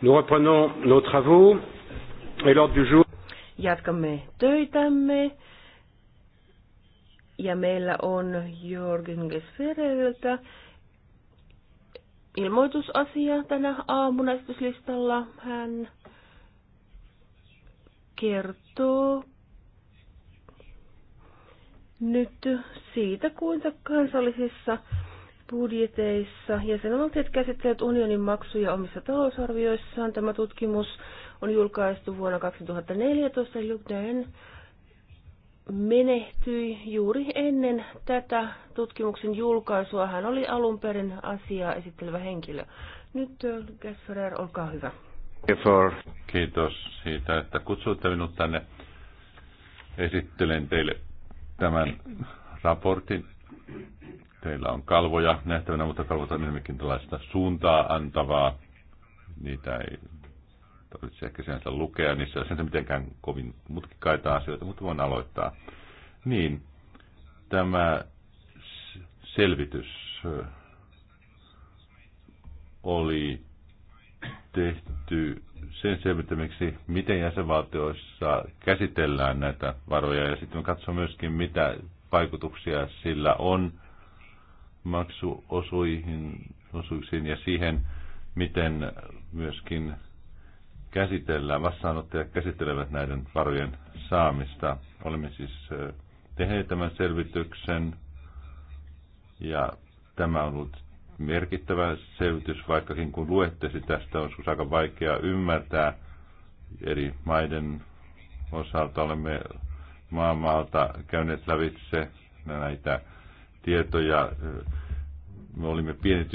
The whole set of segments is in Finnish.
Nous reprenons nos travaux et l'ordre du jour. Jatkamme töitämme. Ja meillä on Jorgen Gesfereltä ilmoitusasia tänä aamuna esityslistalla. Hän kertoo nyt siitä, kuinka kansallisissa budjeteissa. Jäsenvaltiot käsittelevät unionin maksuja omissa talousarvioissaan. Tämä tutkimus on julkaistu vuonna 2014. Lugden menehtyi juuri ennen tätä tutkimuksen julkaisua. Hän oli alun perin asiaa esittelevä henkilö. Nyt Gasferer, olkaa hyvä. Kiitos siitä, että kutsuitte minut tänne. Esittelen teille tämän raportin Teillä on kalvoja nähtävänä, mutta kalvot on enemmänkin tällaista suuntaa antavaa. Niitä ei tarvitse ehkä sinänsä lukea, niissä ei ole mitenkään kovin mutkikaita asioita, mutta voin aloittaa. Niin, tämä selvitys oli tehty sen selvittämiseksi, miten jäsenvaltioissa käsitellään näitä varoja ja sitten me katsomme myöskin, mitä vaikutuksia sillä on maksuosuihin osuuksiin ja siihen, miten myöskin käsitellään, vastaanottajat käsittelevät näiden varojen saamista. Olemme siis tehneet tämän selvityksen ja tämä on ollut merkittävä selvitys, vaikkakin kun luette sitä, sitä on joskus aika vaikea ymmärtää. Eri maiden osalta olemme maamaalta käyneet lävitse näitä tietoja. Me olimme pieni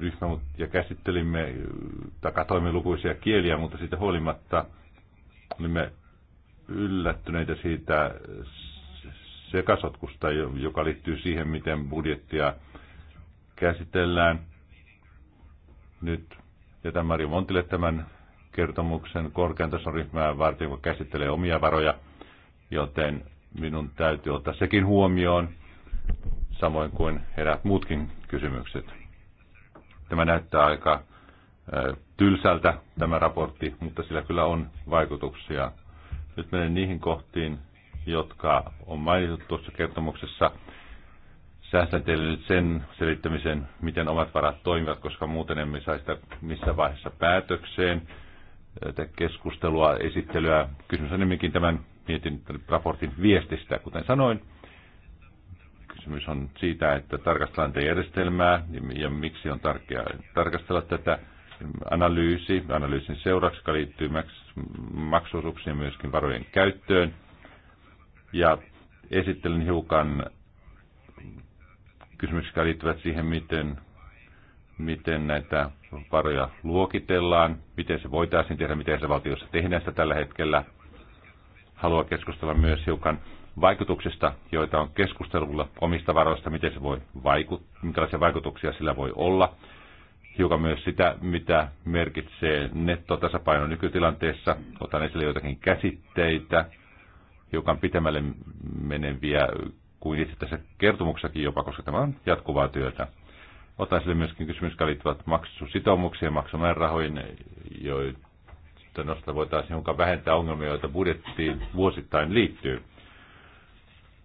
ryhmä ja käsittelimme tai katoimme lukuisia kieliä, mutta siitä huolimatta olimme yllättyneitä siitä sekasotkusta, joka liittyy siihen, miten budjettia käsitellään. Nyt jätän Mario Montille tämän kertomuksen korkean tason ryhmää varten, joka käsittelee omia varoja, joten minun täytyy ottaa sekin huomioon samoin kuin eräät muutkin kysymykset. Tämä näyttää aika tylsältä tämä raportti, mutta sillä kyllä on vaikutuksia. Nyt menen niihin kohtiin, jotka on mainittu tuossa kertomuksessa. Säästän teille nyt sen selittämisen, miten omat varat toimivat, koska muuten emme saa sitä missä vaiheessa päätökseen. Tätä keskustelua, esittelyä. Kysymys on enemmänkin tämän mietin raportin viestistä, kuten sanoin Kysymys on siitä, että tarkastellaan järjestelmää ja miksi on tärkeää tarkastella tätä analyysi, analyysin seuraksi, joka liittyy maksuosuuksiin ja myöskin varojen käyttöön. Ja esittelen hiukan kysymyksiä, jotka liittyvät siihen, miten, miten näitä varoja luokitellaan, miten se voitaisiin tehdä, miten se valtiossa tehdään sitä tällä hetkellä. Haluan keskustella myös hiukan vaikutuksista, joita on keskustelulla omista varoista, miten se voi vaikut, minkälaisia vaikutuksia sillä voi olla. Hiukan myös sitä, mitä merkitsee nettotasapaino nykytilanteessa. Otan esille joitakin käsitteitä, hiukan pitemmälle meneviä kuin itse tässä kertomuksessakin jopa, koska tämä on jatkuvaa työtä. Otan esille myöskin kysymys, jotka liittyvät maksusitoumuksiin ja maksumäärärahoihin, joita nosta voitaisiin hiukan vähentää ongelmia, joita budjettiin vuosittain liittyy.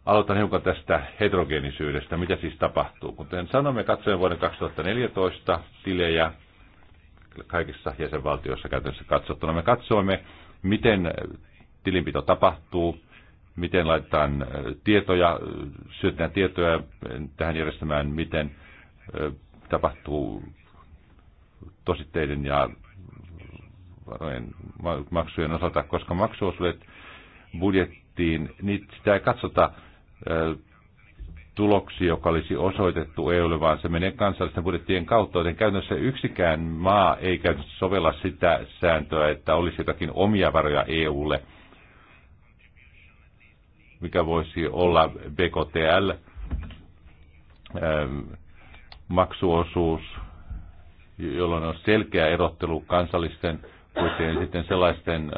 Aloitan hiukan tästä heterogeenisyydestä, mitä siis tapahtuu. Kuten sanomme, katsoen vuoden 2014 tilejä kaikissa jäsenvaltioissa käytännössä katsottuna. Me katsoimme, miten tilinpito tapahtuu, miten laitetaan tietoja, syötetään tietoja tähän järjestämään, miten tapahtuu tositteiden ja varojen maksujen osalta, koska maksuosuudet budjettiin, niin sitä ei katsota tuloksi, joka olisi osoitettu EUlle, vaan se menee kansallisten budjettien kautta, joten käytännössä yksikään maa ei käytännössä sovella sitä sääntöä, että olisi jotakin omia varoja EUlle, mikä voisi olla BKTL, maksuosuus, jolloin on selkeä erottelu kansallisten budjettien ja sitten sellaisten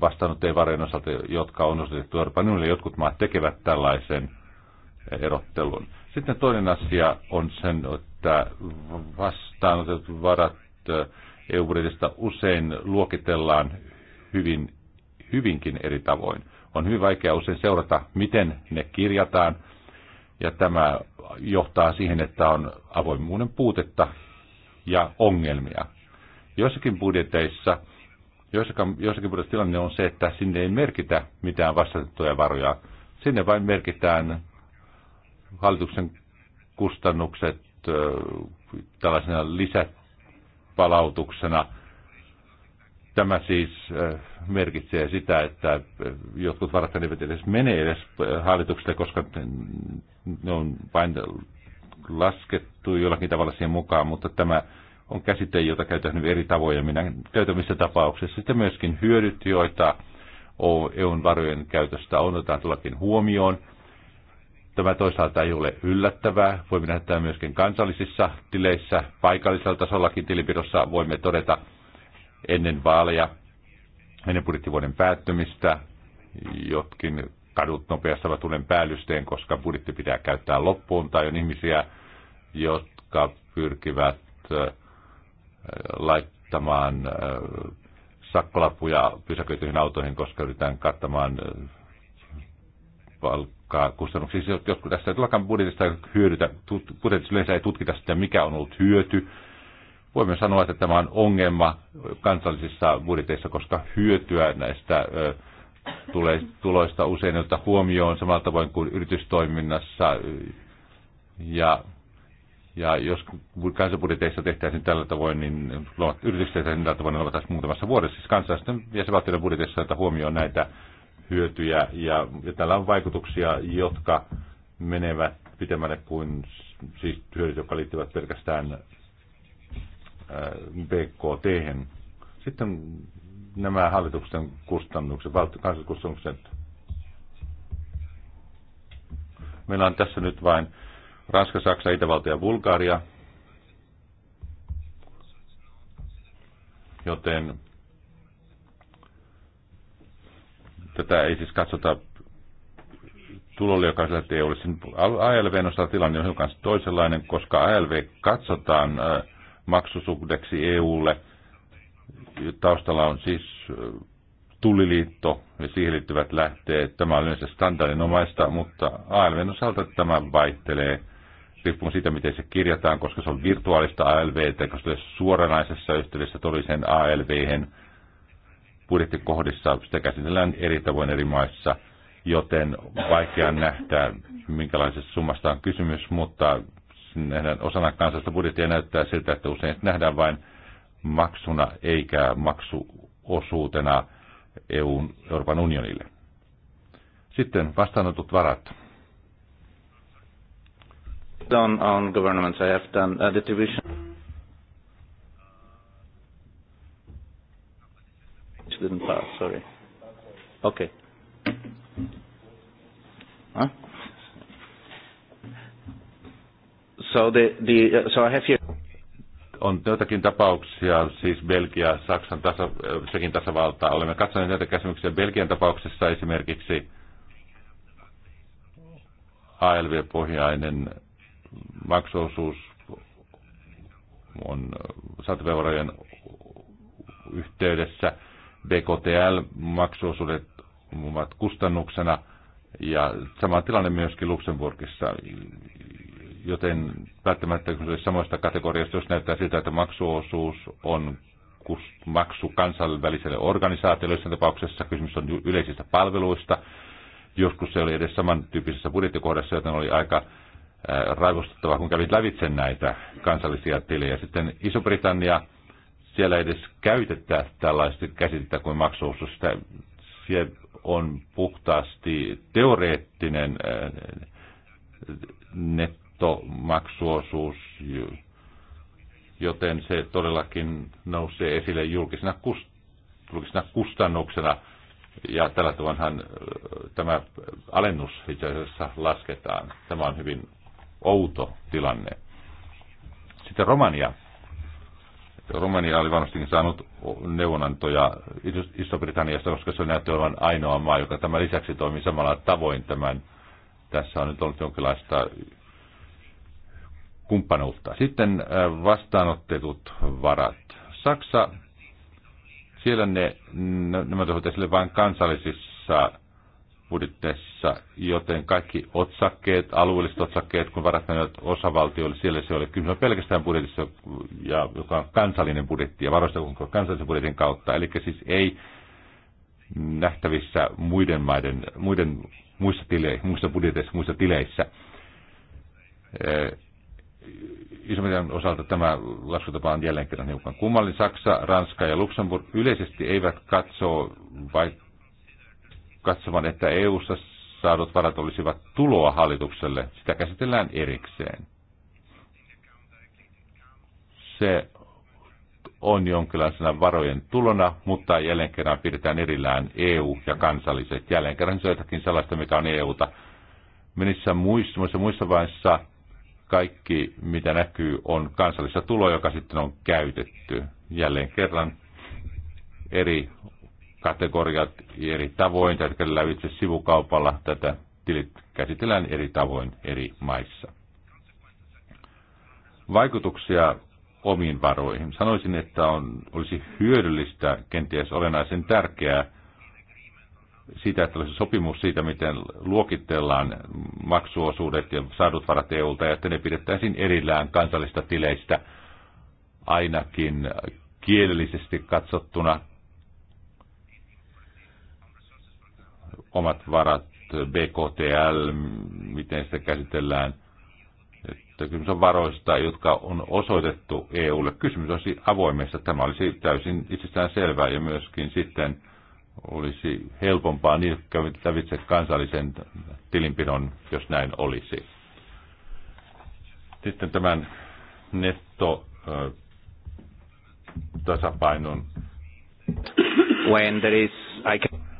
vastaanottajien varojen osalta, jotka on osoitettu Euroopan unionille. Jotkut maat tekevät tällaisen erottelun. Sitten toinen asia on sen, että vastaanotetut varat eh, eu usein luokitellaan hyvin, hyvinkin eri tavoin. On hyvin vaikea usein seurata, miten ne kirjataan, ja tämä johtaa siihen, että on avoimuuden puutetta ja ongelmia. Joissakin budjeteissa – Joissakin, joissakin tilanne on se, että sinne ei merkitä mitään vastatettuja varoja. Sinne vain merkitään hallituksen kustannukset tällaisena lisäpalautuksena. Tämä siis merkitsee sitä, että jotkut varat eivät edes mene edes hallitukselle, koska ne on vain laskettu jollakin tavalla siihen mukaan, mutta tämä on käsite, jota käytetään hyvin eri tavoin, ja minä käytämissä missä tapauksessa. Sitten myöskin hyödyt, joita EUn varojen käytöstä on, otetaan tullakin huomioon. Tämä toisaalta ei ole yllättävää. Voimme nähdä myöskin kansallisissa tileissä, paikallisella tasollakin tilipidossa voimme todeta ennen vaaleja, ennen budjettivuoden päättymistä, jotkin kadut nopeasti ovat uuden päällysteen, koska budjetti pitää käyttää loppuun, tai on ihmisiä, jotka pyrkivät laittamaan äh, sakkolapuja pysäköityihin autoihin, koska yritetään kattamaan äh, palkkaa kustannuksia. Siis joskus tässä ei tulekaan budjetista hyödytä, budjetissa yleensä ei tutkita sitä, mikä on ollut hyöty. Voimme sanoa, että tämä on ongelma kansallisissa budjeteissa, koska hyötyä näistä äh, tulee tuloista usein, jota huomioon samalla tavoin kuin yritystoiminnassa. Ja ja jos kansanbudjeteissa tehtäisiin tällä tavoin, niin yritykset tehtäisiin tällä tavoin, niin muutamassa vuodessa. Siis se valtioiden budjeteissa että huomioon näitä hyötyjä, ja, ja tällä on vaikutuksia, jotka menevät pitemmälle kuin siis hyödyt, jotka liittyvät pelkästään BKT. -hän. Sitten nämä hallituksen kustannukset, kansalliskustannukset. Meillä on tässä nyt vain Ranska, Saksa, Itävalta ja Bulgaria. Joten tätä ei siis katsota tulolle, joka sillä ei olisi. ALVn osalta tilanne on hiukan toisenlainen, koska ALV katsotaan äh, maksusuhdeksi EUlle. Taustalla on siis äh, tulliliitto ja siihen liittyvät lähteet. Tämä on yleensä standardinomaista, mutta ALVn osalta tämä vaihtelee – riippuen siitä, miten se kirjataan, koska se on virtuaalista ALV, koska se on suoranaisessa yhteydessä todelliseen ALV, budjettikohdissa, sitä käsitellään eri tavoin eri maissa, joten vaikea nähdä, minkälaisesta summasta on kysymys, mutta nähdään osana kansallista budjettia näyttää siltä, että usein nähdään vain maksuna eikä maksuosuutena EU, Euroopan unionille. Sitten vastaanotut varat on, on governments, I have done uh, the division. It didn't pass, sorry. Okay. Huh? So, the, the, so I have here... On joitakin tapauksia, siis Belgia, Saksan, tasa, sekin tasavalta. Olemme katsoneet näitä kysymyksiä Belgian tapauksessa esimerkiksi ALV-pohjainen maksuosuus on satoverojen yhteydessä. BKTL-maksuosuudet ovat kustannuksena ja sama tilanne myöskin Luxemburgissa, joten välttämättä samoista kategoriasta, jos näyttää siltä, että maksuosuus on maksu kansainväliselle organisaatiolle, jossa tapauksessa kysymys on yleisistä palveluista, joskus se oli edes samantyyppisessä budjettikohdassa, joten oli aika raivostuttavaa, kun kävit lävitse näitä kansallisia tilejä. Sitten Iso-Britannia, siellä edes käytetä tällaista käsitettä kuin maksuosuus. Se on puhtaasti teoreettinen nettomaksuosuus, joten se todellakin nousee esille julkisena, kust, julkisena kustannuksena. Ja tällä tavallahan tämä alennus itse asiassa lasketaan. Tämä on hyvin outo tilanne. Sitten Romania. Romania oli varmastikin saanut neuvonantoja Iso-Britanniasta, koska se näytti olevan ainoa maa, joka tämän lisäksi toimii samalla tavoin tämän. Tässä on nyt ollut jonkinlaista kumppanuutta. Sitten äh, vastaanotetut varat. Saksa, siellä ne, nämä tuovat esille vain kansallisissa budjetissa, joten kaikki otsakkeet, alueelliset otsakkeet, kun varat osavaltio oli siellä se oli kyllä pelkästään budjetissa, ja, joka on kansallinen budjetti ja varoista kansallisen budjetin kautta. Eli siis ei nähtävissä muiden maiden, muiden, muissa, tile, muissa budjeteissa, muissa tileissä. Eh, iso osalta tämä laskutapa on jälleen kerran hiukan kummallinen. Saksa, Ranska ja Luxemburg yleisesti eivät katso, vai katsomaan, että EU-ssa saadut varat olisivat tuloa hallitukselle. Sitä käsitellään erikseen. Se on jonkinlaisena varojen tulona, mutta jälleen kerran pidetään erillään EU ja kansalliset. Jälleen kerran se on jotakin sellaista, mikä on EUta. Menissä muissa, muissa, muissa vaiheissa kaikki, mitä näkyy, on kansallista tuloa, joka sitten on käytetty. Jälleen kerran eri kategoriat eri tavoin, tai hetkellä lävitse sivukaupalla tätä tilit käsitellään eri tavoin eri maissa. Vaikutuksia omiin varoihin. Sanoisin, että on, olisi hyödyllistä, kenties olennaisen tärkeää, sitä, että olisi sopimus siitä, miten luokitellaan maksuosuudet ja saadut varat EUlta, ja että ne pidettäisiin erillään kansallista tileistä ainakin kielellisesti katsottuna omat varat, BKTL, miten sitä käsitellään. Että kysymys on varoista, jotka on osoitettu EUlle. Kysymys olisi avoimessa. Tämä olisi täysin itsestään selvää ja myöskin sitten olisi helpompaa niille kävitse kansallisen tilinpidon, jos näin olisi. Sitten tämän netto tasapainon. When there is, I can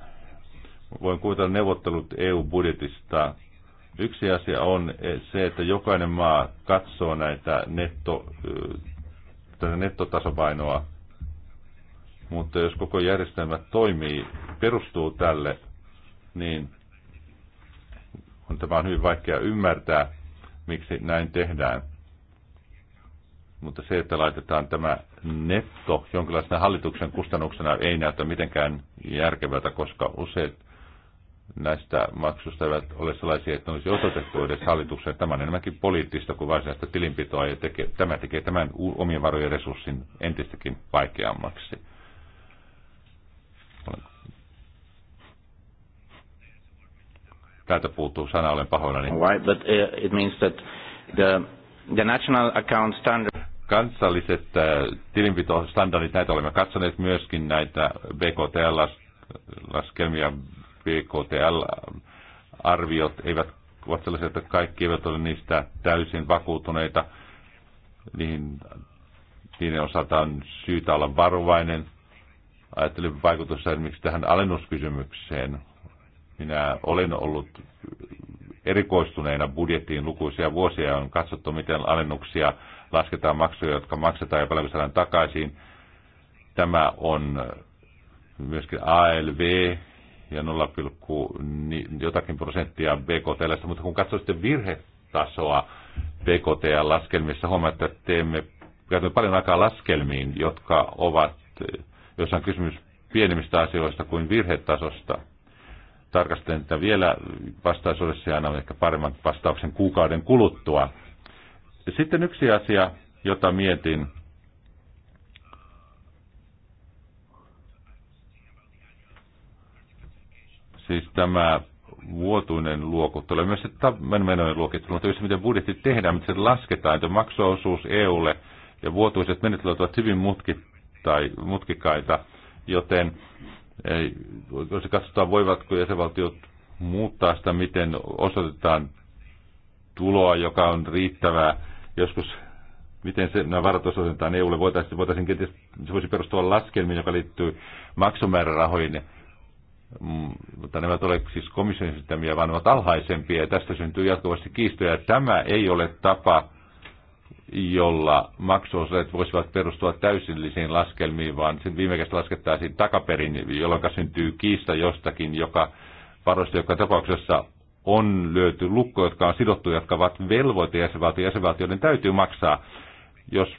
voin kuvitella neuvottelut EU-budjetista. Yksi asia on eh, se, että jokainen maa katsoo näitä netto, eh, tätä nettotasapainoa, mutta jos koko järjestelmä toimii, perustuu tälle, niin on tämä on hyvin vaikea ymmärtää, miksi näin tehdään. Mutta se, että laitetaan tämä netto jonkinlaisena hallituksen kustannuksena, ei näytä mitenkään järkevältä, koska useat näistä maksusta eivät ole sellaisia, että olisi osoitettu edes hallituksen. Tämä on enemmänkin poliittista kuin varsinaista tilinpitoa ja tekee, tämä tekee tämän omien varojen resurssin entistäkin vaikeammaksi. Täältä puuttuu sana, olen pahoillani. Right, but uh, it means that the, the national account standard kansalliset äh, tilinpitostandardit, näitä olemme katsoneet myöskin näitä BKT-laskelmia VKTL-arviot eivät ovat sellaisia, että kaikki eivät ole niistä täysin vakuutuneita. Niihin, niiden osalta on syytä olla varovainen. Ajattelin vaikutusta esimerkiksi tähän alennuskysymykseen. Minä olen ollut erikoistuneena budjettiin lukuisia vuosia ja on katsottu, miten alennuksia lasketaan maksuja, jotka maksetaan ja paljon saadaan takaisin. Tämä on myöskin ALV ja 0, jotakin prosenttia BKT, mutta kun katsoo sitten virhetasoa BKT-laskelmissa, huomaa, että teemme, käytämme paljon aikaa laskelmiin, jotka ovat, joissa on kysymys pienemmistä asioista kuin virhetasosta. Tarkastelen tätä vielä vastaisuudessa ja annan ehkä paremman vastauksen kuukauden kuluttua. Sitten yksi asia, jota mietin, siis tämä vuotuinen luokittelu ja myös se menojen luokittelu, mutta miten budjetti tehdään, miten se lasketaan, että maksuosuus EUlle ja vuotuiset menettelyt ovat hyvin tai mutkikaita, joten jos katsotaan, voivatko jäsenvaltiot muuttaa sitä, miten osoitetaan tuloa, joka on riittävää, joskus miten se, nämä varat osoitetaan EUlle, voitaisiin, voitaisiin kenties, se voisi perustua laskelmiin, joka liittyy maksumäärärahoihin, Mm, mutta ne eivät ole siis komission esittämiä, vaan ovat alhaisempia ja tästä syntyy jatkuvasti kiistoja. Tämä ei ole tapa, jolla maksuosuudet voisivat perustua täysillisiin laskelmiin, vaan sen viimekästä laskettaisiin takaperin, jolloin syntyy kiista jostakin, joka varoista joka tapauksessa on löyty lukko, jotka on sidottu, jotka ovat velvoite jäsenvaltio, jäsenvaltioiden täytyy maksaa jos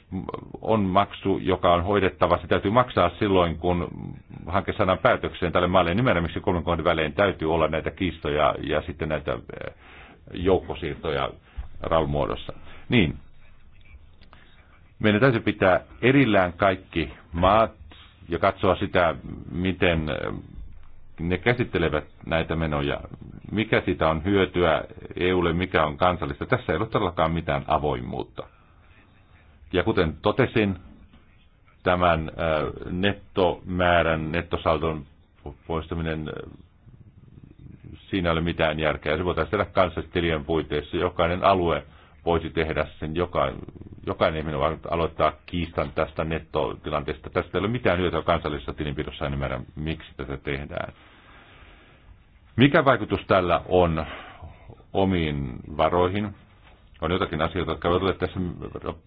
on maksu, joka on hoidettava, se täytyy maksaa silloin, kun hanke saadaan päätökseen tälle maalle. Nimenomaan miksi kolmen kohdan välein täytyy olla näitä kiistoja ja sitten näitä eh, joukkosiirtoja RAL-muodossa. Niin, meidän täytyy pitää erillään kaikki maat ja katsoa sitä, miten eh, ne käsittelevät näitä menoja. Mikä siitä on hyötyä EUlle, mikä on kansallista. Tässä ei ole todellakaan mitään avoimuutta. Ja kuten totesin, tämän äh, nettomäärän, nettosaldon poistaminen, äh, siinä ei ole mitään järkeä. Se voitaisiin tehdä kansallistilien puitteissa. Jokainen alue voisi tehdä sen, joka, jokainen ihminen voi aloittaa kiistan tästä nettotilanteesta. Tästä ei ole mitään hyötyä kansallisessa tilinpidossa, en ymmärrä miksi tätä tehdään. Mikä vaikutus tällä on omiin varoihin? On jotakin asioita, jotka eivät ole tässä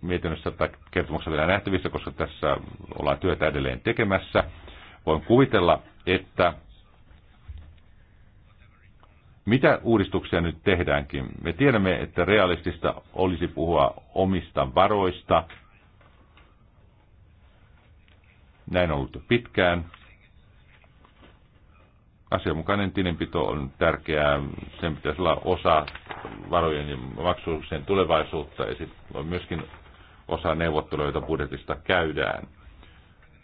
mietinnössä tai kertomuksessa vielä nähtävissä, koska tässä ollaan työtä edelleen tekemässä. Voin kuvitella, että mitä uudistuksia nyt tehdäänkin? Me tiedämme, että realistista olisi puhua omista varoista. Näin on ollut pitkään asianmukainen tilinpito on tärkeää. Sen pitäisi olla osa varojen ja maksuuksien tulevaisuutta ja sitten on myöskin osa neuvotteluita budjetista käydään.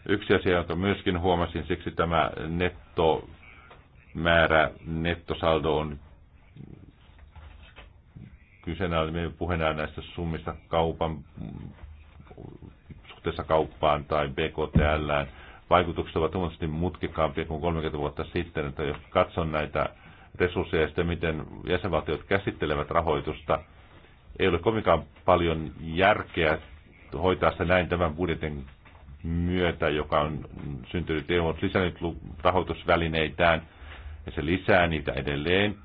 Yksi asia, jota myöskin huomasin, siksi tämä nettomäärä, nettosaldo on kyseenä oli puheena näistä summista kaupan, suhteessa kauppaan tai BKTL vaikutukset ovat huomattavasti mutkikaampia kuin 30 vuotta sitten, että jos katson näitä resursseja ja sitten miten jäsenvaltiot käsittelevät rahoitusta, ei ole kovinkaan paljon järkeä hoitaa se näin tämän budjetin myötä, joka on syntynyt EU on lisännyt rahoitusvälineitään ja se lisää niitä edelleen.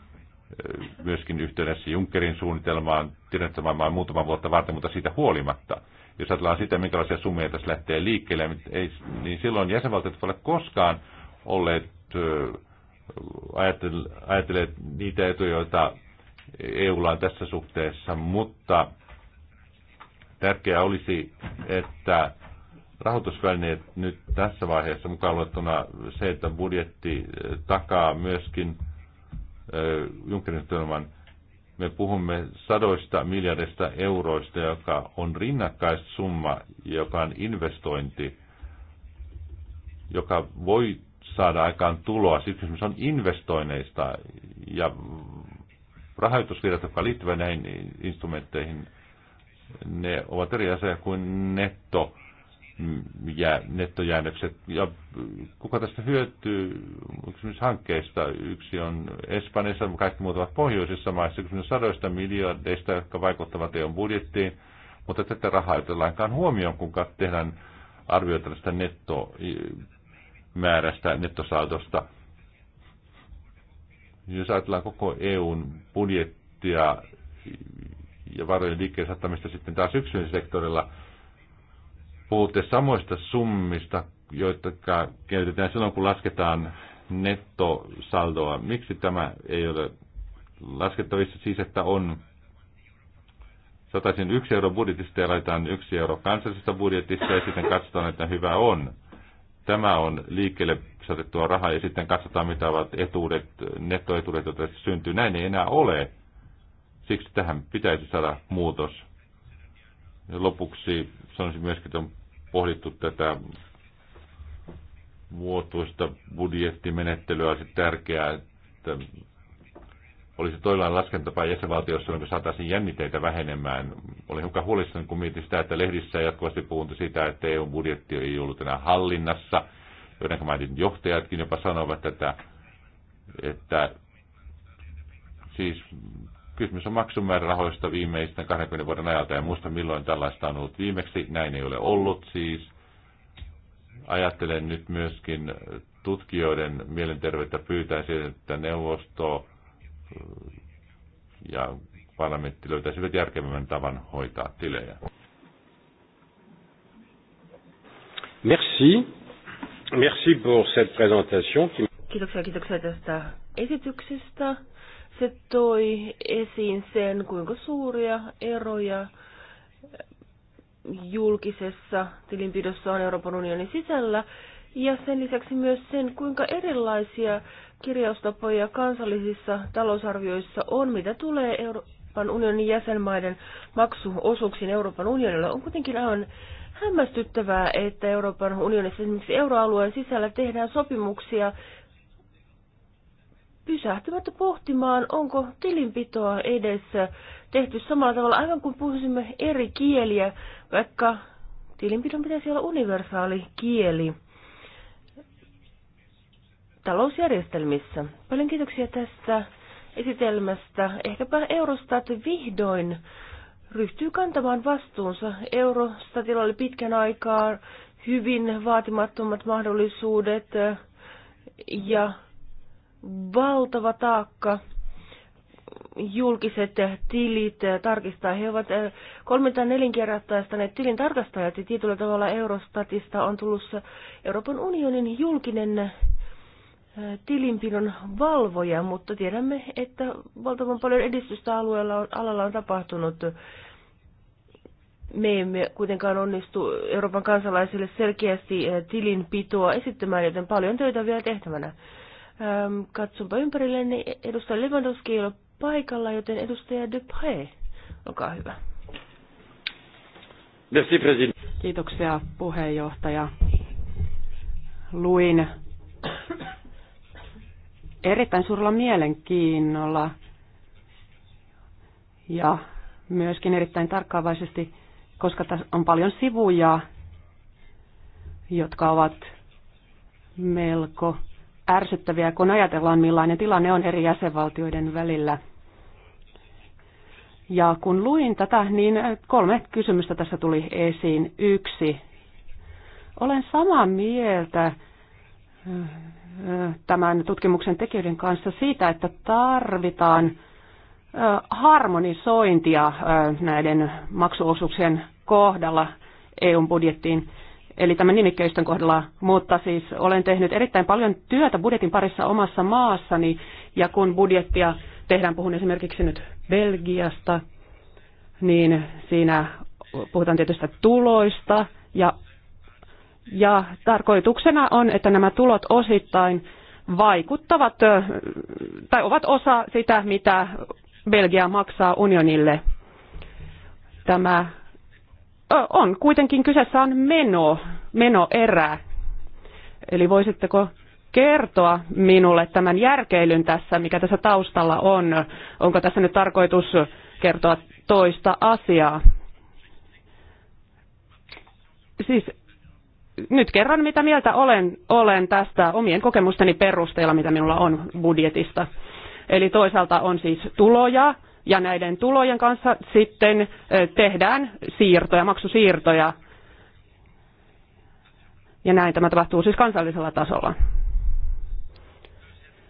Myöskin yhteydessä Junckerin suunnitelmaan, tiedontamaan muutaman vuotta varten, mutta siitä huolimatta – jos ajatellaan sitä, minkälaisia summia tässä lähtee liikkeelle, niin, niin silloin jäsenvaltiot eivät ole koskaan olleet ajatelleet niitä etuja, joita EUlla on tässä suhteessa, mutta tärkeää olisi, että rahoitusvälineet nyt tässä vaiheessa mukaan luettuna se, että budjetti takaa myöskin Junckerin työelämän me puhumme sadoista miljardista euroista, joka on rinnakkaissumma, joka on investointi, joka voi saada aikaan tuloa. Sitten siis kysymys on investoinneista ja rahoitusvirrat, jotka liittyvät näihin instrumentteihin, ne ovat eri asia kuin netto ja nettojäännökset. Ja kuka tästä hyötyy? esimerkiksi hankkeista. Yksi on Espanjassa, kaikki muut ovat pohjoisissa maissa. Kysymys sadoista miljardeista, jotka vaikuttavat EUn budjettiin. Mutta tätä rahaa ei lainkaan huomioon, kun tehdään arvioita tästä nettomäärästä, nettosaaldosta. Jos ajatellaan koko EUn budjettia ja varojen liikkeen saattamista sitten taas yksilön sektorilla, puhutte samoista summista, joita käytetään silloin, kun lasketaan nettosaldoa. Miksi tämä ei ole laskettavissa siis, että on sataisin yksi euro budjetista ja laitetaan yksi euro kansallisesta budjetista ja sitten katsotaan, että hyvä on. Tämä on liikkeelle saatettua rahaa ja sitten katsotaan, mitä ovat etuudet, nettoetuudet, joita syntyy. Näin ei enää ole. Siksi tähän pitäisi saada muutos. Ja lopuksi sanoisin myöskin, että on pohdittu tätä vuotuista budjettimenettelyä. Olisi tärkeää, että olisi toillaan laskentapa jäsenvaltiossa, jonka niin saataisiin jänniteitä vähenemään. Olin hiukan huolissani, kun mietin sitä, että lehdissä jatkuvasti puhuttu sitä, että EU-budjetti ei ollut enää hallinnassa. Joidenkin maiden johtajatkin jopa sanovat tätä, että siis Kysymys on maksumäärärahoista viimeisten 20 vuoden ajalta ja muista milloin tällaista on ollut viimeksi. Näin ei ole ollut siis. Ajattelen nyt myöskin tutkijoiden mielenterveyttä pyytäisin, että neuvosto äh, ja parlamentti löytäisivät järkevämmän tavan hoitaa tilejä. Merci. Merci pour cette présentation. Kiitoksia, kiitoksia tästä esityksestä se toi esiin sen, kuinka suuria eroja julkisessa tilinpidossa on Euroopan unionin sisällä, ja sen lisäksi myös sen, kuinka erilaisia kirjaustapoja kansallisissa talousarvioissa on, mitä tulee Euroopan unionin jäsenmaiden maksuosuuksiin Euroopan unionilla. On kuitenkin aivan hämmästyttävää, että Euroopan unionissa esimerkiksi euroalueen sisällä tehdään sopimuksia pysähtymättä pohtimaan, onko tilinpitoa edessä tehty samalla tavalla, aivan kuin puhuisimme eri kieliä, vaikka tilinpidon pitäisi olla universaali kieli talousjärjestelmissä. Paljon kiitoksia tästä esitelmästä. Ehkäpä Eurostat vihdoin ryhtyy kantamaan vastuunsa. Eurostatilla oli pitkän aikaa hyvin vaatimattomat mahdollisuudet ja valtava taakka julkiset tilit eh, tarkistaa. He ovat kolmen tai ne tilin tarkastajat ja tietyllä tavalla Eurostatista on tullut Euroopan unionin julkinen eh, tilinpidon valvoja, mutta tiedämme, että valtavan paljon edistystä alueella on, alalla on tapahtunut. Me emme kuitenkaan onnistu Euroopan kansalaisille selkeästi eh, tilinpitoa esittämään, joten paljon töitä vielä tehtävänä ähm, katsonpa ympärilleni. Niin edustaja Lewandowski ei ole paikalla, joten edustaja Depre, olkaa hyvä. Merci, president. Kiitoksia puheenjohtaja. Luin erittäin suurella mielenkiinnolla ja myöskin erittäin tarkkaavaisesti, koska tässä on paljon sivuja, jotka ovat melko ärsyttäviä, kun ajatellaan millainen tilanne on eri jäsenvaltioiden välillä. Ja kun luin tätä, niin kolme kysymystä tässä tuli esiin. Yksi. Olen samaa mieltä äh, tämän tutkimuksen tekijöiden kanssa siitä, että tarvitaan äh, harmonisointia äh, näiden maksuosuuksien kohdalla EUn budjettiin eli tämän nimikkeistön kohdalla, mutta siis olen tehnyt erittäin paljon työtä budjetin parissa omassa maassani, ja kun budjettia tehdään, puhun esimerkiksi nyt Belgiasta, niin siinä puhutaan tietystä tuloista, ja, ja tarkoituksena on, että nämä tulot osittain vaikuttavat tai ovat osa sitä, mitä Belgia maksaa unionille. Tämä on kuitenkin kyseessä on meno, menoerä. Eli voisitteko kertoa minulle tämän järkeilyn tässä, mikä tässä taustalla on? Onko tässä nyt tarkoitus kertoa toista asiaa? Siis nyt kerran, mitä mieltä olen, olen tästä omien kokemusteni perusteella, mitä minulla on budjetista. Eli toisaalta on siis tuloja, ja näiden tulojen kanssa sitten tehdään siirtoja, maksusiirtoja. Ja näin tämä tapahtuu siis kansallisella tasolla.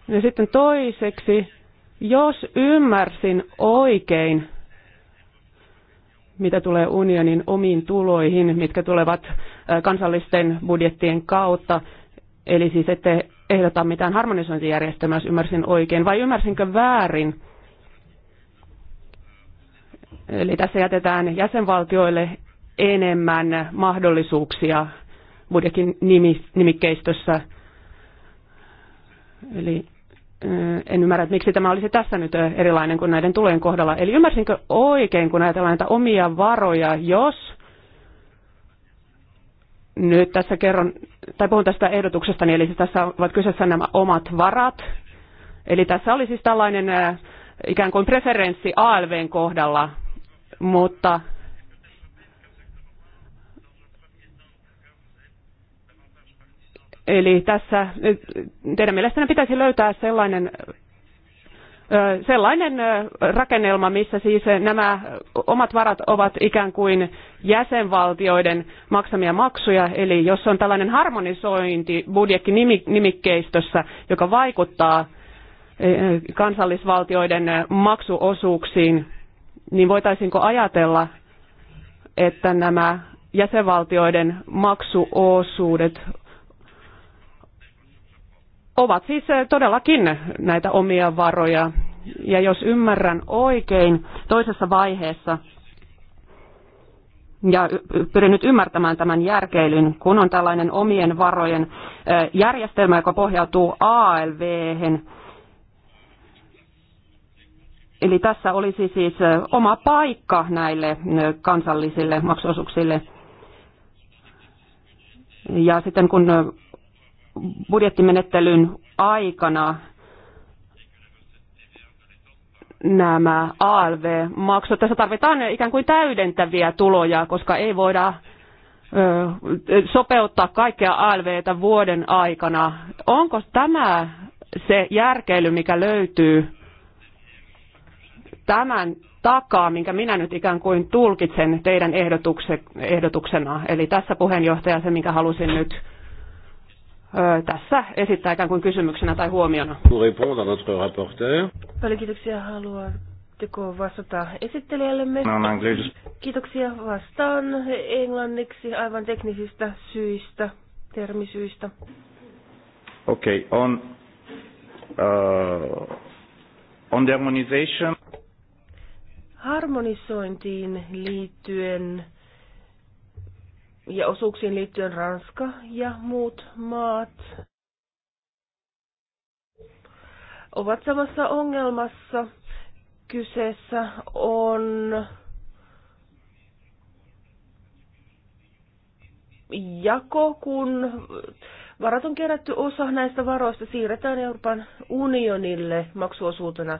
Ja sitten toiseksi, jos ymmärsin oikein, mitä tulee unionin omiin tuloihin, mitkä tulevat kansallisten budjettien kautta, eli siis ette ehdota mitään harmonisointijärjestelmää, jos ymmärsin oikein, vai ymmärsinkö väärin? Eli tässä jätetään jäsenvaltioille enemmän mahdollisuuksia budjetin nimikkeistössä. Eli eh, en ymmärrä, että miksi tämä olisi tässä nyt eh, erilainen kuin näiden tulojen kohdalla. Eli ymmärsinkö oikein, kun ajatellaan näitä omia varoja, jos nyt tässä kerron, tai puhun tästä ehdotuksesta, niin eli siis tässä ovat kyseessä nämä omat varat. Eli tässä oli siis tällainen eh, ikään kuin preferenssi ALVn kohdalla mutta Eli tässä teidän mielestänne pitäisi löytää sellainen, sellainen rakennelma, missä siis nämä omat varat ovat ikään kuin jäsenvaltioiden maksamia maksuja. Eli jos on tällainen harmonisointi budjetti nimikkeistössä, joka vaikuttaa kansallisvaltioiden maksuosuuksiin, niin voitaisiinko ajatella, että nämä jäsenvaltioiden maksuosuudet ovat siis eh, todellakin näitä omia varoja. Ja jos ymmärrän oikein, toisessa vaiheessa, ja pyrin nyt ymmärtämään tämän järkeilyn, kun on tällainen omien varojen eh, järjestelmä, joka pohjautuu ALV-hen, Eli tässä olisi siis oma paikka näille kansallisille maksuosuuksille. Ja sitten kun budjettimenettelyn aikana nämä ALV-maksut, tässä tarvitaan ikään kuin täydentäviä tuloja, koska ei voida sopeuttaa kaikkea ALVtä vuoden aikana. Onko tämä se järkeily, mikä löytyy tämän takaa, minkä minä nyt ikään kuin tulkitsen teidän ehdotuksena. Eli tässä puheenjohtaja se, minkä halusin nyt ö, tässä esittää ikään kuin kysymyksenä tai huomiona. Paljon kiitoksia haluan. vastata esittelijällemme? No, no Kiitoksia. Vastaan englanniksi aivan teknisistä syistä, termisyistä. Okei, okay, on, uh, on the harmonization harmonisointiin liittyen ja osuuksiin liittyen Ranska ja muut maat ovat samassa ongelmassa. Kyseessä on jako, kun varat on kerätty osa näistä varoista siirretään Euroopan unionille maksuosuutena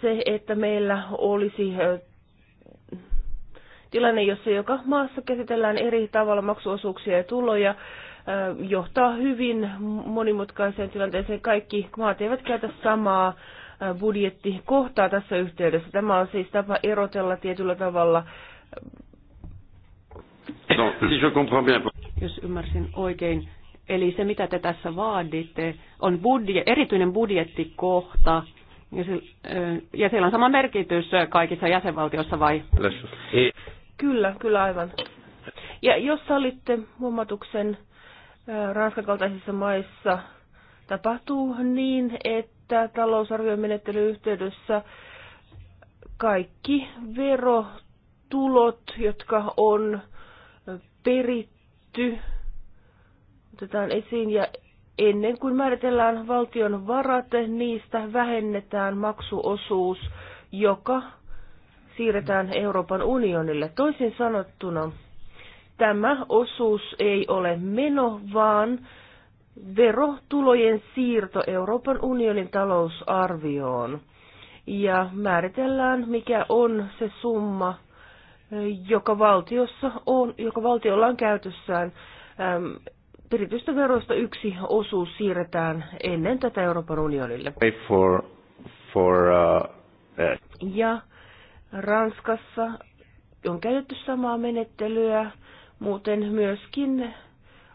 se, että meillä olisi tilanne, jossa joka maassa käsitellään eri tavalla maksuosuuksia ja tuloja, johtaa hyvin monimutkaiseen tilanteeseen. Kaikki maat eivät käytä samaa budjettikohtaa tässä yhteydessä. Tämä on siis tapa erotella tietyllä tavalla. No, Jos ymmärsin oikein, eli se mitä te tässä vaaditte on budje, erityinen budjettikohta, ja, se, ja siellä on sama merkitys kaikissa jäsenvaltioissa vai? Kyllä, kyllä aivan. Ja jos sallitte huomatuksen, Ranskan kaltaisissa maissa tapahtuu niin, että talousarviomenettelyn yhteydessä kaikki verotulot, jotka on peritty, otetaan esiin ja ennen kuin määritellään valtion varat, niistä vähennetään maksuosuus, joka siirretään Euroopan unionille. Toisin sanottuna tämä osuus ei ole meno, vaan verotulojen siirto Euroopan unionin talousarvioon. Ja määritellään, mikä on se summa, joka, valtiossa on, joka valtiolla on käytössään peritystä veroista yksi osuus siirretään ennen tätä Euroopan unionille. For, for, uh, eh. Ja Ranskassa on käytetty samaa menettelyä, muuten myöskin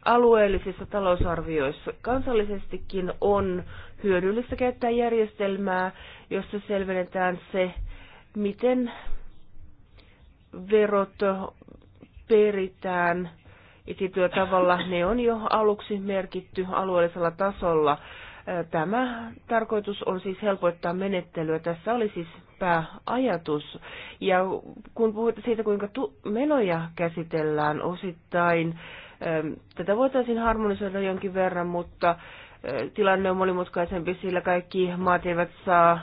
alueellisissa talousarvioissa kansallisestikin on hyödyllistä käyttää järjestelmää, jossa selvennetään se, miten verot peritään – tietyllä tavalla ne on jo aluksi merkitty alueellisella tasolla. Tämä tarkoitus on siis helpottaa menettelyä. Tässä oli siis pääajatus. Ja kun puhut siitä, kuinka menoja käsitellään osittain, tätä voitaisiin harmonisoida jonkin verran, mutta tilanne on monimutkaisempi, sillä kaikki maat eivät saa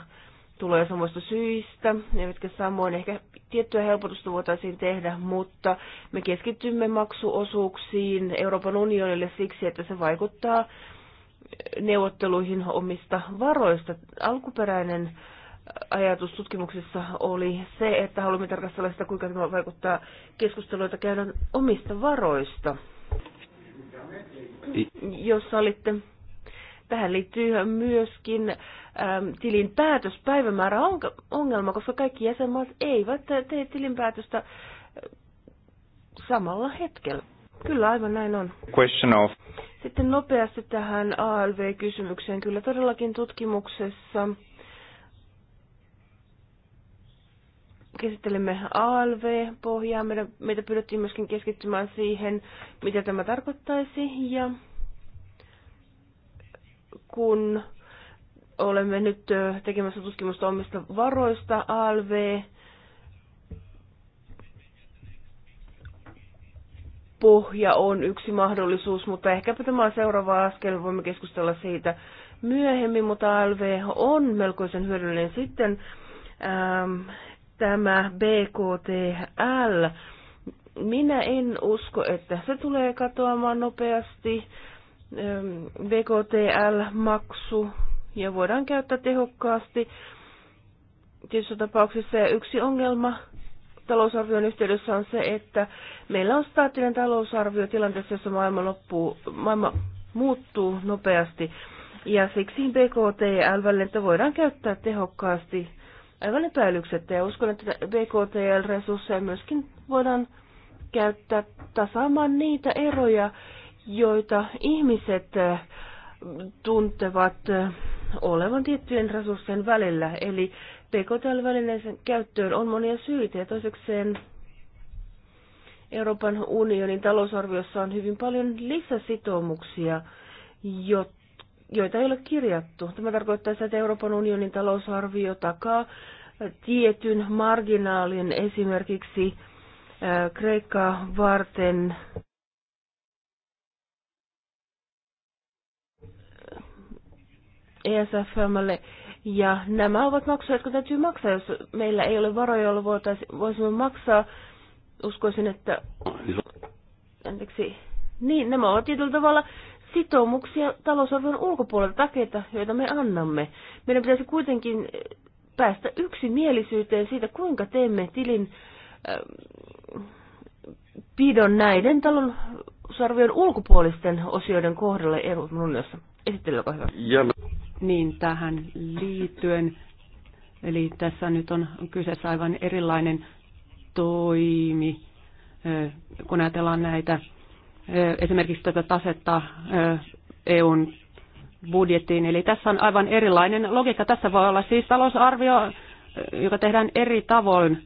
tulee samoista syistä, eivätkä samoin ehkä tiettyä helpotusta voitaisiin tehdä, mutta me keskittymme maksuosuuksiin Euroopan unionille siksi, että se vaikuttaa neuvotteluihin omista varoista. Alkuperäinen ajatus tutkimuksessa oli se, että haluamme tarkastella sitä, kuinka tämä vaikuttaa keskusteluita käydään omista varoista. Jos olitte Tähän liittyy myöskin äm, tilin päätöspäivämäärä ongelma, koska kaikki jäsenmaat eivät tee tilinpäätöstä äh, samalla hetkellä. Kyllä, aivan näin on. Question of. Sitten nopeasti tähän ALV-kysymykseen. Kyllä todellakin tutkimuksessa käsittelemme ALV-pohjaa. Meitä pyydettiin myöskin keskittymään siihen, mitä tämä tarkoittaisi. Ja kun olemme nyt tekemässä tutkimusta omista varoista, ALV, pohja on yksi mahdollisuus, mutta ehkäpä tämä on seuraava askel, voimme keskustella siitä myöhemmin, mutta ALV on melkoisen hyödyllinen. Sitten Ähm, tämä BKTL, minä en usko, että se tulee katoamaan nopeasti. BKTL-maksu ja voidaan käyttää tehokkaasti tietyissä tapauksissa. Ja yksi ongelma talousarvion yhteydessä on se, että meillä on staattinen talousarvio tilanteessa, jossa maailma, loppuu, maailma muuttuu nopeasti. Ja siksi bktl välineitä voidaan käyttää tehokkaasti aivan epäilyksettä. Ja uskon, että BKTL-resursseja myöskin voidaan käyttää tasaamaan niitä eroja, joita ihmiset eh, tuntevat eh, olevan tiettyjen resurssien välillä. Eli pktl käyttöön on monia syitä ja toisekseen Euroopan unionin talousarviossa on hyvin paljon lisäsitoumuksia, joita ei ole kirjattu. Tämä tarkoittaa sitä, että Euroopan unionin talousarvio takaa eh, tietyn marginaalin esimerkiksi Kreikkaa varten ESFMlle. Ja nämä ovat maksuja, jotka täytyy maksaa. Jos meillä ei ole varoja, joilla voisimme maksaa, uskoisin, että... Anteeksi. Niin, nämä ovat tietyllä tavalla sitoumuksia talousarvion ulkopuolelta takeita, joita me annamme. Meidän pitäisi kuitenkin eh, päästä yksimielisyyteen siitä, kuinka teemme tilin eh, pidon näiden talon sarvion ulkopuolisten osioiden kohdalla Euroopan unionissa. hyvä. Ja niin tähän liittyen. Eli tässä nyt on kyseessä aivan erilainen toimi, kun ajatellaan näitä esimerkiksi tätä tasetta EUn budjettiin. Eli tässä on aivan erilainen logiikka. Tässä voi olla siis talousarvio, joka tehdään eri tavoin.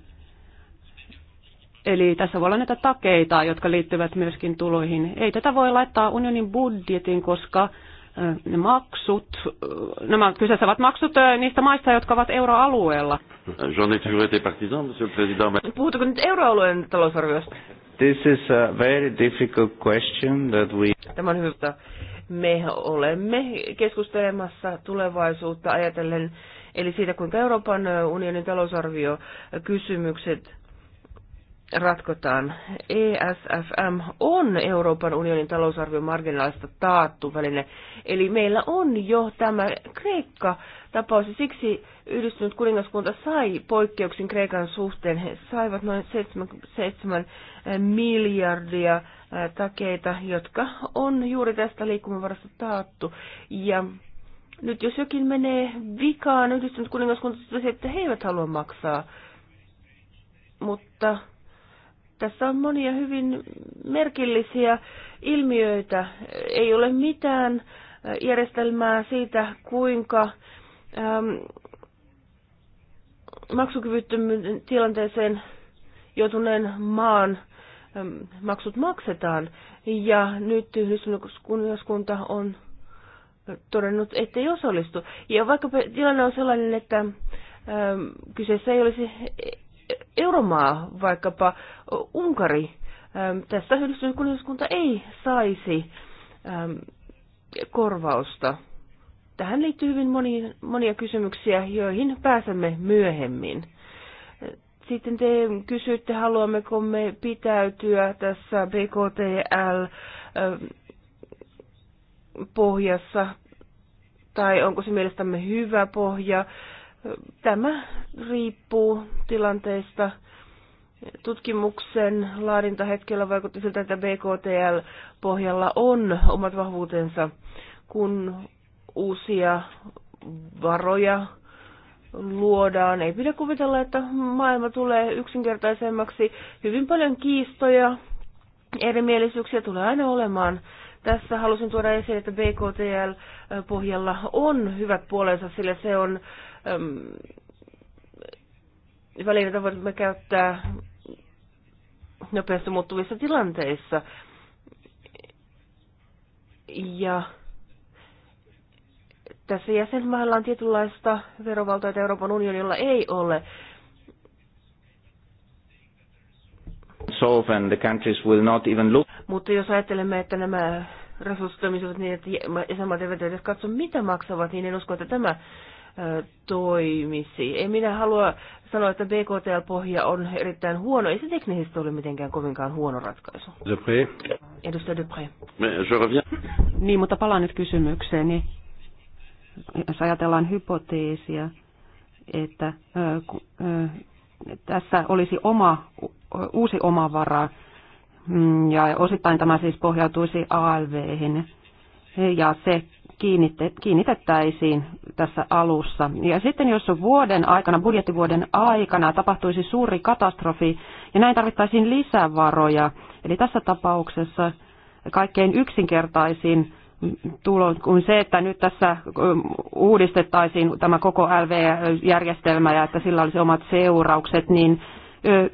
Eli tässä voi olla näitä takeita, jotka liittyvät myöskin tuloihin. Ei tätä voi laittaa unionin budjetin, koska maksut, nämä kyseessä ovat maksut niistä maista, jotka ovat euroalueella. J'en ai toujours été partisan, monsieur le président. Puhutteko nyt euroalueen talousarviosta? This is a very difficult question that we... Tämä on hyvä. Me olemme keskustelemassa tulevaisuutta ajatellen, eli siitä kuinka Euroopan unionin talousarvio kysymykset ratkotaan. ESFM on Euroopan unionin talousarvion marginaalista taattu väline. Eli meillä on jo tämä Kreikka-tapaus ja siksi yhdistynyt kuningaskunta sai poikkeuksen Kreikan suhteen. He saivat noin 77 eh, miljardia eh, takeita, jotka on juuri tästä liikkumavarasta taattu. Ja nyt jos jokin menee vikaan, yhdistynyt kuningaskunta että he eivät halua maksaa mutta tässä on monia hyvin merkillisiä ilmiöitä. Ei ole mitään äh, järjestelmää siitä, kuinka ähm, maksukyvyttömyyden tilanteeseen joutuneen maan ähm, maksut maksetaan. Ja nyt yhdistyskuningaskunta on todennut, että ei osallistu. Ja vaikka tilanne on sellainen, että ähm, kyseessä ei olisi euromaa, vaikkapa Unkari, tästä yhdistyskuningaskunta ei saisi korvausta. Tähän liittyy hyvin monia, monia kysymyksiä, joihin pääsemme myöhemmin. Sitten te kysyitte, haluammeko me pitäytyä tässä BKTL-pohjassa, tai onko se mielestämme hyvä pohja Tämä riippuu tilanteesta. Tutkimuksen laadintahetkellä vaikutti siltä, että BKTL-pohjalla on omat vahvuutensa, kun uusia varoja luodaan. Ei pidä kuvitella, että maailma tulee yksinkertaisemmaksi. Hyvin paljon kiistoja, erimielisyyksiä tulee aina olemaan. Tässä halusin tuoda esiin että BKTL-pohjalla on hyvät puolensa, sillä se on välineitä voimme käyttää nopeasti muuttuvissa tilanteissa. Ja tässä jäsenmailla on tietynlaista verovaltaa, että Euroopan unionilla ei ole. the countries will not even look. Mutta jos ajattelemme, että nämä resurssit toimisivat niin, että jäsenmaat eivät edes katso, mitä maksavat, niin en usko, että tämä toimisi. En minä halua sanoa, että BKTL-pohja on erittäin huono. Ei se teknisesti ole mitenkään kovinkaan huono ratkaisu. Dupré. Edustaja Dupré. Niin, mutta palaan nyt kysymykseeni. Jos ajatellaan hypoteesia, että tässä olisi oma, uusi omavara, mm, ja osittain tämä siis pohjautuisi alv ja se kiinnitettäisiin tässä alussa. Ja sitten jos vuoden aikana, budjettivuoden aikana tapahtuisi suuri katastrofi ja näin tarvittaisiin lisävaroja, eli tässä tapauksessa kaikkein yksinkertaisin tulo kuin se, että nyt tässä uudistettaisiin tämä koko LV-järjestelmä ja että sillä olisi omat seuraukset, niin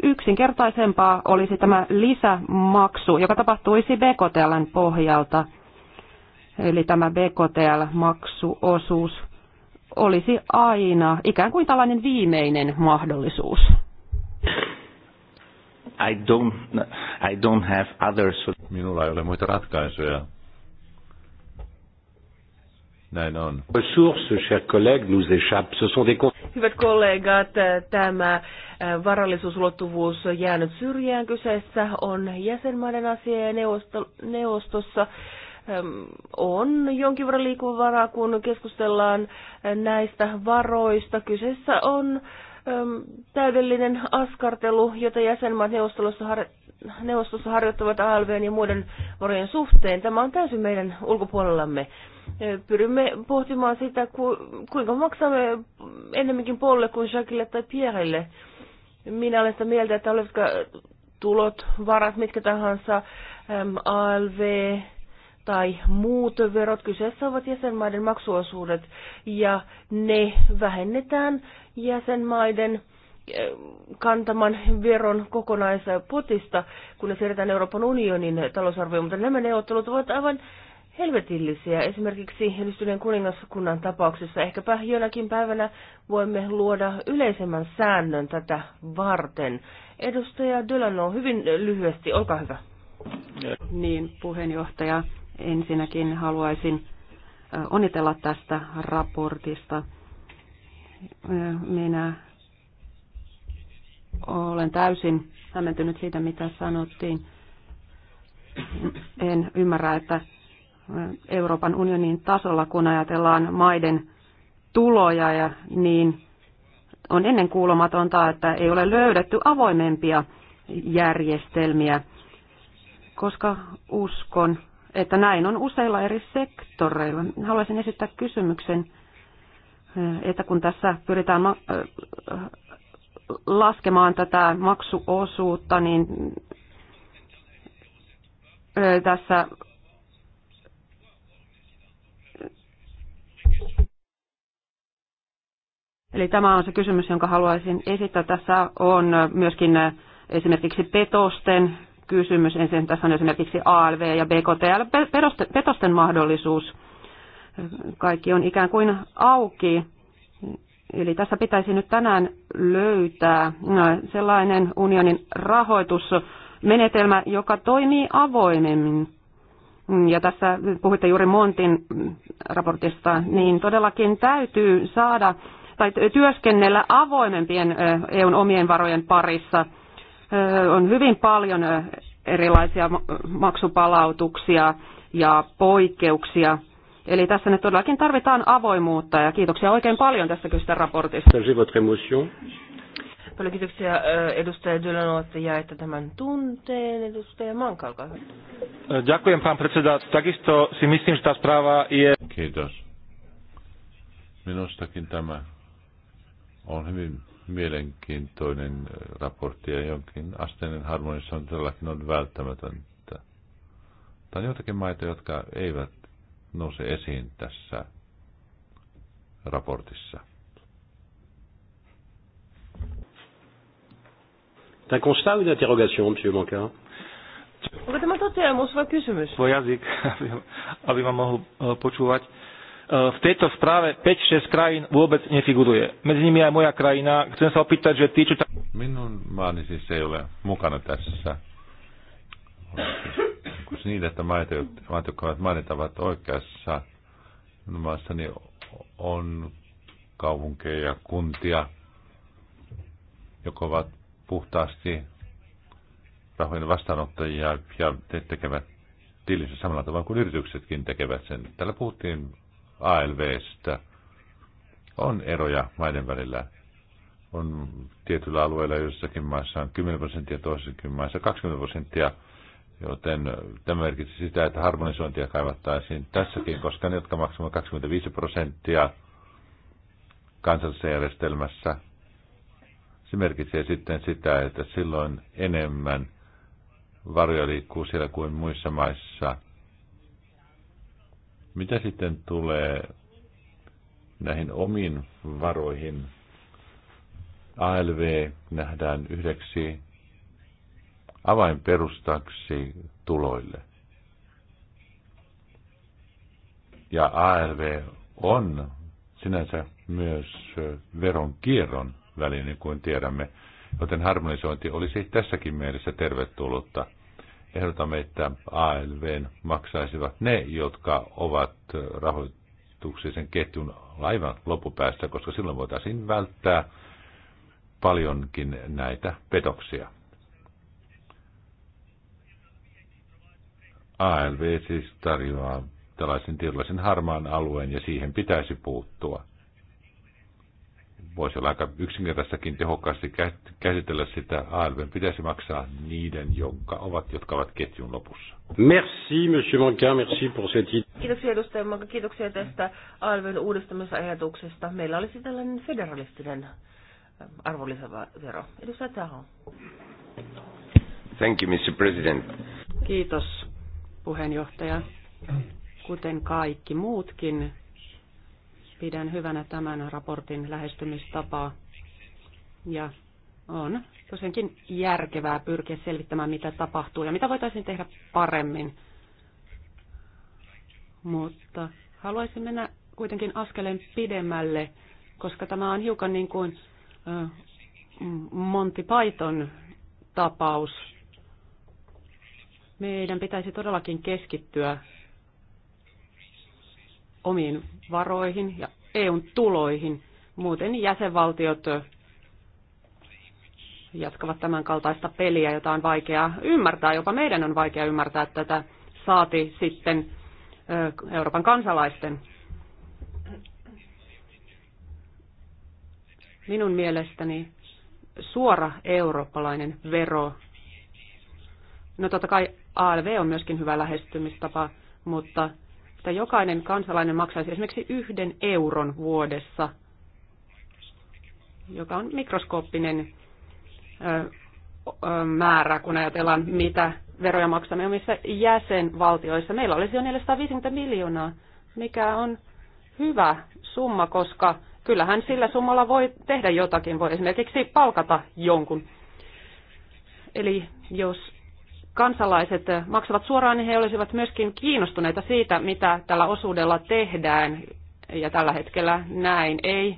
yksinkertaisempaa olisi tämä lisämaksu, joka tapahtuisi BKTLn pohjalta – eli tämä BKTL-maksuosuus, olisi aina ikään kuin tällainen viimeinen mahdollisuus. I don't, I don't have other Minulla ei ole muita ratkaisuja. Näin on. Hyvät kollegat, tämä varallisuusulottuvuus jäänyt syrjään kyseessä on jäsenmaiden asia ja neuvosto, neuvostossa on jonkin verran liikkumavaraa, kun keskustellaan näistä varoista. Kyseessä on täydellinen askartelu, jota jäsenmaat neuvostossa, har- neuvostossa harjoittavat ALVn ja muiden varojen suhteen. Tämä on täysin meidän ulkopuolellamme. Pyrimme pohtimaan sitä, ku- kuinka maksamme ennemminkin Polle kuin Jacquille tai Pierrelle. Minä olen sitä mieltä, että olisiko tulot, varat, mitkä tahansa, ALV, tai muut verot. Kyseessä ovat jäsenmaiden maksuosuudet ja ne vähennetään jäsenmaiden eh, kantaman veron kokonaispotista, kun ne siirretään Euroopan unionin talousarvioon, mutta nämä neuvottelut ovat aivan helvetillisiä. Esimerkiksi yhdistyneen kuningaskunnan tapauksessa ehkäpä jonakin päivänä voimme luoda yleisemmän säännön tätä varten. Edustaja Delano, hyvin lyhyesti, olkaa hyvä. Niin, puheenjohtaja. Ensinnäkin haluaisin onnitella tästä raportista. Minä olen täysin hämmentynyt siitä, mitä sanottiin. En ymmärrä, että Euroopan unionin tasolla, kun ajatellaan maiden tuloja, ja niin on ennen ennenkuulumatonta, että ei ole löydetty avoimempia järjestelmiä, koska uskon, että näin on useilla eri sektoreilla. Haluaisin esittää kysymyksen, että kun tässä pyritään laskemaan tätä maksuosuutta, niin tässä Eli tämä on se kysymys, jonka haluaisin esittää. Tässä on myöskin esimerkiksi petosten kysymys. Ensin tässä on esimerkiksi ALV ja BKTL, petosten mahdollisuus. Kaikki on ikään kuin auki. Eli tässä pitäisi nyt tänään löytää no, sellainen unionin rahoitusmenetelmä, joka toimii avoimemmin. Ja tässä puhuitte juuri Montin raportista, niin todellakin täytyy saada tai työskennellä avoimempien EUn omien varojen parissa – on hyvin paljon erilaisia maksupalautuksia ja poikkeuksia. Eli tässä nyt todellakin tarvitaan avoimuutta ja kiitoksia oikein paljon tästä kyseistä raportista. Paljon kiitoksia edustaja Dylano, että jäitte tämän tunteen. Edustaja Manka, olkaa hyvä. Ďakujem, pan predseda. Takisto si myslím, että tá je... Kiitos. Minustakin tämä on hyvin mielenkiintoinen äh, raportti ja jonkin asteinen harmonisointi todellakin on välttämätöntä. Tai joitakin maita, jotka eivät nouse esiin tässä raportissa. Tämä on constat ou une interrogation, monsieur Manka Onko tämä toteamus vai kysymys? Voi jazyk, aby ma e, počúvať. E, v tejto správe 5-6 krajín vôbec nefiguruje. Medzi nimi aj moja krajina. Chcem sa opýtať, že tí, čo... tam... Minun maani siis ei ole mukana tässä. Onko siis niitä, että maat, jotka ovat mainit, ovat oikeassa maassani on kaupunkeja ja kuntia, jotka ovat puhtaasti rahojen vastaanottajia ja tekevät tilissä samalla tavalla kuin yrityksetkin tekevät sen. Täällä puhuttiin ALVstä. On eroja maiden välillä. On tietyllä alueilla jossakin maissa on 10 prosenttia, toisessakin maissa 20 prosenttia, joten tämä merkitsee sitä, että harmonisointia kaivattaisiin tässäkin, koska ne, jotka maksavat 25 prosenttia kansallisessa järjestelmässä, se merkitsee sitten sitä, että silloin enemmän varjo liikkuu siellä kuin muissa maissa – mitä sitten tulee näihin omiin varoihin? ALV nähdään yhdeksi avainperustaksi tuloille. Ja ALV on sinänsä myös veronkierron väline, niin kuin tiedämme, joten harmonisointi olisi tässäkin mielessä tervetullutta – ehdotamme, että ALV maksaisivat ne, jotka ovat rahoituksisen ketjun aivan loppupäässä, koska silloin voitaisiin välttää paljonkin näitä petoksia. ALV siis tarjoaa tällaisen tietynlaisen harmaan alueen ja siihen pitäisi puuttua voisi olla aika yksinkertaistakin tehokkaasti käsitellä sitä. ALV pitäisi maksaa niiden, jotka ovat, jotka ovat ketjun lopussa. Merci, monsieur Manka, merci pour cette... Kiitoksia edustaja Manka, kiitoksia tästä ALVn uudistamisajatuksesta. Meillä olisi tällainen federalistinen äh, arvonlisävero. Edustaja Taho. Thank you, Mr. President. Kiitos, puheenjohtaja. Kuten kaikki muutkin Pidän hyvänä tämän raportin lähestymistapaa ja on tosiaankin järkevää pyrkiä selvittämään, mitä tapahtuu ja mitä voitaisiin tehdä paremmin. Mutta haluaisin mennä kuitenkin askeleen pidemmälle, koska tämä on hiukan niin kuin Monty Python tapaus. Meidän pitäisi todellakin keskittyä omiin varoihin ja EUn tuloihin. Muuten jäsenvaltiot jatkavat tämän kaltaista peliä, jota on vaikea ymmärtää. Jopa meidän on vaikea ymmärtää tätä saati sitten Euroopan kansalaisten. Minun mielestäni suora eurooppalainen vero. No totta kai ALV on myöskin hyvä lähestymistapa, mutta että jokainen kansalainen maksaisi esimerkiksi yhden euron vuodessa, joka on mikroskooppinen määrä, kun ajatellaan, mitä veroja maksamme omissa jäsenvaltioissa. Meillä olisi jo 450 miljoonaa, mikä on hyvä summa, koska kyllähän sillä summalla voi tehdä jotakin, voi esimerkiksi palkata jonkun. Eli jos kansalaiset maksavat suoraan, niin he olisivat myöskin kiinnostuneita siitä, mitä tällä osuudella tehdään. Ja tällä hetkellä näin ei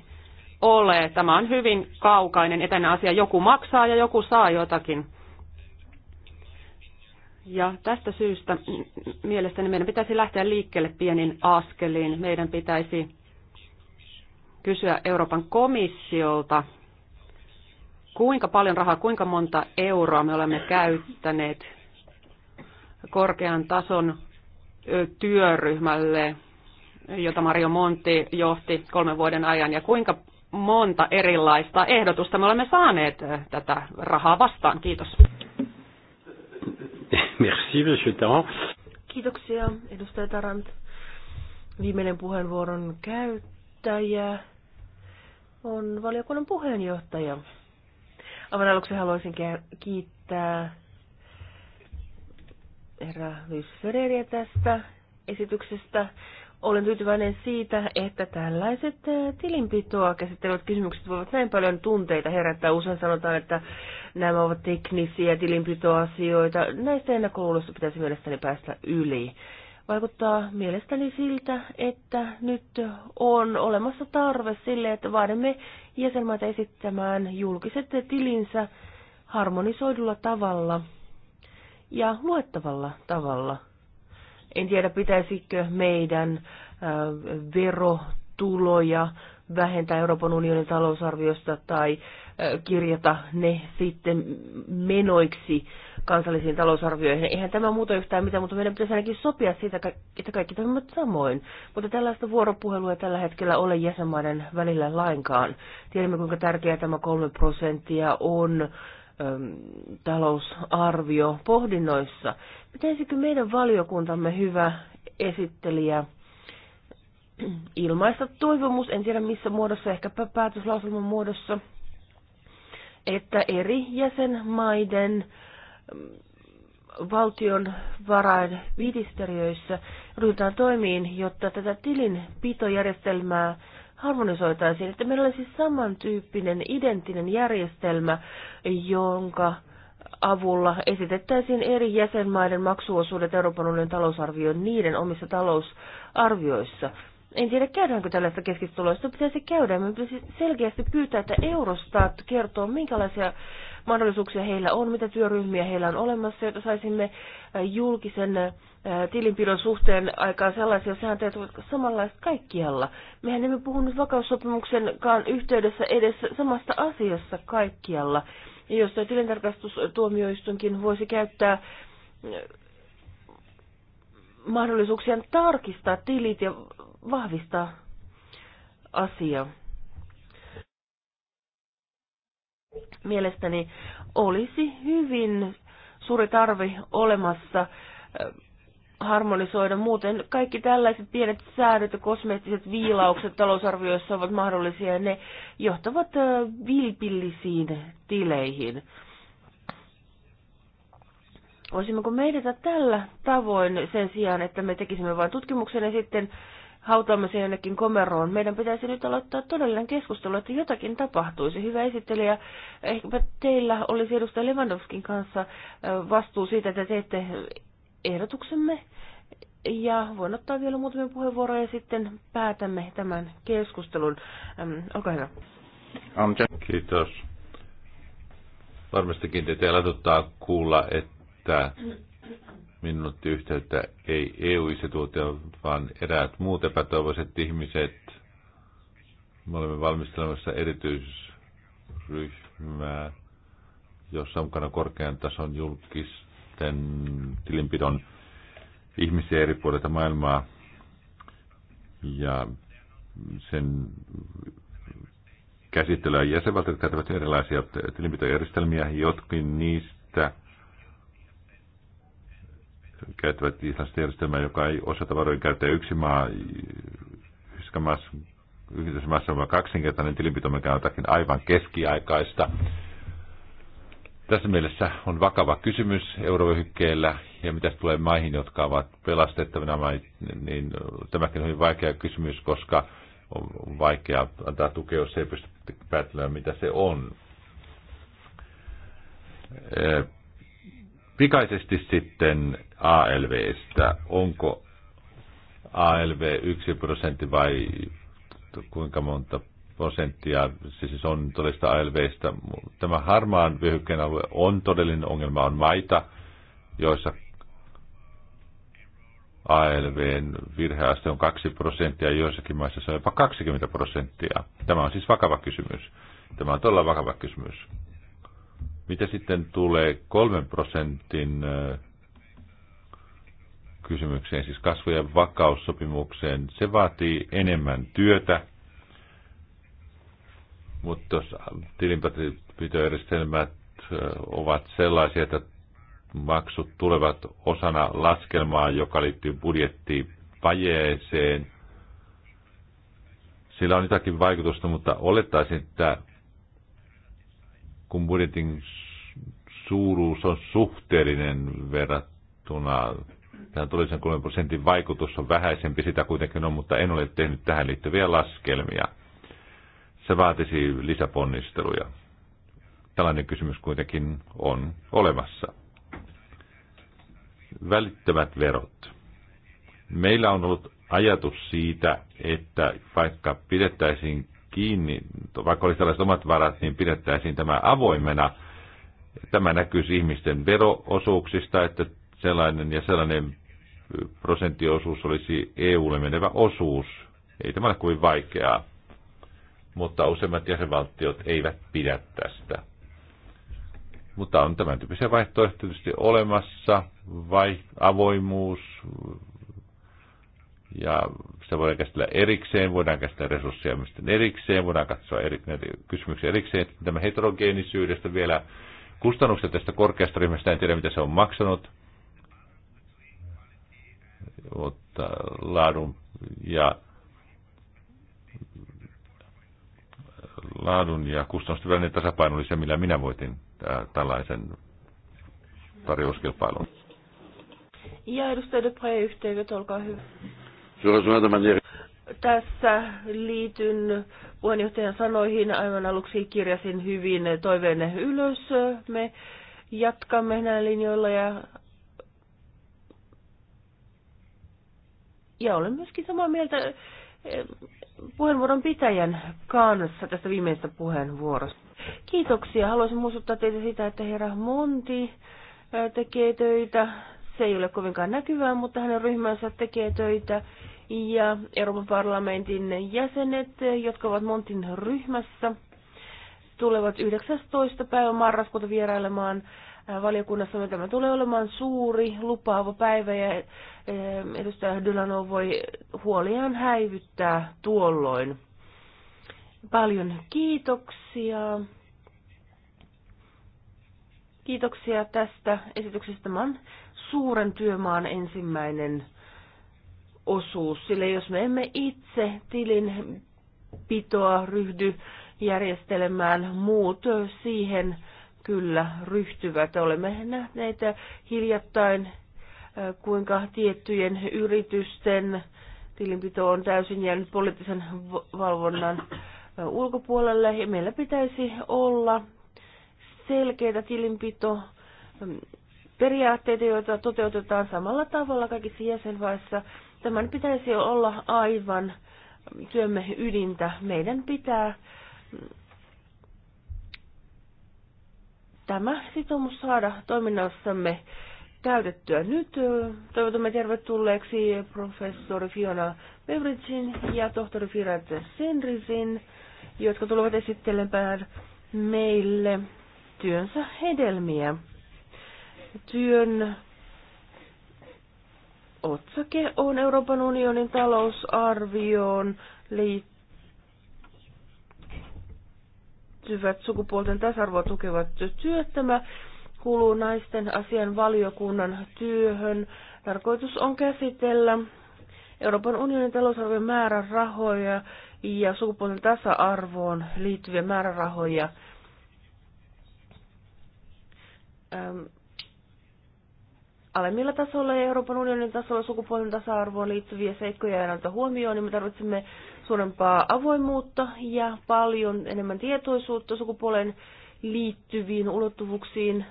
ole. Tämä on hyvin kaukainen etäinen asia. Joku maksaa ja joku saa jotakin. Ja tästä syystä mielestäni meidän pitäisi lähteä liikkeelle pienin askeliin. Meidän pitäisi kysyä Euroopan komissiolta, kuinka paljon rahaa, kuinka monta euroa me olemme käyttäneet korkean tason työryhmälle, jota Mario Monti johti kolmen vuoden ajan, ja kuinka monta erilaista ehdotusta me olemme saaneet tätä rahaa vastaan. Kiitos. Merci, monsieur Tarant. Kiitoksia, edustaja Tarant. Viimeinen puheenvuoron käyttäjä on valiokunnan puheenjohtaja. Aivan aluksi haluaisin kiittää herra Luis tästä esityksestä. Olen tyytyväinen siitä, että tällaiset tilinpitoa käsittelevät kysymykset voivat näin paljon tunteita herättää. Usein sanotaan, että nämä ovat teknisiä tilinpitoasioita. Näistä ennakkoluuloista pitäisi mielestäni päästä yli. Vaikuttaa mielestäni siltä, että nyt on olemassa tarve sille, että vaadimme jäsenmaita esittämään julkiset tilinsä harmonisoidulla tavalla – ja luettavalla tavalla. En tiedä, pitäisikö meidän verotuloja vähentää Euroopan unionin talousarviosta tai kirjata ne sitten menoiksi kansallisiin talousarvioihin. Eihän tämä muuta yhtään mitään, mutta meidän pitäisi ainakin sopia siitä, että kaikki toimivat samoin. Mutta tällaista vuoropuhelua tällä hetkellä ole jäsenmaiden välillä lainkaan. Tiedämme, kuinka tärkeää tämä kolme prosenttia on talousarvio pohdinnoissa. Pitäisikö meidän valiokuntamme hyvä esittelijä ilmaista toivomus, en tiedä missä muodossa, ehkä päätöslauselman muodossa, että eri jäsenmaiden valtion varain ministeriöissä ryhdytään toimiin, jotta tätä tilinpitojärjestelmää harmonisoitaisiin, että meillä olisi samantyyppinen identtinen järjestelmä, jonka avulla esitettäisiin eri jäsenmaiden maksuosuudet Euroopan unionin talousarvioon niiden omissa talousarvioissa. En tiedä, käydäänkö tällaista keskustelua, pitäisi käydä. Me pitäisi selkeästi pyytää, että Eurostat kertoo, minkälaisia mahdollisuuksia heillä on, mitä työryhmiä heillä on olemassa, jotta saisimme julkisen tilinpidon suhteen aikaan sellaisia sääntöjä, jotka ovat samanlaiset kaikkialla. Mehän emme puhu nyt vakaussopimuksenkaan yhteydessä edes samasta asiassa kaikkialla. Ja jos tilintarkastustuomioistuinkin voisi käyttää mahdollisuuksia tarkistaa tilit ja vahvistaa asiaa. Mielestäni olisi hyvin suuri tarvi olemassa harmonisoida. Muuten kaikki tällaiset pienet säädöt ja kosmeettiset viilaukset talousarvioissa ovat mahdollisia ja ne johtavat vilpillisiin tileihin. Voisimmeko me edetä tällä tavoin sen sijaan, että me tekisimme vain tutkimuksen ja sitten hautaamme se jonnekin komeroon. Meidän pitäisi nyt aloittaa todellinen keskustelu, että jotakin tapahtuisi. Hyvä esittelijä, ehkäpä teillä olisi edustaja Lewandowskin kanssa vastuu siitä, että teette ehdotuksemme. Ja voin ottaa vielä muutamia puheenvuoroja ja sitten päätämme tämän keskustelun. Ähm, olkaa hyvä. Kiitos. Varmastikin te teillä kuulla, että minun otti yhteyttä ei EU-instituutio, vaan eräät muut epätoivoiset ihmiset. Me olemme valmistelemassa erityisryhmää, jossa on mukana korkean tason julkisten tilinpidon ihmisiä eri puolilta maailmaa. Ja sen käsittelyä jäsenvaltiot käyttävät erilaisia tilinpitojärjestelmiä, jotkin niistä – käyttävät Islannista järjestelmää, joka ei osata varoja käyttää. Yksi maa, yhdessä maassa, yhdessä maassa on kaksinkertainen tilinpito, mikä on jotakin aivan keskiaikaista. Tässä mielessä on vakava kysymys eurovyhykkeellä ja mitä tulee maihin, jotka ovat pelastettavina, niin tämäkin on hyvin vaikea kysymys, koska on vaikea antaa tukea, jos ei pysty päättämään, mitä se on Pikaisesti sitten ALVstä. Onko ALV 1 prosentti vai kuinka monta prosenttia, se siis on todellista ALVstä. Tämä harmaan vyöhykkeen alue on todellinen ongelma, on maita, joissa ALVn virheaste on 2 prosenttia, joissakin maissa se on jopa 20 prosenttia. Tämä on siis vakava kysymys. Tämä on todella vakava kysymys. Mitä sitten tulee kolmen prosentin kysymykseen, siis kasvu- ja vakaussopimukseen, se vaatii enemmän työtä, mutta jos tilinpitojärjestelmät ovat sellaisia, että maksut tulevat osana laskelmaa, joka liittyy budjettivajeeseen, sillä on jotakin vaikutusta, mutta olettaisin, että kun budjetin suuruus on suhteellinen verrattuna tähän sen 3 prosentin vaikutus on vähäisempi, sitä kuitenkin on, mutta en ole tehnyt tähän liittyviä laskelmia. Se vaatisi lisäponnisteluja. Tällainen kysymys kuitenkin on olemassa. Välittömät verot. Meillä on ollut ajatus siitä, että vaikka pidettäisiin kiinni, vaikka olisi tällaiset omat varat, niin pidettäisiin tämä avoimena. Tämä näkyisi ihmisten veroosuuksista, että sellainen ja sellainen prosenttiosuus olisi EUlle menevä osuus. Ei tämä ole kovin vaikeaa, mutta useimmat jäsenvaltiot eivät pidä tästä. Mutta on tämän tyyppisiä vaihtoehtoja tietysti olemassa, vai avoimuus, ja sitä voidaan käsitellä erikseen, voidaan käsitellä resursseja erikseen, voidaan katsoa eri, näitä kysymyksiä erikseen. Tämä heterogeenisyydestä vielä kustannukset tästä korkeasta ryhmästä, en tiedä mitä se on maksanut, mutta laadun ja laadun ja kustannusten välinen tasapaino oli se, millä minä voitin äh, tällaisen tarjouskilpailun. Ja edustaja Depre, yhteydet, olkaa hyvä. Tässä liityn puheenjohtajan sanoihin. Aivan aluksi kirjasin hyvin toiveenne ylös. Me jatkamme näillä linjoilla ja, ja olen myöskin samaa mieltä eh, puheenvuoron pitäjän kanssa tästä viimeisestä puheenvuorosta. Kiitoksia. Haluaisin muistuttaa teitä sitä, että herra Monti eh, tekee töitä. Se ei ole kovinkaan näkyvää, mutta hänen ryhmänsä tekee töitä ja Euroopan parlamentin jäsenet, jotka ovat Montin ryhmässä, tulevat 19. päivä marraskuuta vierailemaan äh, valiokunnassa. Tämä tulee olemaan suuri, lupaava päivä ja äh, edustaja Dylano voi huoliaan häivyttää tuolloin. Paljon kiitoksia. Kiitoksia tästä esityksestä. Tämä on suuren työmaan ensimmäinen osuus, sillä jos me emme itse tilin pitoa ryhdy järjestelemään, muut siihen kyllä ryhtyvät. Olemme nähneet hiljattain, äh, kuinka tiettyjen yritysten tilinpito on täysin jäänyt poliittisen valvonnan äh, ulkopuolelle ja meillä pitäisi olla selkeitä tilinpito ähm, periaatteita, joita toteutetaan samalla tavalla kaikissa jäsenvaiheissa Tämän pitäisi olla aivan työmme ydintä. Meidän pitää tämä sitoumus saada toiminnassamme käytettyä. Nyt toivotamme tervetulleeksi professori Fiona Beveridgein ja tohtori Firat Senrisin, jotka tulevat esittelemään meille työnsä hedelmiä. Työn otsake on Euroopan unionin talousarvioon liittyvät sukupuolten tasa-arvoa tukevat työt. Tämä kuuluu naisten asian valiokunnan työhön. Tarkoitus on käsitellä Euroopan unionin talousarvion määrärahoja ja sukupuolten tasa-arvoon liittyviä määrärahoja. Ähm, alemmilla tasolla ja Euroopan unionin tasolla sukupuolen tasa-arvoon liittyviä seikkoja ja näitä huomioon, niin me tarvitsemme suurempaa avoimuutta ja paljon enemmän tietoisuutta sukupuolen liittyviin ulottuvuuksiin.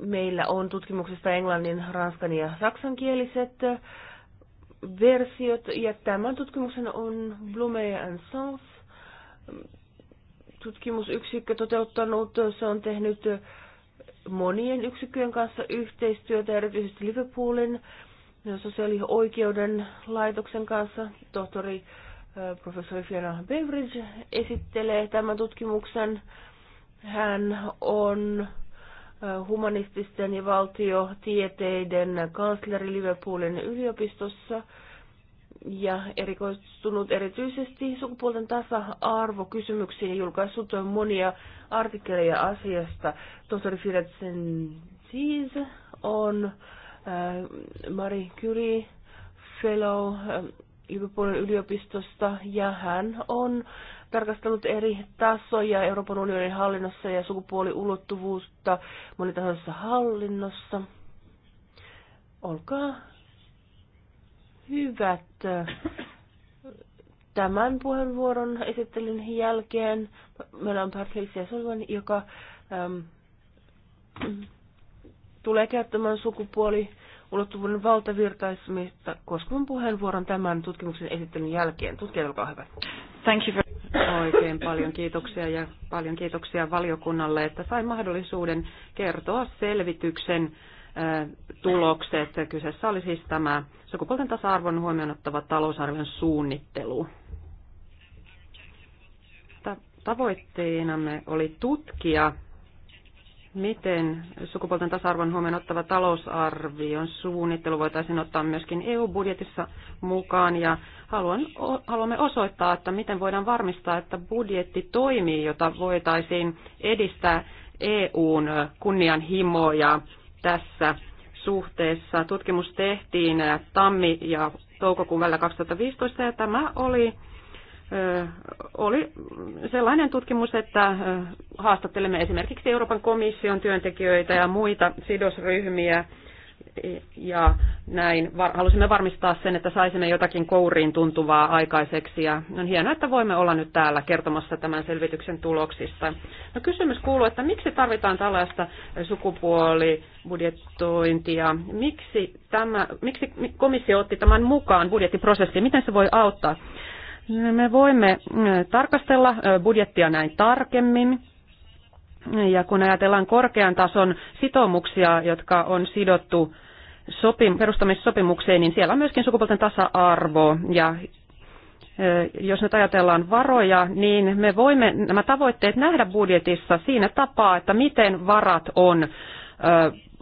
Meillä on tutkimuksista englannin, ranskan ja saksankieliset versiot, ja tämän tutkimuksen on Blume Sons tutkimusyksikkö toteuttanut. Se on tehnyt monien yksikköjen kanssa yhteistyötä, erityisesti Liverpoolin sosiaalioikeuden laitoksen kanssa. Tohtori professori Fiona Beveridge esittelee tämän tutkimuksen. Hän on humanististen ja valtiotieteiden kansleri Liverpoolin yliopistossa – ja erikoistunut erityisesti sukupuolten tasa-arvokysymyksiin ja julkaissut monia artikkeleja asiasta. Tohtori Firetsen siis on äh, Marie Curie Fellow äh, Liverpoolin yliopistosta ja hän on tarkastellut eri tasoja Euroopan unionin hallinnossa ja sukupuoliulottuvuutta monitasoisessa hallinnossa. Olkaa Hyvät. Tämän puheenvuoron esittelyn jälkeen meillä on Patricia Solvan, joka äm, tulee käyttämään sukupuoli ulottuvuuden valtavirtaistumista koskevan puheenvuoron tämän tutkimuksen esittelyn jälkeen. Tutkijat, olkaa hyvä. Thank you very Oikein paljon kiitoksia ja paljon kiitoksia valiokunnalle, että sain mahdollisuuden kertoa selvityksen tulokset. Kyseessä oli siis tämä sukupuolten tasa-arvon huomioon ottava talousarvion suunnittelu. Tavoitteenamme oli tutkia, miten sukupuolten tasa-arvon huomioon ottava talousarvion suunnittelu voitaisiin ottaa myöskin EU-budjetissa mukaan. Ja haluan, haluamme osoittaa, että miten voidaan varmistaa, että budjetti toimii, jota voitaisiin edistää EUn kunnianhimoja tässä suhteessa. Tutkimus tehtiin äh, tammi- ja toukokuun välillä 2015 ja tämä oli, äh, oli sellainen tutkimus, että äh, haastattelemme esimerkiksi Euroopan komission työntekijöitä ja muita sidosryhmiä ja näin var, halusimme varmistaa sen, että saisimme jotakin kouriin tuntuvaa aikaiseksi ja on hienoa, että voimme olla nyt täällä kertomassa tämän selvityksen tuloksista. No kysymys kuuluu, että miksi tarvitaan tällaista sukupuolibudjetointia? Miksi, tämä, miksi komissio otti tämän mukaan budjettiprosessiin? Miten se voi auttaa? Me voimme mm, tarkastella budjettia näin tarkemmin ja kun ajatellaan korkean tason sitoumuksia, jotka on sidottu sopim- perustamissopimukseen, niin siellä on myöskin sukupuolten tasa-arvo. Ja jos nyt ajatellaan varoja, niin me voimme nämä tavoitteet nähdä budjetissa siinä tapaa, että miten varat on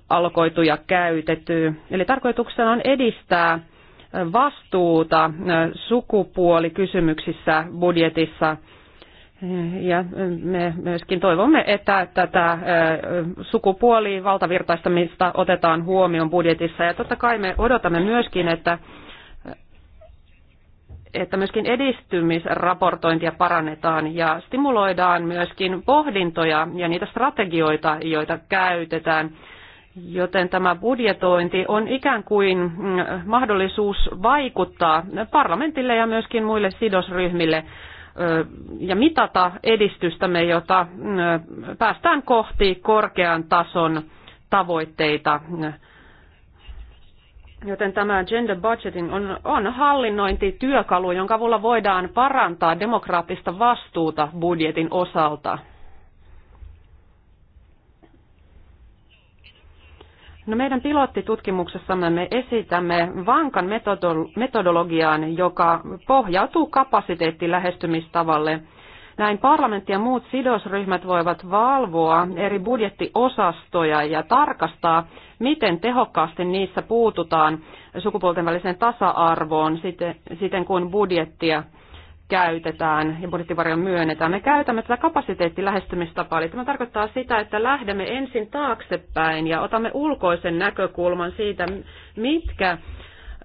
alkoitu ja käytetty. Eli tarkoituksena on edistää vastuuta sukupuolikysymyksissä budjetissa – ja me myöskin toivomme, että tätä sukupuoliin valtavirtaistamista otetaan huomioon budjetissa. Ja totta kai me odotamme myöskin, että, että myöskin edistymisraportointia parannetaan ja stimuloidaan myöskin pohdintoja ja niitä strategioita, joita käytetään. Joten tämä budjetointi on ikään kuin mm, mahdollisuus vaikuttaa parlamentille ja myöskin muille sidosryhmille ja mitata edistystämme, jota päästään kohti korkean tason tavoitteita. Joten tämä gender budgeting on, on hallinnointityökalu, jonka avulla voidaan parantaa demokraattista vastuuta budjetin osalta. No meidän pilottitutkimuksessamme me esitämme vankan metodologian, joka pohjautuu kapasiteettilähestymistavalle. Näin parlamentti ja muut sidosryhmät voivat valvoa eri budjettiosastoja ja tarkastaa, miten tehokkaasti niissä puututaan sukupuolten väliseen tasa-arvoon siten, siten kuin budjettia käytetään ja budjettivaroja myönnetään. Me käytämme tätä kapasiteettilähestymistapaa, eli tämä tarkoittaa sitä, että lähdemme ensin taaksepäin ja otamme ulkoisen näkökulman siitä, mitkä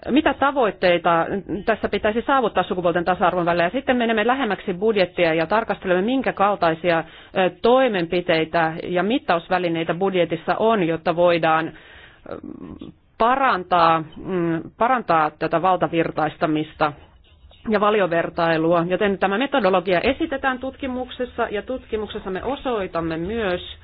mitä tavoitteita tässä pitäisi saavuttaa sukupuolten tasa-arvon välillä. Ja sitten menemme lähemmäksi budjettia ja tarkastelemme, minkä kaltaisia toimenpiteitä ja mittausvälineitä budjetissa on, jotta voidaan parantaa, mm, parantaa tätä valtavirtaistamista ja valiovertailua, joten tämä metodologia esitetään tutkimuksessa ja tutkimuksessa me osoitamme myös,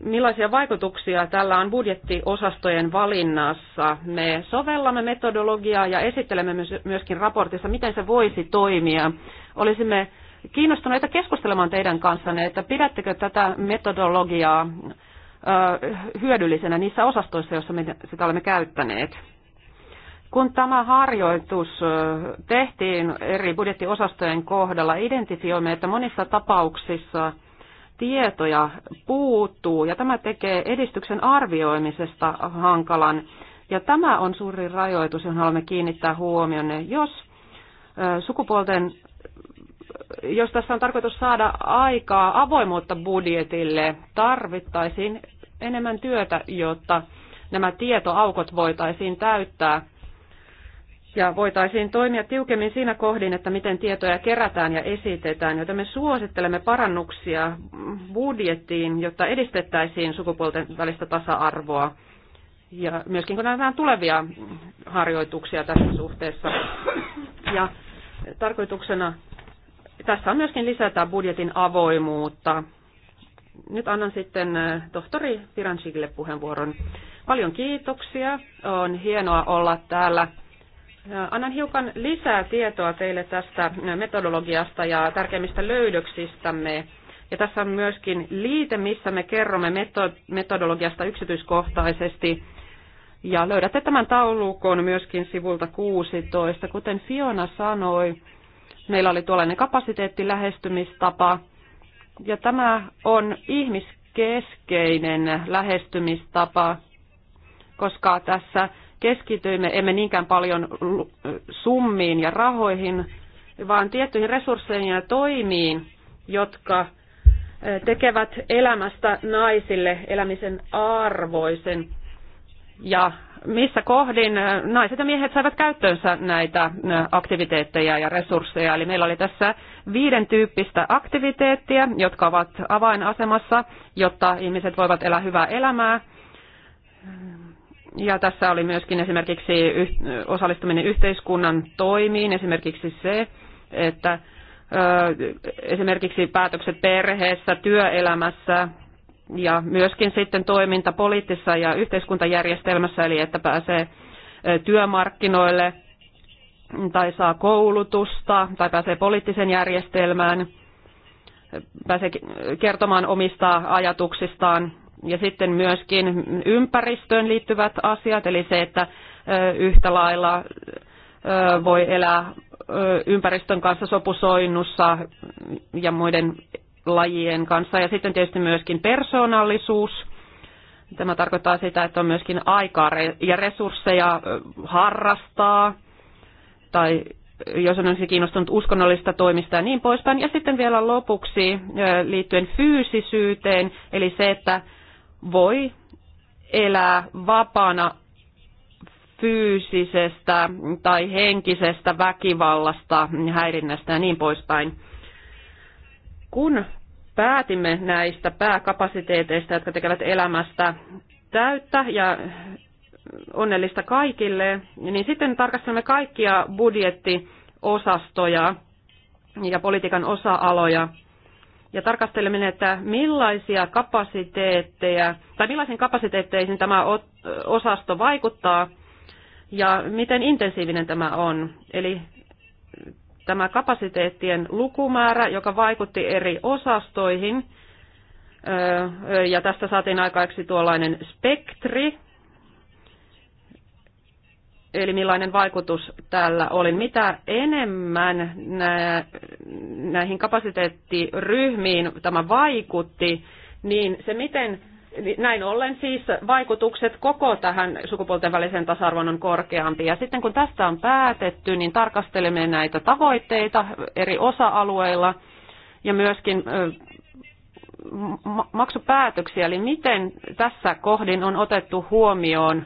millaisia vaikutuksia tällä on budjettiosastojen valinnassa. Me sovellamme metodologiaa ja esittelemme myöskin raportissa, miten se voisi toimia. Olisimme kiinnostuneita keskustelemaan teidän kanssanne, että pidättekö tätä metodologiaa hyödyllisenä niissä osastoissa, joissa me sitä olemme käyttäneet. Kun tämä harjoitus tehtiin eri budjettiosastojen kohdalla, identifioimme, että monissa tapauksissa tietoja puuttuu ja tämä tekee edistyksen arvioimisesta hankalan. Ja tämä on suuri rajoitus, johon haluamme kiinnittää huomioon. Jos sukupuolten jos tässä on tarkoitus saada aikaa avoimuutta budjetille, tarvittaisiin enemmän työtä, jotta nämä tietoaukot voitaisiin täyttää ja voitaisiin toimia tiukemmin siinä kohdin, että miten tietoja kerätään ja esitetään, joten me suosittelemme parannuksia budjettiin, jotta edistettäisiin sukupuolten välistä tasa-arvoa. Ja myöskin kun on tulevia harjoituksia tässä suhteessa. Ja tarkoituksena tässä on myöskin lisätä budjetin avoimuutta. Nyt annan sitten äh, tohtori Piransikille puheenvuoron. Paljon kiitoksia. On hienoa olla täällä Annan hiukan lisää tietoa teille tästä metodologiasta ja tärkeimmistä löydöksistämme. Ja tässä on myöskin liite, missä me kerromme metodologiasta yksityiskohtaisesti. Ja löydätte tämän taulukon myöskin sivulta 16. Kuten Fiona sanoi, meillä oli tuollainen kapasiteettilähestymistapa. Ja tämä on ihmiskeskeinen lähestymistapa, koska tässä keskityimme emme niinkään paljon summiin ja rahoihin, vaan tiettyihin resursseihin ja toimiin, jotka tekevät elämästä naisille elämisen arvoisen. Ja missä kohdin naiset ja miehet saivat käyttöönsä näitä aktiviteetteja ja resursseja. Eli meillä oli tässä viiden tyyppistä aktiviteettia, jotka ovat avainasemassa, jotta ihmiset voivat elää hyvää elämää ja tässä oli myöskin esimerkiksi osallistuminen yhteiskunnan toimiin, esimerkiksi se, että esimerkiksi päätökset perheessä, työelämässä ja myöskin sitten toiminta poliittisessa ja yhteiskuntajärjestelmässä, eli että pääsee työmarkkinoille tai saa koulutusta tai pääsee poliittisen järjestelmään, pääsee kertomaan omista ajatuksistaan ja sitten myöskin ympäristöön liittyvät asiat, eli se, että yhtä lailla voi elää ympäristön kanssa sopusoinnussa ja muiden lajien kanssa. Ja sitten tietysti myöskin persoonallisuus. Tämä tarkoittaa sitä, että on myöskin aikaa ja resursseja harrastaa tai jos on olisi kiinnostunut uskonnollista toimista ja niin poispäin. Ja sitten vielä lopuksi liittyen fyysisyyteen, eli se, että voi elää vapaana fyysisestä tai henkisestä väkivallasta, häirinnästä ja niin poispäin. Kun päätimme näistä pääkapasiteeteista, jotka tekevät elämästä täyttä ja onnellista kaikille, niin sitten tarkastelemme kaikkia budjettiosastoja ja politiikan osa-aloja ja tarkastelemme, että millaisia kapasiteetteja, tai millaisiin kapasiteetteihin tämä osasto vaikuttaa ja miten intensiivinen tämä on. Eli tämä kapasiteettien lukumäärä, joka vaikutti eri osastoihin, ja tästä saatiin aikaiseksi tuollainen spektri, eli millainen vaikutus tällä oli. Mitä enemmän näihin kapasiteettiryhmiin tämä vaikutti, niin se miten näin ollen siis vaikutukset koko tähän sukupuolten välisen tasa-arvon on korkeampi. Ja sitten kun tästä on päätetty, niin tarkastelemme näitä tavoitteita eri osa-alueilla ja myöskin maksupäätöksiä, eli miten tässä kohdin on otettu huomioon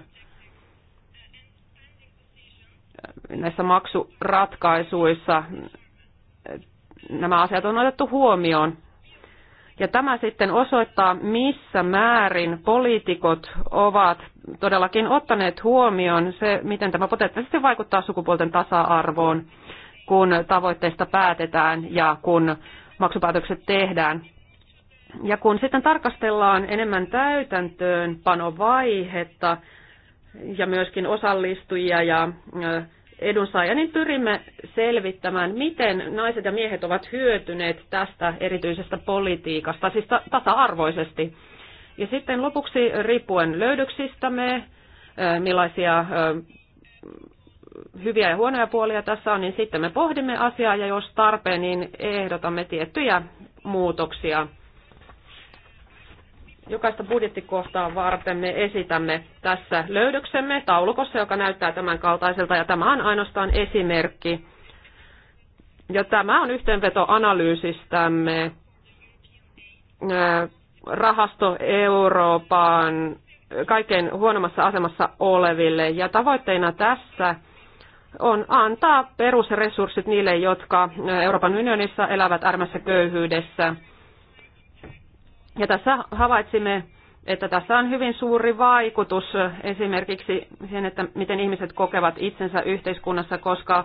näissä maksuratkaisuissa nämä asiat on otettu huomioon. Ja tämä sitten osoittaa, missä määrin poliitikot ovat todellakin ottaneet huomioon se, miten tämä potentiaalisesti vaikuttaa sukupuolten tasa-arvoon, kun tavoitteista päätetään ja kun maksupäätökset tehdään. Ja kun sitten tarkastellaan enemmän täytäntöönpanovaihetta, ja myöskin osallistujia ja edunsaajia, niin pyrimme selvittämään, miten naiset ja miehet ovat hyötyneet tästä erityisestä politiikasta, siis tasa-arvoisesti. Ja sitten lopuksi riippuen löydöksistämme, millaisia hyviä ja huonoja puolia tässä on, niin sitten me pohdimme asiaa ja jos tarpeen, niin ehdotamme tiettyjä muutoksia Jokaista budjettikohtaa varten me esitämme tässä löydöksemme taulukossa, joka näyttää tämän kaltaiselta, ja tämä on ainoastaan esimerkki. Ja tämä on yhteenveto analyysistämme rahasto Euroopan kaikkein huonommassa asemassa oleville. Ja tavoitteena tässä on antaa perusresurssit niille, jotka Euroopan unionissa elävät äärimmäisessä köyhyydessä – ja tässä havaitsimme, että tässä on hyvin suuri vaikutus esimerkiksi siihen, että miten ihmiset kokevat itsensä yhteiskunnassa, koska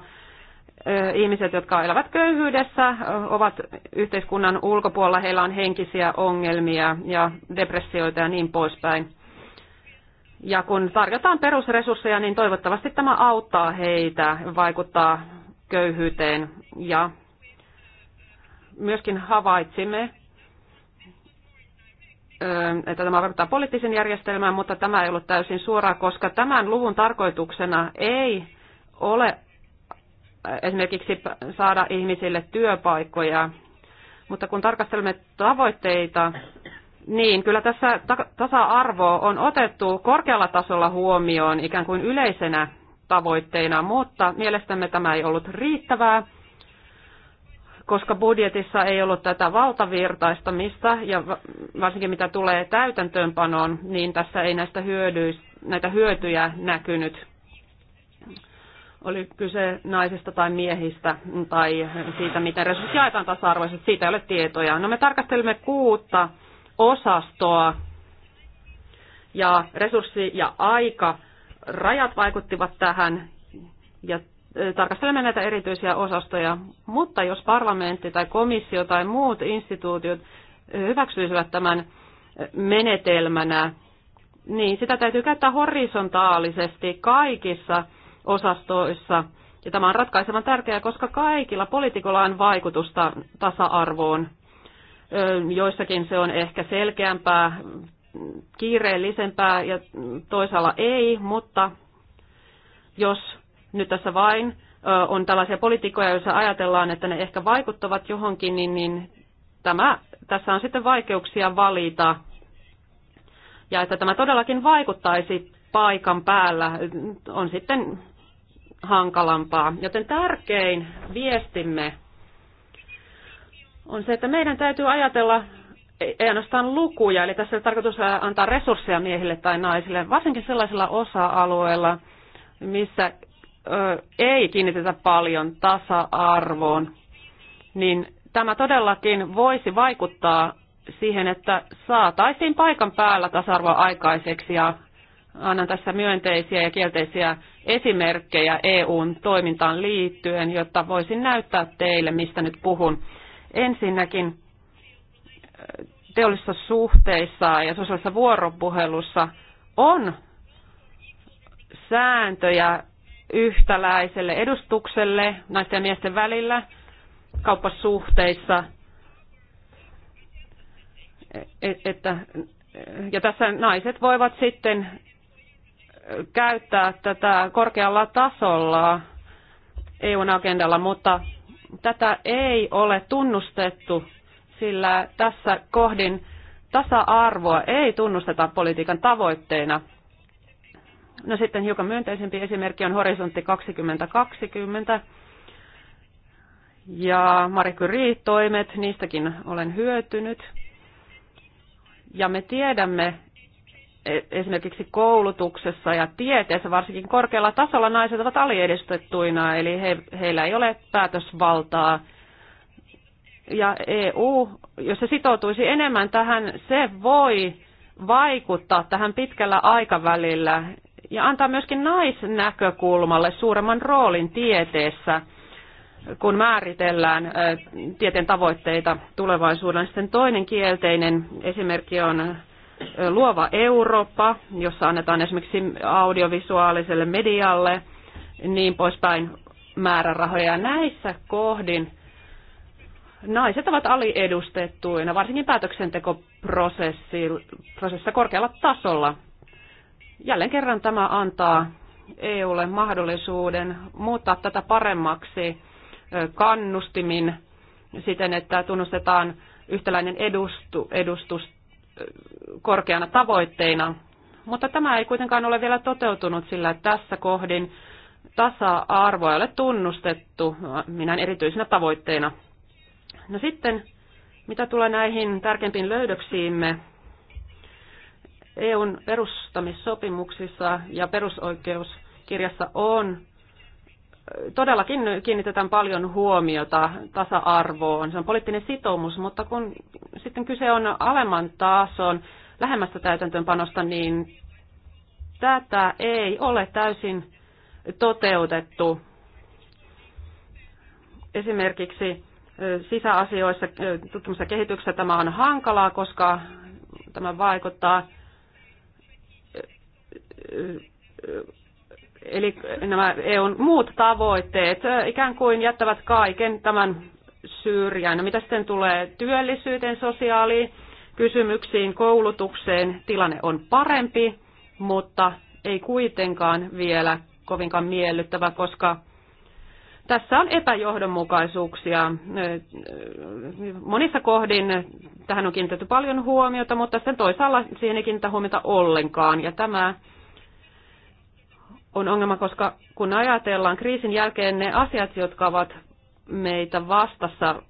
ihmiset, jotka elävät köyhyydessä, ovat yhteiskunnan ulkopuolella, heillä on henkisiä ongelmia ja depressioita ja niin poispäin. Ja kun tarjotaan perusresursseja, niin toivottavasti tämä auttaa heitä, vaikuttaa köyhyyteen ja myöskin havaitsimme, että tämä vaikuttaa poliittisen järjestelmään, mutta tämä ei ollut täysin suoraa, koska tämän luvun tarkoituksena ei ole esimerkiksi saada ihmisille työpaikkoja. Mutta kun tarkastelemme tavoitteita, niin kyllä tässä tasa-arvo on otettu korkealla tasolla huomioon ikään kuin yleisenä tavoitteena, mutta mielestämme tämä ei ollut riittävää koska budjetissa ei ollut tätä valtavirtaistamista ja varsinkin mitä tulee täytäntöönpanoon, niin tässä ei näistä hyödyis, näitä hyötyjä näkynyt. Oli kyse naisista tai miehistä tai siitä, miten resurssit jaetaan tasa-arvoisesti, siitä ei ole tietoja. No me tarkastelimme kuutta osastoa ja resurssi ja aika rajat vaikuttivat tähän ja tarkastelemme näitä erityisiä osastoja, mutta jos parlamentti tai komissio tai muut instituutiot hyväksyisivät tämän menetelmänä, niin sitä täytyy käyttää horisontaalisesti kaikissa osastoissa. Ja tämä on ratkaisevan tärkeää, koska kaikilla poliitikolla on vaikutusta tasa-arvoon. Joissakin se on ehkä selkeämpää, kiireellisempää ja toisaalla ei, mutta jos nyt tässä vain on tällaisia poliitikkoja, joissa ajatellaan, että ne ehkä vaikuttavat johonkin, niin, niin tämä, tässä on sitten vaikeuksia valita. Ja että tämä todellakin vaikuttaisi paikan päällä, on sitten hankalampaa. Joten tärkein viestimme on se, että meidän täytyy ajatella ei ainoastaan lukuja, eli tässä on tarkoitus antaa resursseja miehille tai naisille, varsinkin sellaisilla osa-alueilla, missä ei kiinnitetä paljon tasa-arvoon, niin tämä todellakin voisi vaikuttaa siihen, että saataisiin paikan päällä tasa-arvoa aikaiseksi ja annan tässä myönteisiä ja kielteisiä esimerkkejä EUn toimintaan liittyen, jotta voisin näyttää teille, mistä nyt puhun. Ensinnäkin teollisissa suhteissa ja sosiaalisessa vuoropuhelussa on sääntöjä yhtäläiselle edustukselle naisten ja miesten välillä kauppasuhteissa. E-, että, ja tässä naiset voivat sitten käyttää tätä korkealla tasolla EUn agendalla, mutta tätä ei ole tunnustettu, sillä tässä kohdin tasa-arvoa ei tunnusteta politiikan tavoitteena – No sitten hiukan myönteisempi esimerkki on Horisontti 2020 ja Marie Curie-toimet, niistäkin olen hyötynyt. Ja me tiedämme e- esimerkiksi koulutuksessa ja tieteessä, varsinkin korkealla tasolla, naiset ovat aliedistettuina, eli he, heillä ei ole päätösvaltaa. Ja EU, jos se sitoutuisi enemmän tähän, se voi vaikuttaa tähän pitkällä aikavälillä ja antaa myöskin naisnäkökulmalle suuremman roolin tieteessä, kun määritellään tieteen tavoitteita tulevaisuudessa. Sitten toinen kielteinen esimerkki on Luova Eurooppa, jossa annetaan esimerkiksi audiovisuaaliselle medialle niin poispäin määrärahoja. Näissä kohdin naiset ovat aliedustettuina, varsinkin päätöksentekoprosessissa korkealla tasolla. Jälleen kerran tämä antaa EUlle mahdollisuuden muuttaa tätä paremmaksi kannustimin siten, että tunnustetaan yhtäläinen edustu, edustus korkeana tavoitteena. Mutta tämä ei kuitenkaan ole vielä toteutunut, sillä tässä kohdin tasa-arvoa ei ole tunnustettu minä erityisenä tavoitteena. No sitten, mitä tulee näihin tärkeimpiin löydöksiimme, EUn perustamissopimuksissa ja perusoikeuskirjassa on todellakin kiinnitetään paljon huomiota tasa-arvoon. Se on poliittinen sitoumus, mutta kun sitten kyse on alemman tason lähemmästä täytäntöönpanosta, niin tätä ei ole täysin toteutettu. Esimerkiksi sisäasioissa, tutkimus- ja kehityksessä tämä on hankalaa, koska tämä vaikuttaa eli nämä EUn muut tavoitteet ikään kuin jättävät kaiken tämän syrjään. No mitä sitten tulee työllisyyteen, sosiaaliin, kysymyksiin, koulutukseen, tilanne on parempi, mutta ei kuitenkaan vielä kovinkaan miellyttävä, koska tässä on epäjohdonmukaisuuksia. Monissa kohdin tähän on kiinnitetty paljon huomiota, mutta sitten toisaalla siihen ei kiinnitä huomiota ollenkaan. Ja tämä on ongelma, koska kun ajatellaan kriisin jälkeen ne asiat, jotka ovat meitä vastassa,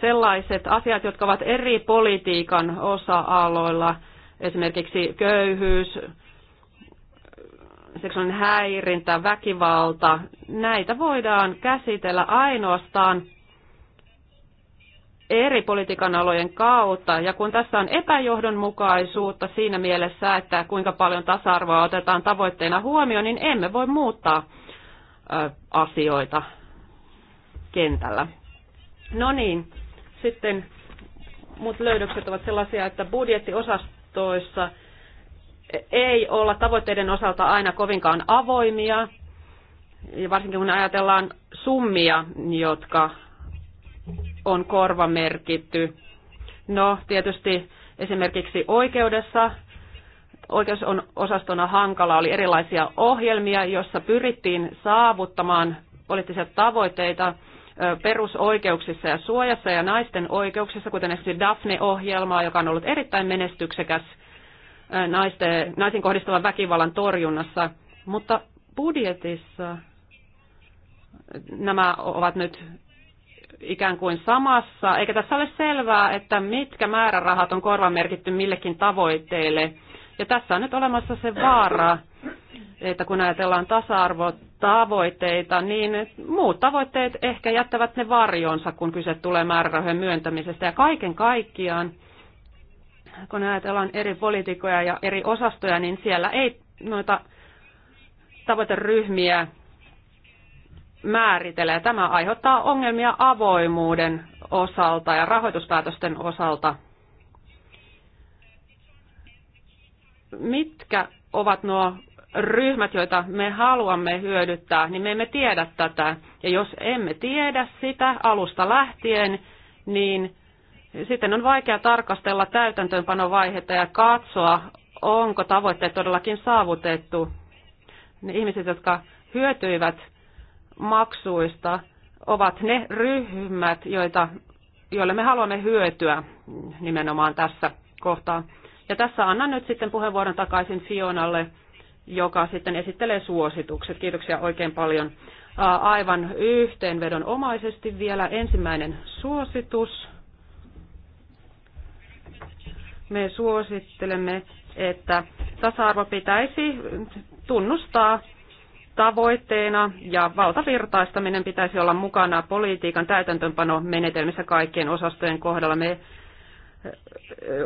sellaiset asiat, jotka ovat eri politiikan osa-aloilla, esimerkiksi köyhyys, seksuaalinen häirintä, väkivalta, näitä voidaan käsitellä ainoastaan eri politiikan alojen kautta. Ja kun tässä on epäjohdonmukaisuutta siinä mielessä, että kuinka paljon tasa-arvoa otetaan tavoitteena huomioon, niin emme voi muuttaa asioita kentällä. No niin, sitten muut löydökset ovat sellaisia, että budjettiosastoissa ei olla tavoitteiden osalta aina kovinkaan avoimia, ja varsinkin kun ajatellaan summia, jotka on korvamerkitty. No, tietysti esimerkiksi oikeudessa oikeus on osastona hankala, oli erilaisia ohjelmia, joissa pyrittiin saavuttamaan poliittisia tavoitteita perusoikeuksissa ja suojassa ja naisten oikeuksissa, kuten esimerkiksi Daphne-ohjelmaa, joka on ollut erittäin menestyksekäs naisten, naisin kohdistuvan väkivallan torjunnassa. Mutta budjetissa nämä ovat nyt ikään kuin samassa, eikä tässä ole selvää, että mitkä määrärahat on korvamerkitty millekin tavoitteelle. Ja tässä on nyt olemassa se vaara, että kun ajatellaan tasa-arvotavoitteita, niin muut tavoitteet ehkä jättävät ne varjonsa, kun kyse tulee määrärahojen myöntämisestä. Ja kaiken kaikkiaan, kun ajatellaan eri poliitikoja ja eri osastoja, niin siellä ei noita tavoiteryhmiä määritellä. Ja tämä aiheuttaa ongelmia avoimuuden osalta ja rahoituspäätösten osalta. Mitkä ovat nuo ryhmät, joita me haluamme hyödyttää, niin me emme tiedä tätä. Ja jos emme tiedä sitä alusta lähtien, niin sitten on vaikea tarkastella täytäntöönpanovaihetta ja katsoa, onko tavoitteet todellakin saavutettu. Ne ihmiset, jotka hyötyivät maksuista ovat ne ryhmät, joita, joille me haluamme hyötyä nimenomaan tässä kohtaa. Ja tässä annan nyt sitten puheenvuoron takaisin Fionalle, joka sitten esittelee suositukset. Kiitoksia oikein paljon. Aivan yhteenvedonomaisesti vielä ensimmäinen suositus. Me suosittelemme, että tasa-arvo pitäisi tunnustaa tavoitteena ja valtavirtaistaminen pitäisi olla mukana politiikan menetelmissä kaikkien osastojen kohdalla. Me eh,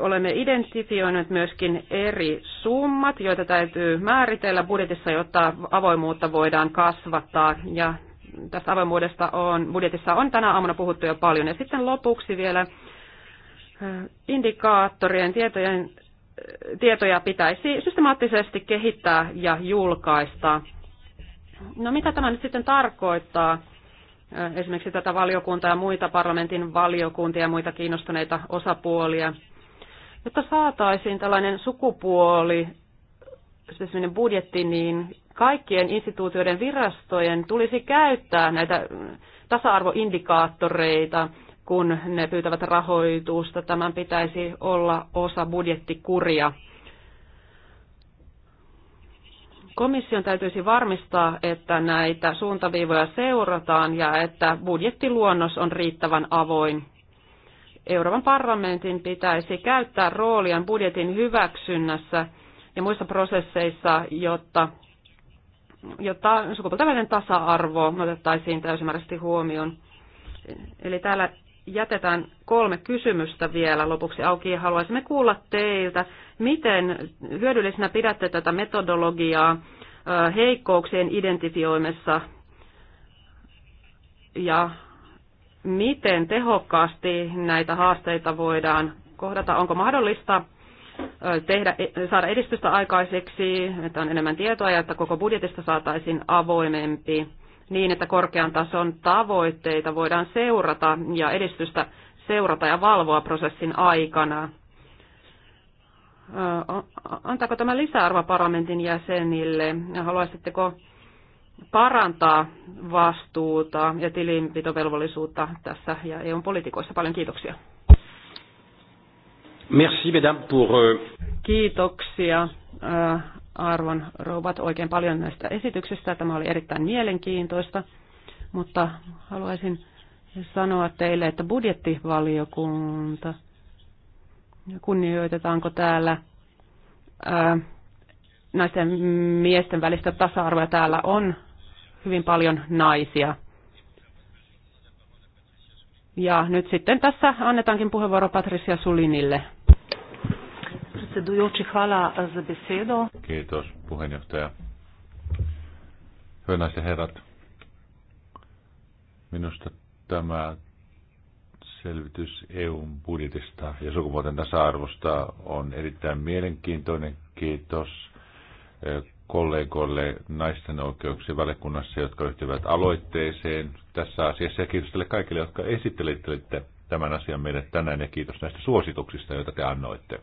olemme identifioineet myöskin eri summat, joita täytyy määritellä budjetissa, jotta avoimuutta voidaan kasvattaa. Ja tästä avoimuudesta on, budjetissa on tänä aamuna puhuttu jo paljon. Ja sitten lopuksi vielä eh, indikaattorien tietojen, eh, tietoja pitäisi systemaattisesti kehittää ja julkaista. No mitä tämä nyt sitten tarkoittaa? Esimerkiksi tätä valiokuntaa ja muita parlamentin valiokuntia ja muita kiinnostuneita osapuolia. Jotta saataisiin tällainen sukupuoli, esimerkiksi budjetti, niin kaikkien instituutioiden virastojen tulisi käyttää näitä tasa-arvoindikaattoreita, kun ne pyytävät rahoitusta. Tämän pitäisi olla osa budjettikuria. Komission täytyisi varmistaa, että näitä suuntaviivoja seurataan ja että budjettiluonnos on riittävän avoin. Euroopan parlamentin pitäisi käyttää rooliaan budjetin hyväksynnässä ja muissa prosesseissa, jotta, jotta sukupuolten tasa-arvo otettaisiin täysimääräisesti huomioon. Eli täällä jätetään kolme kysymystä vielä lopuksi auki ja haluaisimme kuulla teiltä, miten hyödyllisenä pidätte tätä metodologiaa heikkouksien identifioimessa ja miten tehokkaasti näitä haasteita voidaan kohdata. Onko mahdollista tehdä, e, saada edistystä aikaiseksi, että on enemmän tietoa ja että koko budjetista saataisiin avoimempi niin, että korkean tason tavoitteita voidaan seurata ja edistystä seurata ja valvoa prosessin aikana. Antaako tämä lisäarvo parlamentin jäsenille? Haluaisitteko parantaa vastuuta ja tilinpitovelvollisuutta tässä ja EUn politikoissa? Paljon kiitoksia. Merci, madame pour... Kiitoksia arvon rouvat oikein paljon näistä esityksistä. Tämä oli erittäin mielenkiintoista, mutta haluaisin sanoa teille, että budjettivaliokunta, kunnioitetaanko täällä ää, naisten miesten välistä tasa-arvoa, täällä on hyvin paljon naisia. Ja nyt sitten tässä annetaankin puheenvuoro Patricia Sulinille predsedujoči, hvala eh, za besedo. Kiitos, puheenjohtaja. Hyvä naiset herrat, minusta tämä selvitys EUn budjetista ja sukupuolten tasa-arvosta on erittäin mielenkiintoinen. Kiitos eh, kollegoille naisten oikeuksien valiokunnassa, jotka yhtyvät aloitteeseen tässä asiassa. Ja kiitos teille kaikille, jotka esittelitte tämän asian meille tänään ja kiitos näistä suosituksista, joita te annoitte.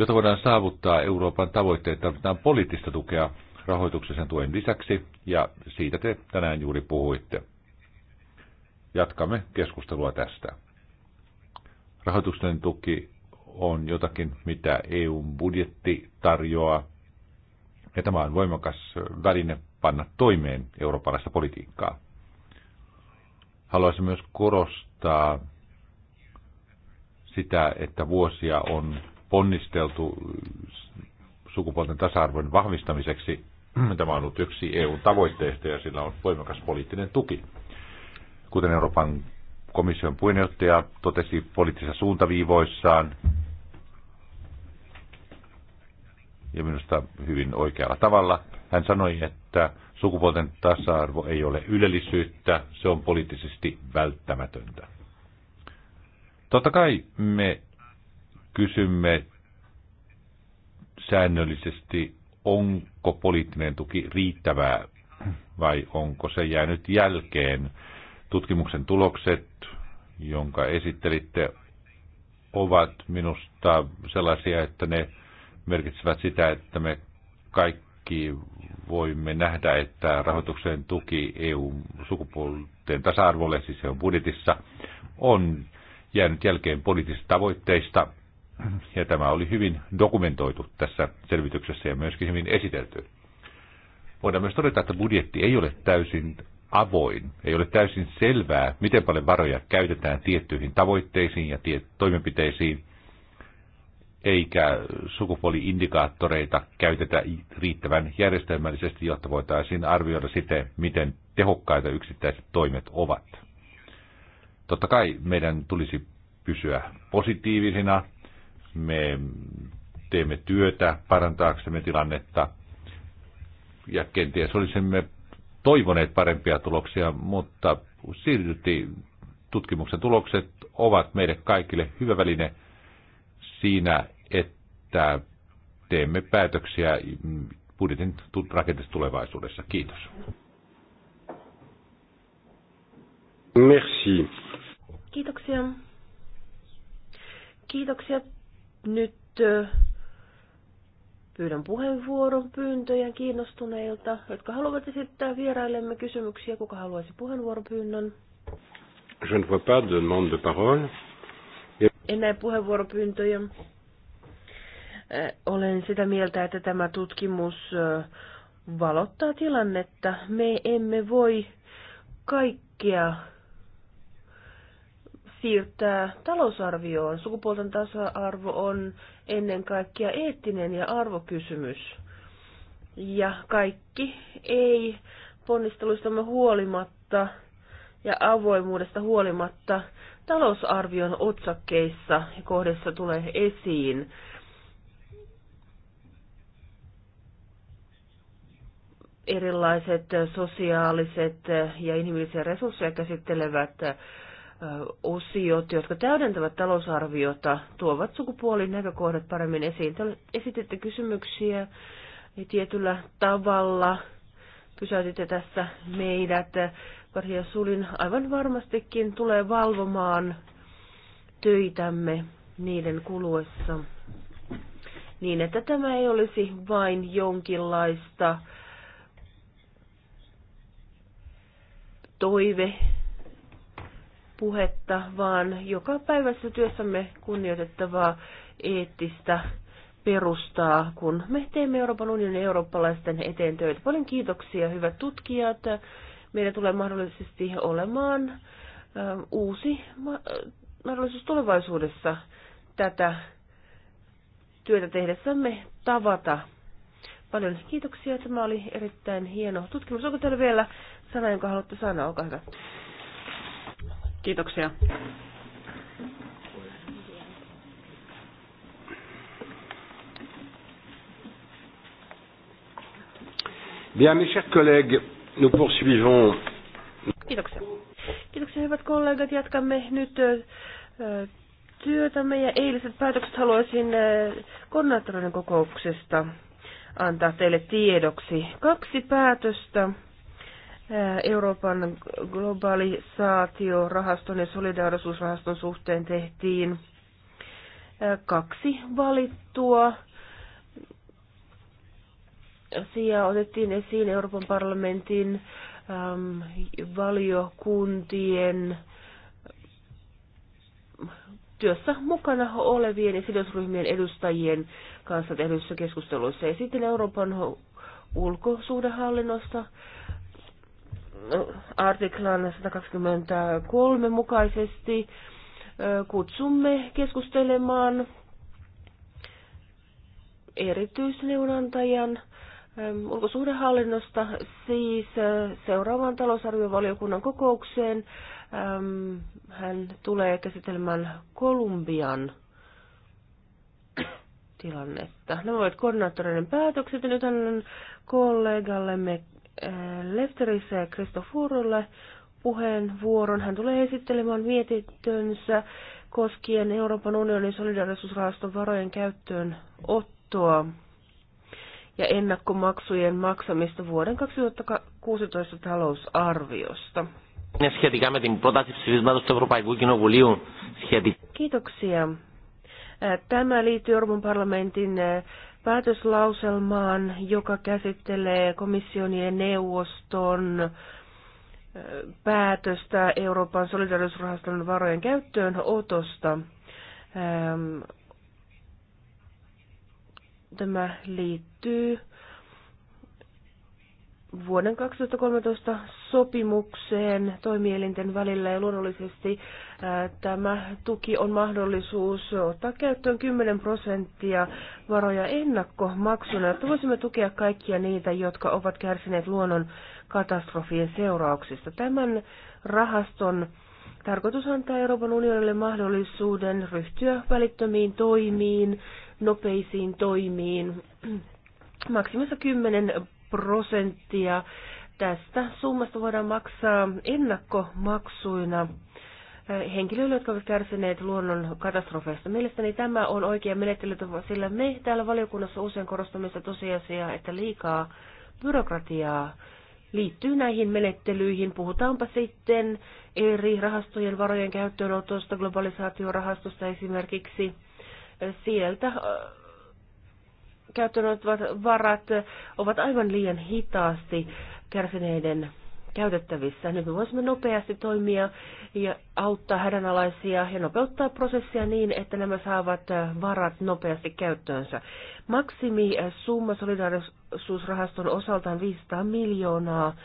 Jotta voidaan saavuttaa Euroopan tavoitteet, tarvitaan poliittista tukea rahoituksen tuen lisäksi, ja siitä te tänään juuri puhuitte. Jatkamme keskustelua tästä. Rahoituksen tuki on jotakin, mitä EUn budjetti tarjoaa, ja tämä on voimakas väline panna toimeen eurooppalaista politiikkaa. Haluaisin myös korostaa sitä, että vuosia on ponnisteltu sukupuolten tasa-arvon vahvistamiseksi. Tämä on ollut yksi EU-tavoitteista ja sillä on voimakas poliittinen tuki. Kuten Euroopan komission puheenjohtaja totesi poliittisissa suuntaviivoissaan, ja minusta hyvin oikealla tavalla. Hän sanoi, että sukupuolten tasa-arvo ei ole ylellisyyttä, se on poliittisesti välttämätöntä. Totta kai me kysymme säännöllisesti, onko poliittinen tuki riittävää vai onko se jäänyt jälkeen. Tutkimuksen tulokset, jonka esittelitte, ovat minusta sellaisia, että ne merkitsevät sitä, että me kaikki voimme nähdä, että rahoituksen tuki EU-sukupuolten tasa-arvolle, siis se on budjetissa, on jäänyt jälkeen poliittisista tavoitteista ja tämä oli hyvin dokumentoitu tässä selvityksessä ja myöskin hyvin esitelty. Voidaan myös todeta, että budjetti ei ole täysin avoin, ei ole täysin selvää, miten paljon varoja käytetään tiettyihin tavoitteisiin ja tie- toimenpiteisiin, eikä sukupuoliindikaattoreita käytetä riittävän järjestelmällisesti, jotta voitaisiin arvioida sitten, miten tehokkaita yksittäiset toimet ovat. Totta kai meidän tulisi pysyä positiivisina me teemme työtä parantaaksemme tilannetta ja kenties olisimme toivoneet parempia tuloksia, mutta silti tutkimuksen tulokset ovat meille kaikille hyvä väline siinä, että teemme päätöksiä budjetin rakenteessa tulevaisuudessa. Kiitos. Merci. Kiitoksia. Kiitoksia nyt pyydän puheenvuoron pyyntöjä kiinnostuneilta, jotka haluavat esittää vieraillemme kysymyksiä. Kuka haluaisi pyynnön? Je ne vois pas de demande de parole. En näe puheenvuoropyyntöjä. Olen sitä mieltä, että tämä tutkimus valottaa tilannetta. Me emme voi kaikkea siirtää talousarvioon. Sukupuolten tasa-arvo on ennen kaikkea eettinen ja arvokysymys. Ja kaikki ei ponnisteluistamme huolimatta ja avoimuudesta huolimatta talousarvion otsakkeissa ja kohdissa tulee esiin. erilaiset sosiaaliset ja inhimillisiä resursseja käsittelevät osiot, jotka täydentävät talousarviota, tuovat sukupuolin näkökohdat paremmin esiin. Te esititte kysymyksiä ja tietyllä tavalla pysäytitte tässä meidät. varhia Sulin aivan varmastikin tulee valvomaan töitämme niiden kuluessa niin, että tämä ei olisi vain jonkinlaista toive puhetta, vaan joka päivässä työssämme kunnioitettavaa eettistä perustaa, kun me teemme Euroopan unionin eurooppalaisten eteen töitä. Paljon kiitoksia, hyvät tutkijat. Meillä tulee mahdollisesti olemaan ähm, uusi mahdollisuus tulevaisuudessa tätä työtä tehdessämme tavata. Paljon kiitoksia. Tämä oli erittäin hieno tutkimus. Onko teillä vielä sana, jonka haluatte sanoa? Olkaa hyvä. Kiitoksia. Bien, mes chers collègues, nous poursuivons. Kiitoksia. Kiitoksia hyvät kollegat. Jatkamme nyt ö, työtämme ja eiliset päätökset haluaisin koordinaattorin kokouksesta antaa teille tiedoksi. Kaksi päätöstä. Euroopan globalisaatiorahaston ja solidaarisuusrahaston suhteen tehtiin kaksi valittua asiaa. Otettiin esiin Euroopan parlamentin äm, valiokuntien työssä mukana olevien ja sidosryhmien edustajien kanssa tehdyissä keskusteluissa. Ja sitten Euroopan ulkosuhdehallinnosta artiklan 123 mukaisesti kutsumme keskustelemaan erityisneuvonantajan ulkosuhdehallinnosta siis seuraavaan talousarviovaliokunnan kokoukseen. Hän tulee käsittelemään Kolumbian tilannetta. Nämä ovat koordinaattoreiden päätökset ja nyt hänen kollegallemme Lefterissä Kristoforulle puheenvuoron. Hän tulee esittelemään mietintönsä koskien Euroopan unionin solidarisuusrahaston varojen käyttöön ottoa ja ennakkomaksujen maksamista vuoden 2016 talousarviosta. Kiitoksia. Tämä liittyy Euroopan parlamentin päätöslauselmaan, joka käsittelee komission ja neuvoston päätöstä Euroopan solidarisuusrahaston varojen käyttöön otosta. Tämä liittyy vuoden 2013 sopimukseen toimielinten välillä ja luonnollisesti tämä tuki on mahdollisuus ottaa käyttöön 10 prosenttia varoja ennakkomaksuna, että voisimme tukea kaikkia niitä, jotka ovat kärsineet luonnon katastrofien seurauksista. Tämän rahaston tarkoitus antaa Euroopan unionille mahdollisuuden ryhtyä välittömiin toimiin, nopeisiin toimiin maksimissa 10 prosenttia tästä summasta voidaan maksaa ennakkomaksuina henkilöille, jotka ovat kärsineet luonnon katastrofeista. Mielestäni tämä on oikea menettelytapa, sillä me täällä valiokunnassa usein korostamme sitä tosiasiaa, että liikaa byrokratiaa liittyy näihin menettelyihin. Puhutaanpa sitten eri rahastojen varojen käyttöönotosta, globalisaatiorahastosta esimerkiksi. Sieltä käyttöön otettavat varat ovat aivan liian hitaasti kärsineiden käytettävissä. Nyt me voisimme nopeasti toimia ja auttaa hädänalaisia ja nopeuttaa prosessia niin, että nämä saavat varat nopeasti käyttöönsä. Maksimi summa solidaarisuusrahaston osalta on 500 miljoonaa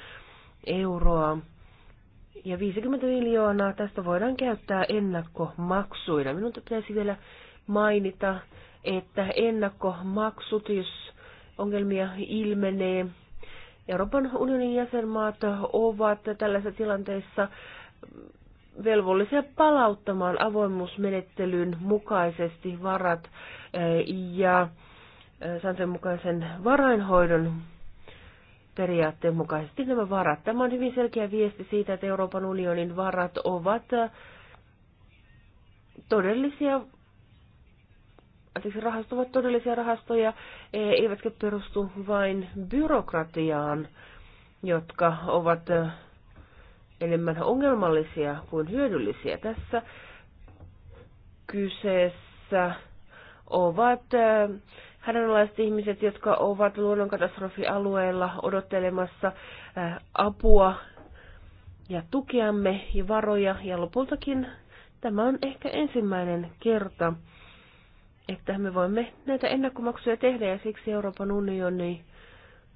euroa. Ja 50 miljoonaa tästä voidaan käyttää ennakkomaksuina. Minun pitäisi vielä mainita että ennakkomaksutis ongelmia ilmenee, Euroopan unionin jäsenmaat ovat tällaisessa tilanteessa velvollisia palauttamaan avoimuusmenettelyn mukaisesti varat eh, ja eh, sen mukaisen varainhoidon periaatteen mukaisesti nämä varat. Tämä on hyvin selkeä viesti siitä, että Euroopan unionin varat ovat eh, todellisia siis rahastot ovat todellisia rahastoja, e, eivätkä perustu vain byrokratiaan, jotka ovat e, enemmän ongelmallisia kuin hyödyllisiä. Tässä kyseessä ovat e, hädänalaiset ihmiset, jotka ovat luonnonkatastrofialueella odottelemassa apua ja tukeamme ja varoja. Ja lopultakin tämä on ehkä ensimmäinen kerta, että me voimme näitä ennakkomaksuja tehdä ja siksi Euroopan unioni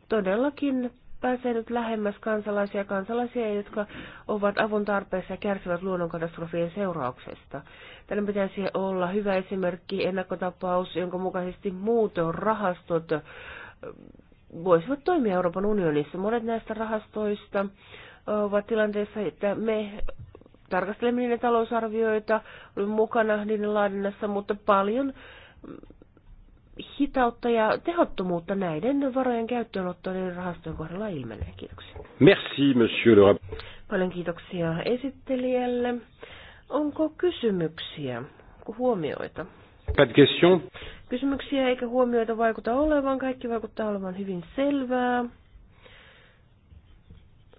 todellakin pääsee nyt lähemmäs kansalaisia, kansalaisia, jotka ovat avun tarpeessa ja kärsivät luonnonkatastrofien seurauksesta. Tällä pitäisi olla hyvä esimerkki, ennakkotapaus, jonka mukaisesti muut rahastot äh, voisivat toimia Euroopan unionissa. Monet näistä rahastoista äh, ovat tilanteessa, että me tarkastelemme niiden talousarvioita, olemme mukana niiden laadinnassa, mutta paljon hitautta ja tehottomuutta näiden varojen käyttöönottoiden niin rahastojen kohdalla ilmenee. Kiitoksia. Merci, monsieur le Paljon kiitoksia esittelijälle. Onko kysymyksiä, huomioita? Pas de question. Kysymyksiä eikä huomioita vaikuta olevan. Kaikki vaikuttaa olevan hyvin selvää.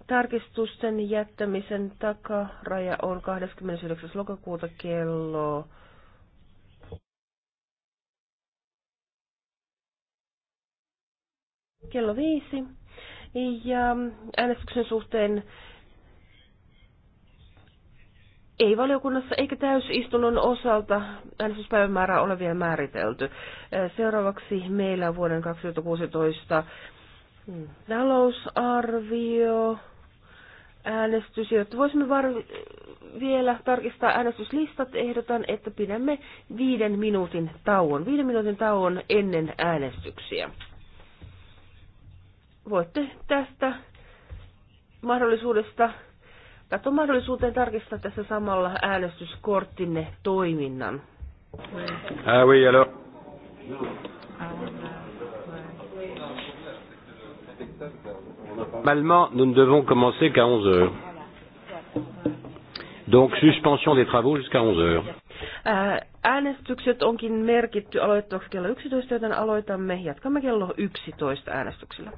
Tarkistusten jättämisen takaraja on 29. lokakuuta kello kello viisi. Ja äänestyksen suhteen ei valiokunnassa eikä täysistunnon osalta määrää ole vielä määritelty. Seuraavaksi meillä on vuoden 2016 talousarvio, äänestys, jotta voisimme var- vielä tarkistaa äänestyslistat, ehdotan, että pidämme viiden minuutin tauon, viiden minuutin tauon ennen äänestyksiä voitte tästä mahdollisuudesta tai mahdollisuuteen tarkistaa tässä samalla äänestyskorttinne toiminnan. Ah oui, alors. Normalement, nous ne devons commencer qu'à 11 heures. Donc, suspension des travaux jusqu'à 11 heures. Äh, äänestykset onkin merkitty aloittavaksi kello 11, joten aloitamme, jatkamme kello 11 äänestyksellä.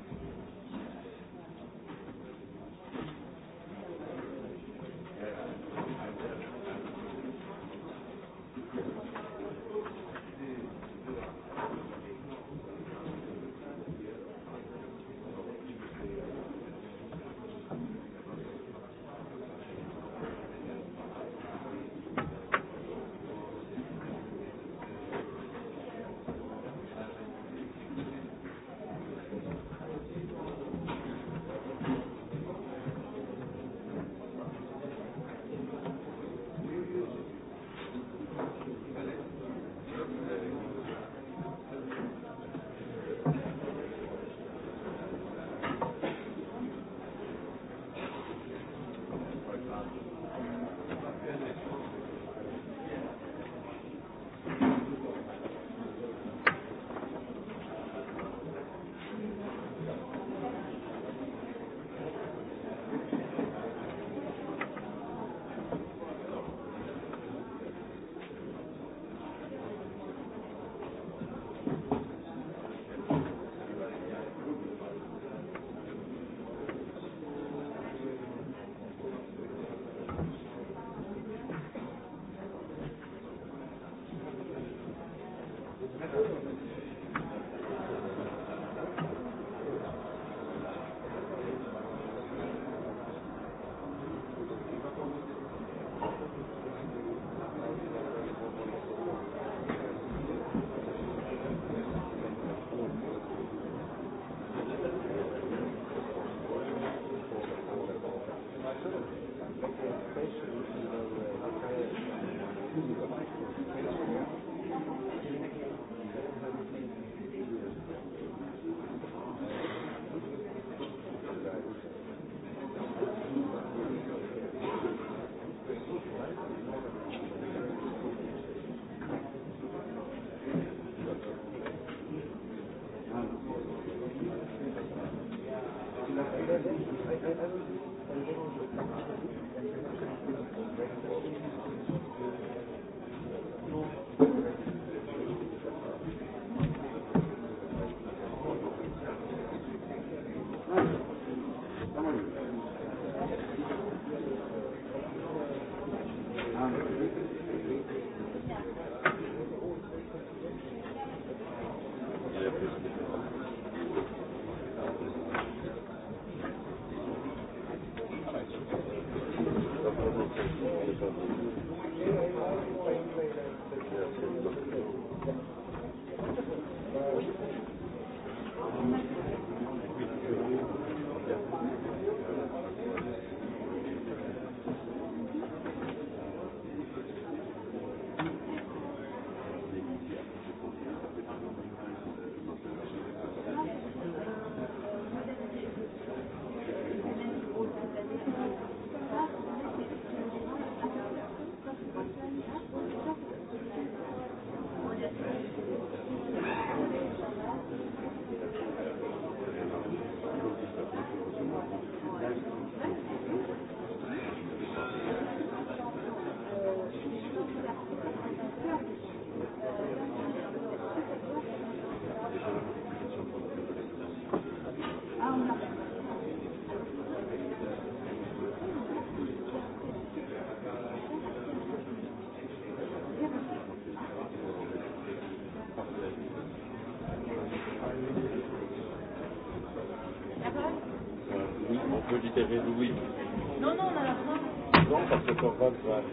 Volkswagen.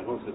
les rues, c'est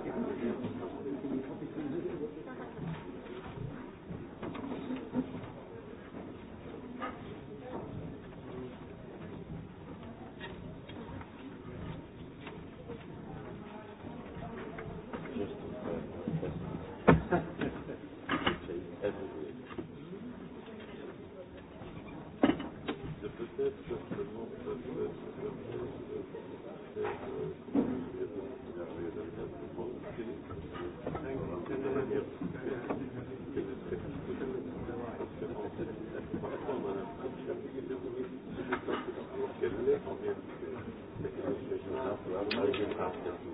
मर्जी प्राप्त होती है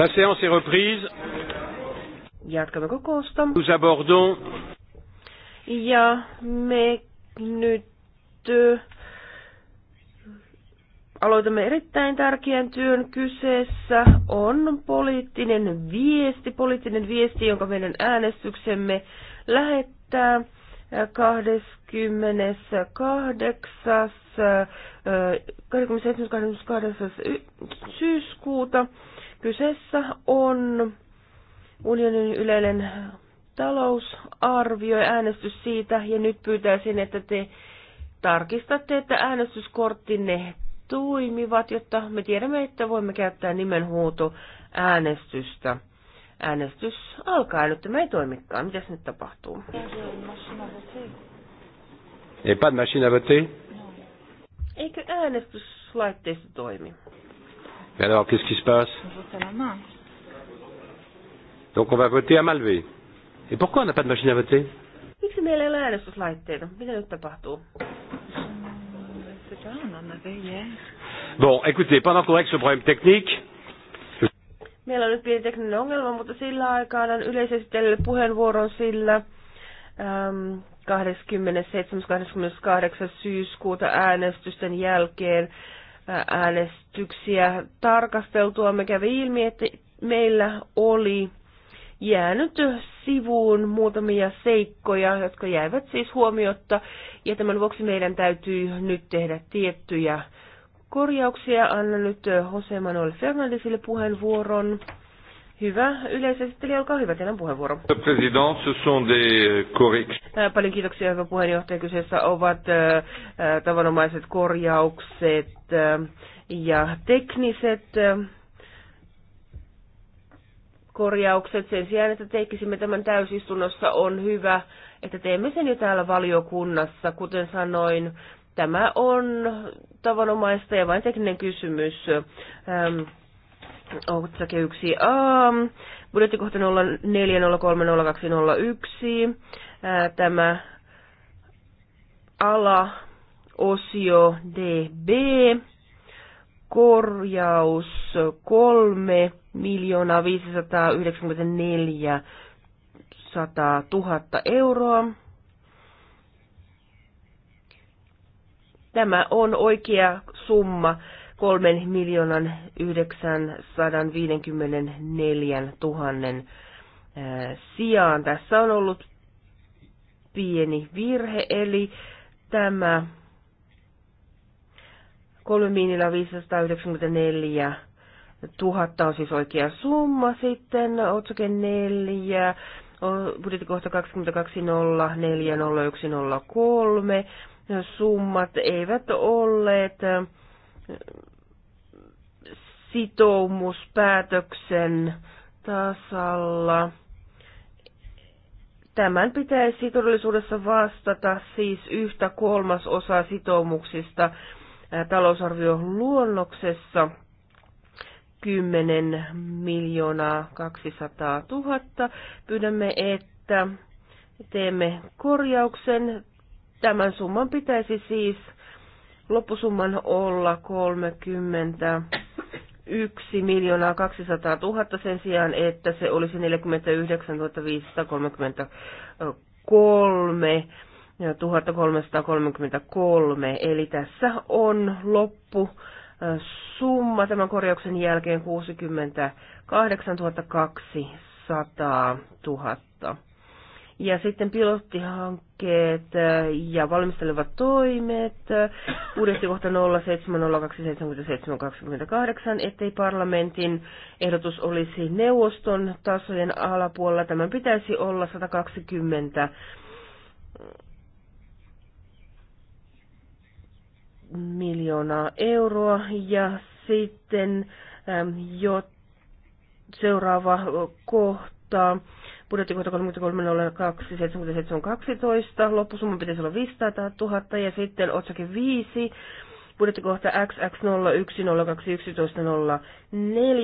La séance est reprise. Jatkamme kokousta. Nous abordons. Ja me nyt aloitamme erittäin tärkeän työn. Kyseessä on poliittinen viesti, poliittinen viesti, jonka meidän äänestyksemme lähettää 28. 28. syyskuuta Kyseessä on unionin yleinen talousarvio ja äänestys siitä, ja nyt pyytäisin, että te tarkistatte, että äänestyskorttinne toimivat, jotta me tiedämme, että voimme käyttää nimenhuuto äänestystä. Äänestys alkaa nyt, me ei toimikaan. Mitäs nyt tapahtuu? Ei pas de machine à voter? Eikö äänestyslaitteisto toimi? Et alors, qu'est-ce qui se passe On la main. Donc on va voter à main levée. Et pourquoi on n'a pas de machine à voter Miksi meillä ei ole äänestyslaitteita? Mitä nyt tapahtuu? Bon, écoutez, pendant qu'on règle ce problème technique... Meillä on nyt pieni tekninen ongelma, mutta sillä aikaa annan yleisesittelijälle puheenvuoron sillä ähm, 27.28. syyskuuta äänestysten jälkeen äänestyksiä tarkasteltua, me kävi ilmi, että meillä oli jäänyt sivuun muutamia seikkoja, jotka jäivät siis huomiotta, ja tämän vuoksi meidän täytyy nyt tehdä tiettyjä korjauksia. Anna nyt Jose Manuel Fernandesille puheenvuoron. Hyvä. yleisesti olkaa hyvä. teidän puheenvuoro. President, ce sont des euh, Paljon kiitoksia, hyvä puheenjohtaja. Kyseessä ovat äh, äh, tavanomaiset korjaukset äh, ja tekniset korjaukset. Sen sijaan, että tekisimme tämän täysistunnossa, on hyvä, että teemme sen jo täällä valiokunnassa. Kuten sanoin, tämä on tavanomaista ja vain tekninen kysymys. Ähm, otsake 1a, ähm, budjettikohta 04030201, äh, tämä ala osio DB, korjaus 3 miljoonaa 594 000 euroa. Tämä on oikea summa 3 miljoonan 954 000 sijaan. Tässä on ollut pieni virhe, eli tämä 3 594 000 on siis oikea summa. Sitten otsake 4, budjettikohta 22040103. Summat eivät olleet sitoumuspäätöksen tasalla. Tämän pitäisi todellisuudessa vastata siis yhtä kolmasosaa sitoumuksista luonnoksessa 10 miljoonaa 200 000. Pyydämme, että teemme korjauksen. Tämän summan pitäisi siis loppusumman olla 30 1 miljoonaa 200 000 sen sijaan, että se olisi 49 533 1333, eli tässä on loppu äh, summa tämän korjauksen jälkeen 68 200 000. Ja sitten pilottihankkeet äh, ja valmistelevat toimet, budjettikohta 07027728, ettei parlamentin ehdotus olisi neuvoston tasojen alapuolella. Tämän pitäisi olla 120 mm, miljoonaa euroa ja sitten jo seuraava kohta budjettikohta 3302 7712, loppusumma pitäisi olla 500 000 ja sitten otsake 5, budjettikohta XX01021104,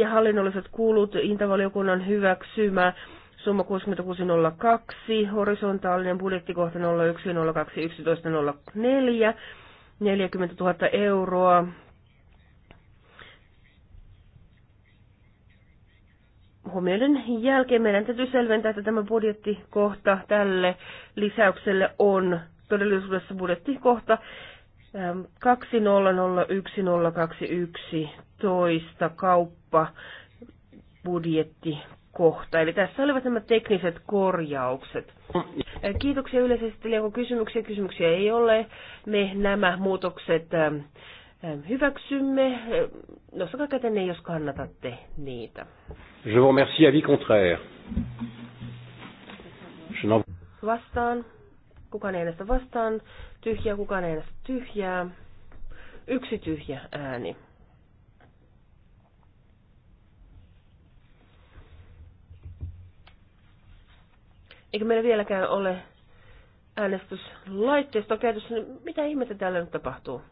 hallinnolliset kulut, intavaliokunnan hyväksymä, summa 6602, horisontaalinen budjettikohta 01021104, 40 000 euroa, huomioiden jälkeen meidän täytyy selventää, että tämä budjettikohta tälle lisäykselle on todellisuudessa budjettikohta 2001021 ähm, toista kauppa budjettikohta. Eli tässä olivat nämä tekniset korjaukset. Äh, kiitoksia yleisesti, onko kysymyksiä? Kysymyksiä ei ole. Me nämä muutokset ähm, äh, hyväksymme. Äh, nostakaa kätenne, jos kannatatte niitä. Je vous remercie. Avis contraire. Je n'en... vastaan. Kukaan ei äänestä vastaan. Tyhjä, kukaan ei äänestä tyhjää. Yksi tyhjä ääni. Eikö meillä vieläkään ole äänestyslaitteisto käytössä? Mitä ihmettä täällä nyt tapahtuu?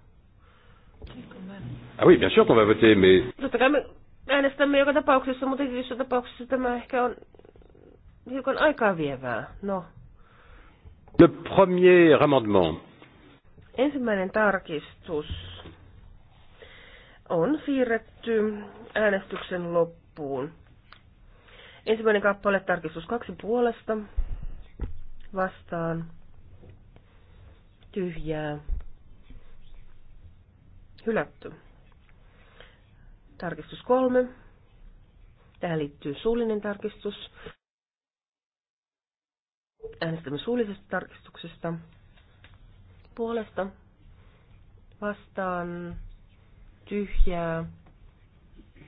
Ah oui, bien sûr qu'on va voter, mais äänestämme joka tapauksessa, mutta tietyissä tapauksessa tämä ehkä on hiukan aikaa vievää. No. Le premier amendement. Ensimmäinen tarkistus on siirretty äänestyksen loppuun. Ensimmäinen kappale tarkistus kaksi puolesta vastaan tyhjää hylätty. Tarkistus kolme. Tähän liittyy suullinen tarkistus. Äänestämme suullisesta tarkistuksesta puolesta vastaan tyhjää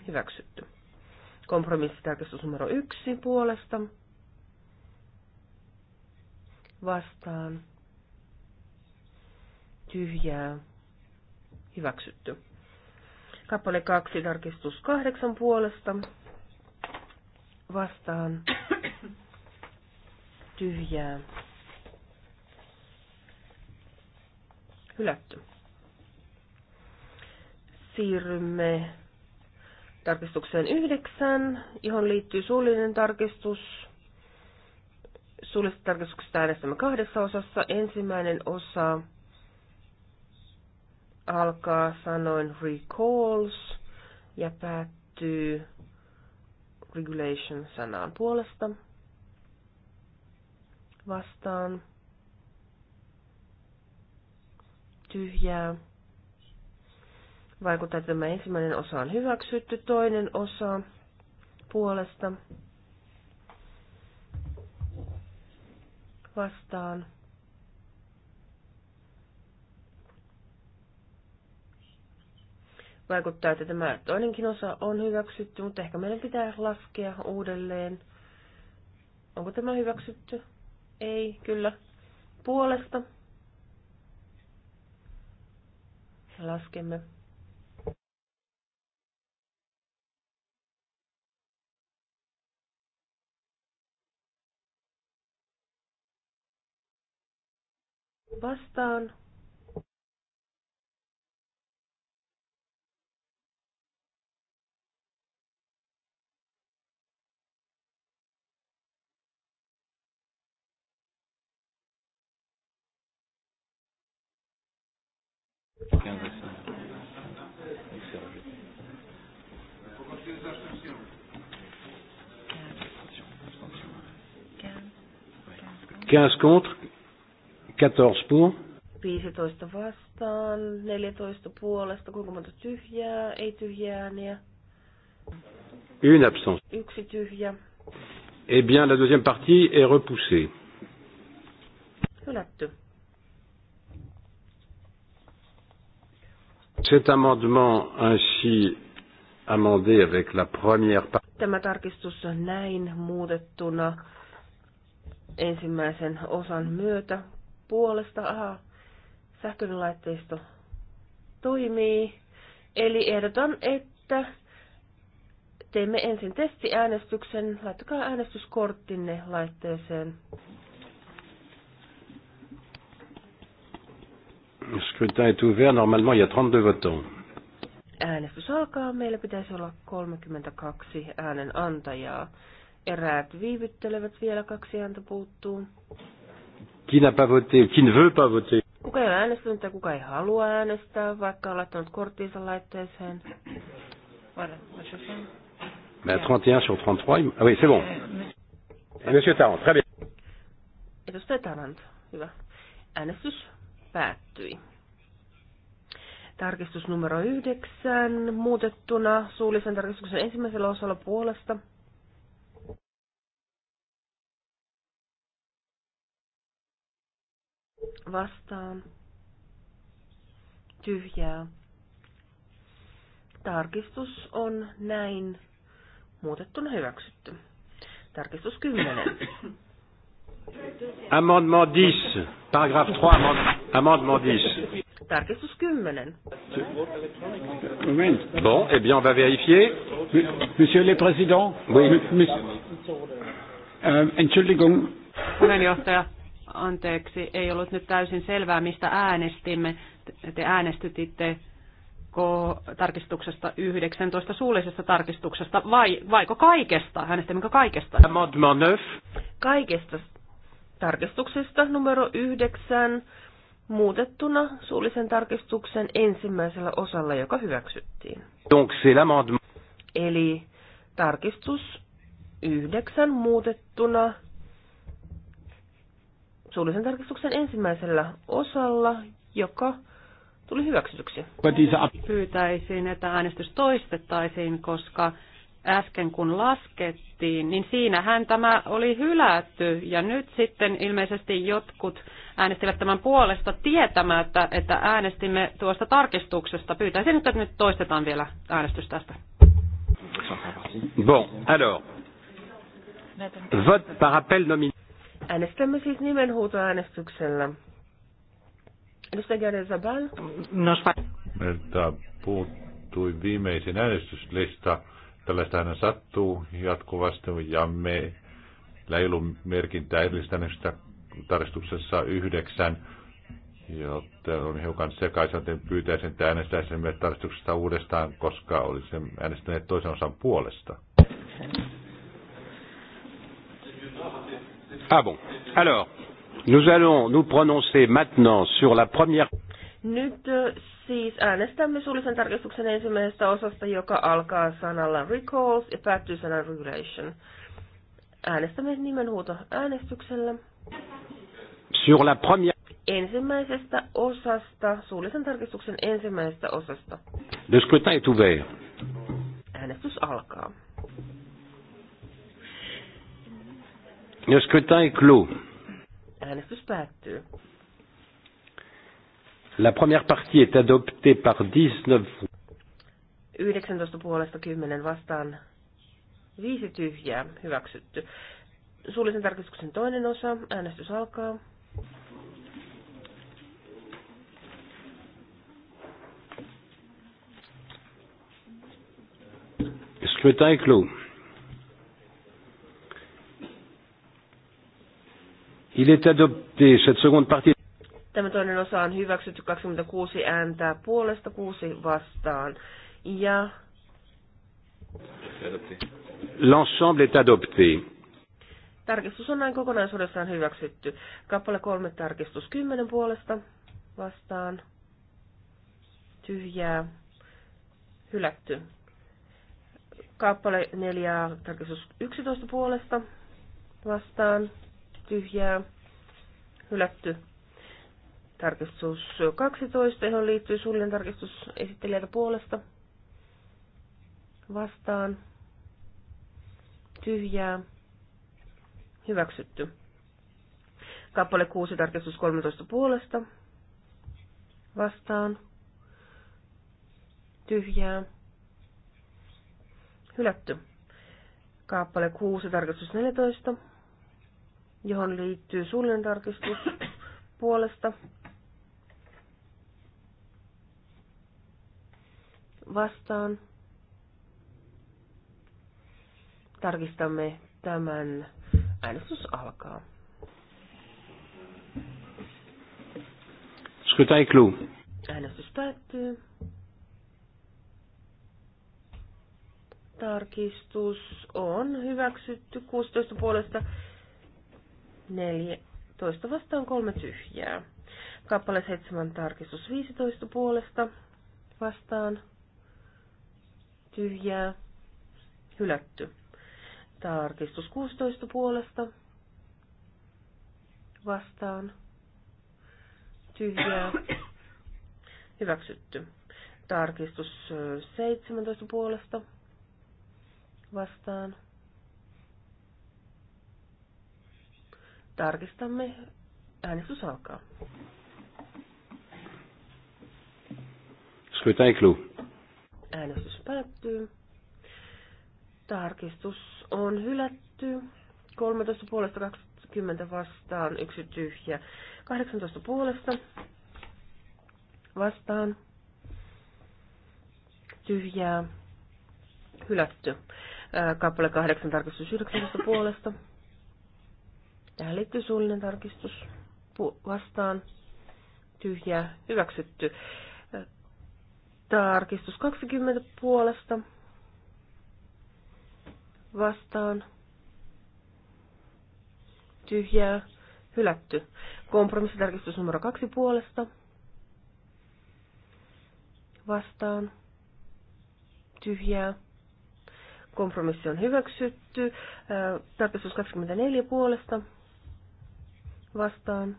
hyväksytty. Kompromissitarkistus numero yksi puolesta vastaan tyhjää hyväksytty. Kappale 2, tarkistus 8 puolesta. Vastaan. Tyhjää. Hylätty. Siirrymme tarkistukseen 9, johon liittyy suullinen tarkistus. Suullisesta tarkistuksesta äänestämme kahdessa osassa. Ensimmäinen osa alkaa sanoin recalls ja päättyy regulation-sanaan puolesta vastaan tyhjää. Vaikuttaa, että tämä ensimmäinen osa on hyväksytty, toinen osa puolesta vastaan vaikuttaa, että tämä toinenkin osa on hyväksytty, mutta ehkä meidän pitää laskea uudelleen. Onko tämä hyväksytty? Ei, kyllä. Puolesta. laskemme. Vastaan. 15 contre, 14 pour. 15 vastaan, 14 puolesta, kuinka monta tyhjää, ei tyhjää ääniä. Une absence. Yksi tyhjä. Eh bien, la deuxième partie est repoussée. Hylätty. Cet amendement ainsi amendé avec la première Tämä tarkistus on näin muutettuna ensimmäisen osan myötä puolesta. Aha, sähköinen laitteisto toimii. Eli ehdotan, että teemme ensin testiäänestyksen. Laittakaa äänestyskorttinne laitteeseen. Le scrutin est ouvert. Normalement, il y a 32 votants. Äänestys alkaa. Meillä pitäisi olla 32 äänen antajaa. Eräät viivyttelevät vielä kaksi ääntä puuttuu. Qui n'a pas voté, qui ne veut pas voter. Kuka ei ole äänestänyt tai kuka ei halua äänestää, vaikka on laittanut korttiinsa laitteeseen. Voilà, Mais 31 sur 33, ah oui, c'est bon. Monsieur Tarant, très bien. Edustaja Tarant, hyvä. Äänestys päättyi. Tarkistus numero yhdeksän muutettuna suullisen tarkistuksen ensimmäisellä osalla puolesta. Vastaan. Tyhjää. Tarkistus on näin muutettuna hyväksytty. Tarkistus 10. Amendement 10, paragraphe 3, amendement 10. Tarkistus 10. Bon, eh bien, on va vérifier. Monsieur le Président. Oui. Euh, entschuldigung. Puheenjohtaja, anteeksi, ei ollut nyt täysin selvää, mistä äänestimme. Te äänestytitte tarkistuksesta 19 suullisesta tarkistuksesta vai vaiko kaikesta? Äänestimmekö kaikesta? Kaikesta tarkistuksesta numero yhdeksän muutettuna suullisen tarkistuksen ensimmäisellä osalla, joka hyväksyttiin. Donc Eli tarkistus yhdeksän muutettuna suullisen tarkistuksen ensimmäisellä osalla, joka tuli hyväksytyksi. Pyytäisin, että äänestys toistettaisiin, koska äsken kun laskettiin, niin siinähän tämä oli hylätty ja nyt sitten ilmeisesti jotkut äänestivät tämän puolesta tietämättä, että äänestimme tuosta tarkistuksesta. Pyytäisin, että nyt toistetaan vielä äänestys tästä. Bon, alors. Vote par appel nomin... Äänestämme siis nimenhuutoäänestyksellä. Edustaja Gare Zabal. No, puuttui viimeisin äänestyslista tällaista aina sattuu jatkuvasti ja me leilun merkintää edellistäneestä tarkistuksessa yhdeksän, jotta on hiukan sekaisin, joten pyytäisin, että äänestäisimme tarkistuksesta uudestaan, koska olisin äänestäneet toisen osan puolesta. Ah bon. Alors, nous allons nous prononcer maintenant sur la première... Nyt siis äänestämme suullisen tarkistuksen ensimmäisestä osasta, joka alkaa sanalla recalls ja päättyy sanan regulation. Äänestämme nimenhuuto äänestyksellä. Sur la première... Ensimmäisestä osasta, suullisen tarkistuksen ensimmäisestä osasta. Le scrutin est ouvert. Äänestys alkaa. Le scrutin est clos. Äänestys päättyy. La première partie est adoptée par 19. 19 puolesta 10 vastaan. 5 tyhjää. Hyväksytty. Suullisen tarkistuksen toinen osa. Äänestys alkaa. Scrutin est clos. Il est adopté. Cette seconde partie. Tämä toinen osa on hyväksytty 26 ääntä puolesta, 6 vastaan. Ja L'ensemble est adopté. Tarkistus on näin kokonaisuudessaan hyväksytty. Kappale kolme tarkistus kymmenen puolesta vastaan. Tyhjää. Hylätty. Kappale neljä tarkistus 11 puolesta vastaan. Tyhjää. Hylätty. Tarkistus 12, johon liittyy suullinen tarkistus esittelijältä puolesta. Vastaan. Tyhjää. Hyväksytty. Kappale 6, tarkistus 13 puolesta. Vastaan. Tyhjää. Hylätty. Kappale 6, tarkistus 14, johon liittyy suullinen tarkistus puolesta vastaan. Tarkistamme tämän. Äänestys alkaa. Äänestys päättyy. Tarkistus on hyväksytty 16 puolesta 14 vastaan kolme tyhjää. Kappale 7 tarkistus 15 puolesta vastaan tyhjää, hylätty. Tarkistus 16 puolesta vastaan, tyhjää, hyväksytty. Tarkistus 17 puolesta vastaan. Tarkistamme. Äänestys alkaa. Scrutin Äänestys päättyy. Tarkistus on hylätty. 13 puolesta 20 vastaan, yksi tyhjä. 18 puolesta vastaan, tyhjää, hylätty. Kappale 8 tarkistus 19 puolesta. Tähän liittyy suullinen tarkistus vastaan, tyhjää, hyväksytty. Tarkistus 20 puolesta vastaan tyhjää hylätty. Kompromissitarkistus numero 2 puolesta vastaan tyhjää. Kompromissi on hyväksytty. Tarkistus 24 puolesta vastaan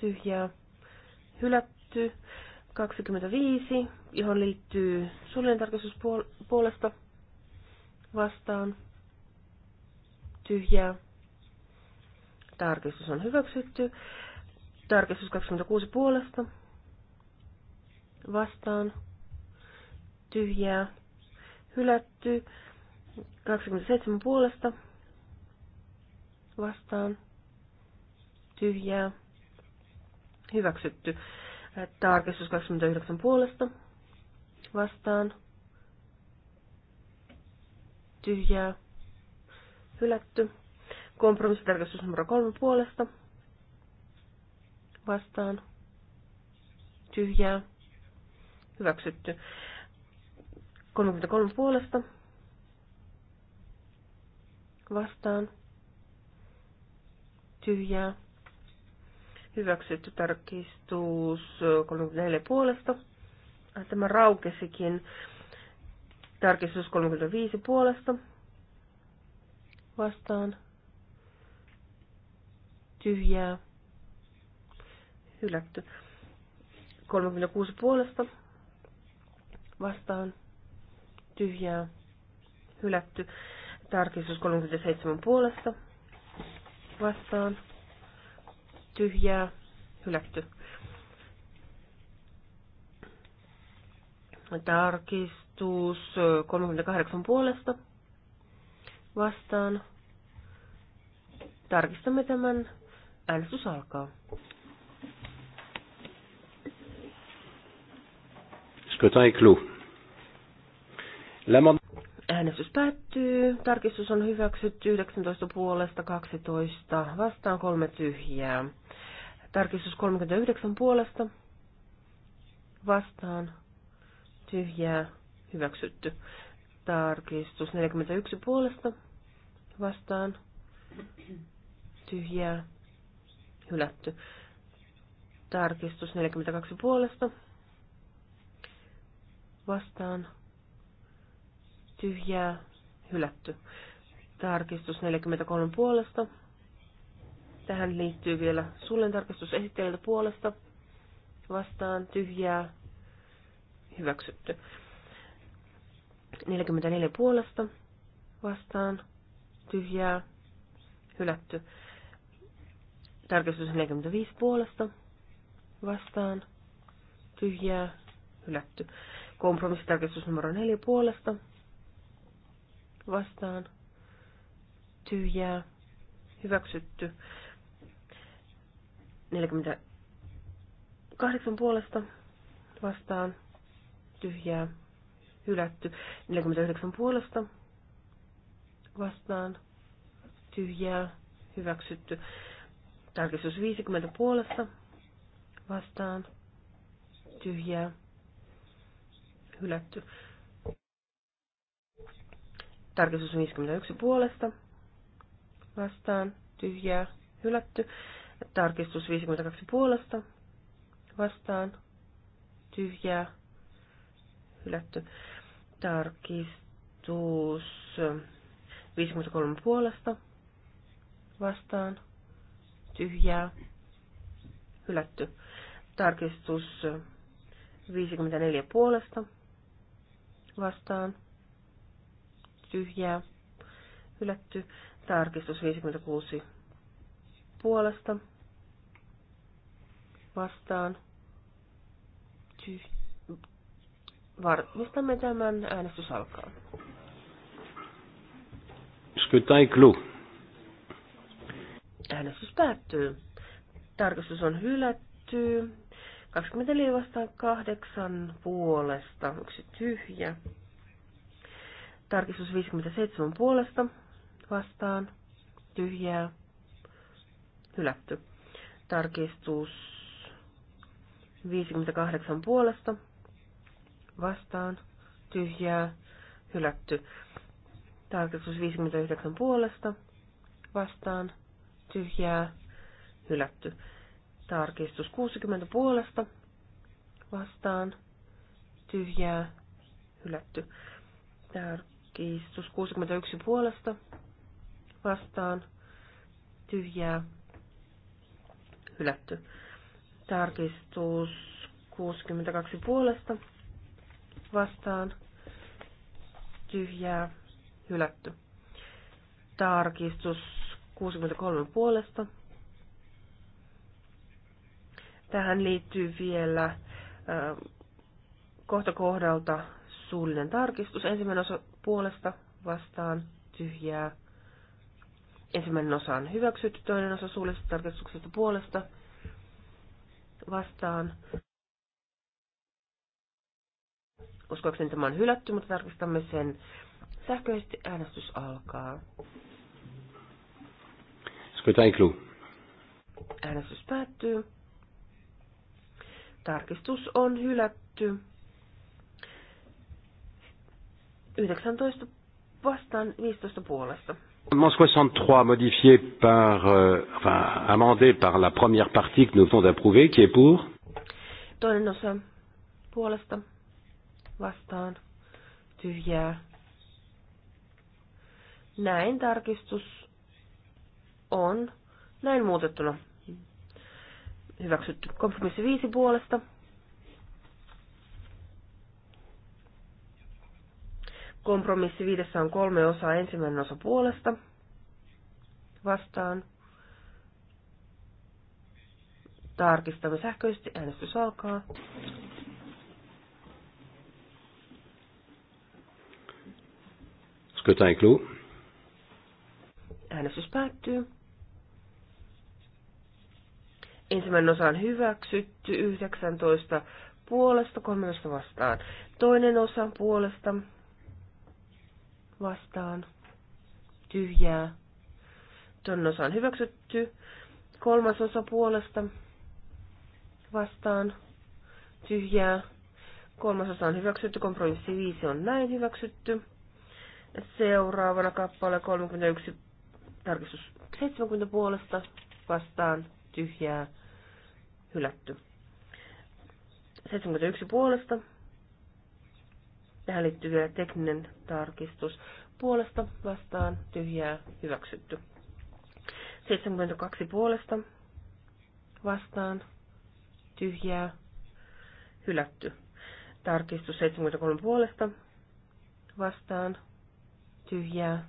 tyhjää hylätty 25, johon liittyy suullinen tarkastus puolesta vastaan tyhjää. Tarkistus on hyväksytty. Tarkistus 26 puolesta vastaan tyhjää. Hylätty. 27 puolesta vastaan tyhjää. Hyväksytty. Tarkistus 29 puolesta. Vastaan. Tyhjää. Hylätty. Kompromissitarkistus numero 3 puolesta. Vastaan. Tyhjää. Hyväksytty. 33 puolesta. Vastaan. Tyhjää hyväksytty tarkistus 34 puolesta. Ah, tämä raukesikin tarkistus 35 puolesta vastaan tyhjää hylätty. 36 puolesta vastaan tyhjää hylätty. Tarkistus 37 puolesta vastaan tyhjää, hylätty. Tarkistus 38 puolesta vastaan. Tarkistamme tämän. Äänestys alkaa. Scotin est L'amendement Äänestys päättyy. Tarkistus on hyväksytty 19 puolesta 12 vastaan kolme tyhjää. Tarkistus 39 puolesta vastaan tyhjää hyväksytty. Tarkistus 41 puolesta vastaan tyhjää hylätty. Tarkistus 42 puolesta vastaan tyhjää, hylätty. Tarkistus 43 puolesta. Tähän liittyy vielä sullen tarkistus esittäjältä puolesta. Vastaan tyhjää, hyväksytty. 44 puolesta vastaan tyhjää, hylätty. Tarkistus 45 puolesta vastaan tyhjää, hylätty. Kompromissitarkistus numero 4 puolesta vastaan tyhjää hyväksytty. 48 puolesta vastaan tyhjää hylätty. 49 puolesta vastaan tyhjää hyväksytty. Tarkistus 50 puolesta vastaan tyhjää hylätty. Tarkistus 51 puolesta vastaan tyhjää hylätty. Tarkistus 52 puolesta vastaan tyhjää hylätty. Tarkistus 53 puolesta vastaan tyhjää hylätty. Tarkistus 54 puolesta vastaan tyhjää, hylätty. Tarkistus 56 puolesta vastaan. Tyh- Varmistamme tämän. Äänestys alkaa. Skytain Äänestys päättyy. Tarkistus on hylätty. 24 vastaan 8 puolesta. Yksi tyhjä. Tarkistus 57 puolesta vastaan. Tyhjää. Hylätty. Tarkistus 58 puolesta vastaan. Tyhjää. Hylätty. Tarkistus 59 puolesta vastaan. Tyhjää. Hylätty. Tarkistus 60 puolesta vastaan. Tyhjää. Hylätty. Tarkistus Tarkistus 61 puolesta vastaan tyhjää hylätty. Tarkistus 62 puolesta vastaan tyhjää hylätty. Tarkistus 63 puolesta. Tähän liittyy vielä kohta kohdalta suullinen tarkistus. Ensimmäinen osa puolesta vastaan tyhjää. Ensimmäinen osa on hyväksytty, toinen osa suullisesta tarkastuksesta puolesta vastaan. Uskoakseni tämä on hylätty, mutta tarkistamme sen. Sähköisesti äänestys alkaa. Äänestys päättyy. Tarkistus on hylätty. 19 vastaan 15 puolesta. Amendement 63 modifié par, euh, enfin, amendé par la première partie que nous venons d'approuver, qui est pour Toinen osa puolesta vastaan tyhjää. Näin tarkistus on näin muutettuna hyväksytty. Kompromissi 5 puolesta Kompromissi viidessä on kolme osaa. Ensimmäinen osa puolesta vastaan. Tarkistamme sähköisesti. Äänestys alkaa. Scrutin klu. Äänestys päättyy. Ensimmäinen osa on hyväksytty 19 puolesta, 13 vastaan. Toinen osa puolesta vastaan tyhjää. Toinen osa on hyväksytty. Kolmas osa puolesta vastaan tyhjää. Kolmas osa on hyväksytty. Kompromissi 5 on näin hyväksytty. Seuraavana kappale 31 tarkistus 70 puolesta vastaan tyhjää hylätty. 71 puolesta Tähän liittyy vielä tekninen tarkistus. Puolesta vastaan tyhjää hyväksytty. 72 puolesta vastaan tyhjää hylätty. Tarkistus 73 puolesta vastaan tyhjää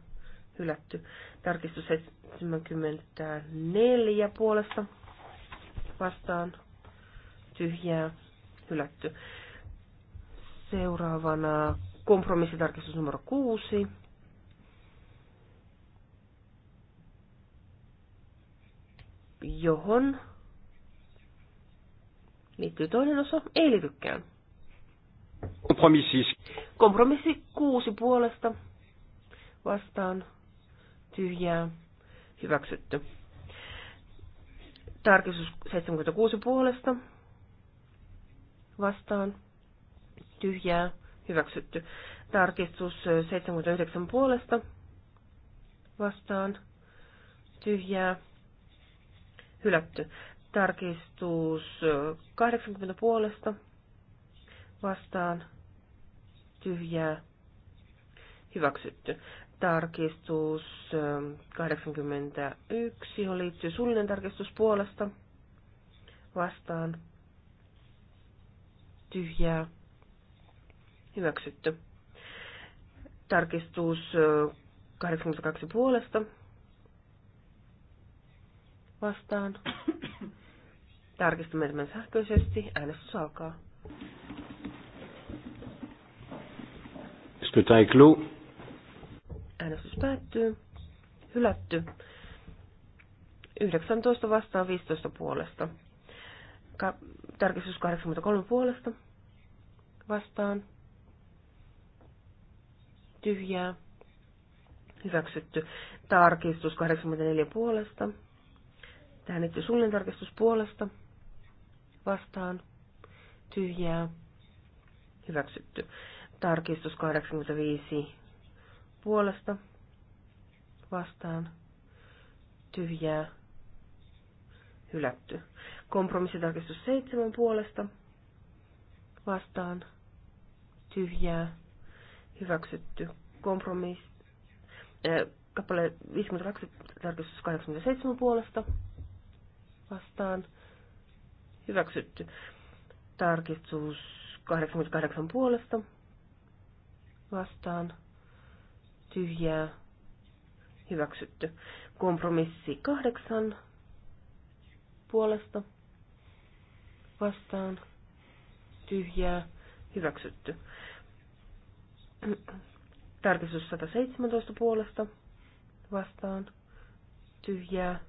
hylätty. Tarkistus 74 puolesta vastaan tyhjää hylätty. Seuraavana kompromissitarkistus numero kuusi. Johon liittyy toinen osa, ei liitykään. Kompromissi. Kompromissi kuusi puolesta vastaan tyhjää hyväksytty. Tarkistus 76 puolesta vastaan tyhjää, hyväksytty. Tarkistus 79 puolesta vastaan, tyhjää, hylätty. Tarkistus 80 puolesta vastaan, tyhjää, hyväksytty. Tarkistus 81 johon liittyy suullinen tarkistus puolesta vastaan, tyhjää, Hyväksytty. Tarkistus 82 puolesta. Vastaan. Tarkistamme tämän sähköisesti. Äänestys alkaa. Äänestys päättyy. Hylätty. 19 vastaan 15 puolesta. Ka- tarkistus 83 puolesta vastaan tyhjää, hyväksytty. Tarkistus 84 puolesta. Tähän liittyy suullinen tarkistus puolesta. Vastaan. Tyhjää. Hyväksytty. Tarkistus 85 puolesta. Vastaan. Tyhjää. Hylätty. Kompromissitarkistus 7 puolesta. Vastaan. Tyhjää hyväksytty kompromiss, kappale 52 tarkistus 87 puolesta vastaan hyväksytty tarkistus 88 puolesta vastaan tyhjää hyväksytty kompromissi 8 puolesta vastaan tyhjää hyväksytty Tarkistus 117 puolesta vastaan. Tyhjää.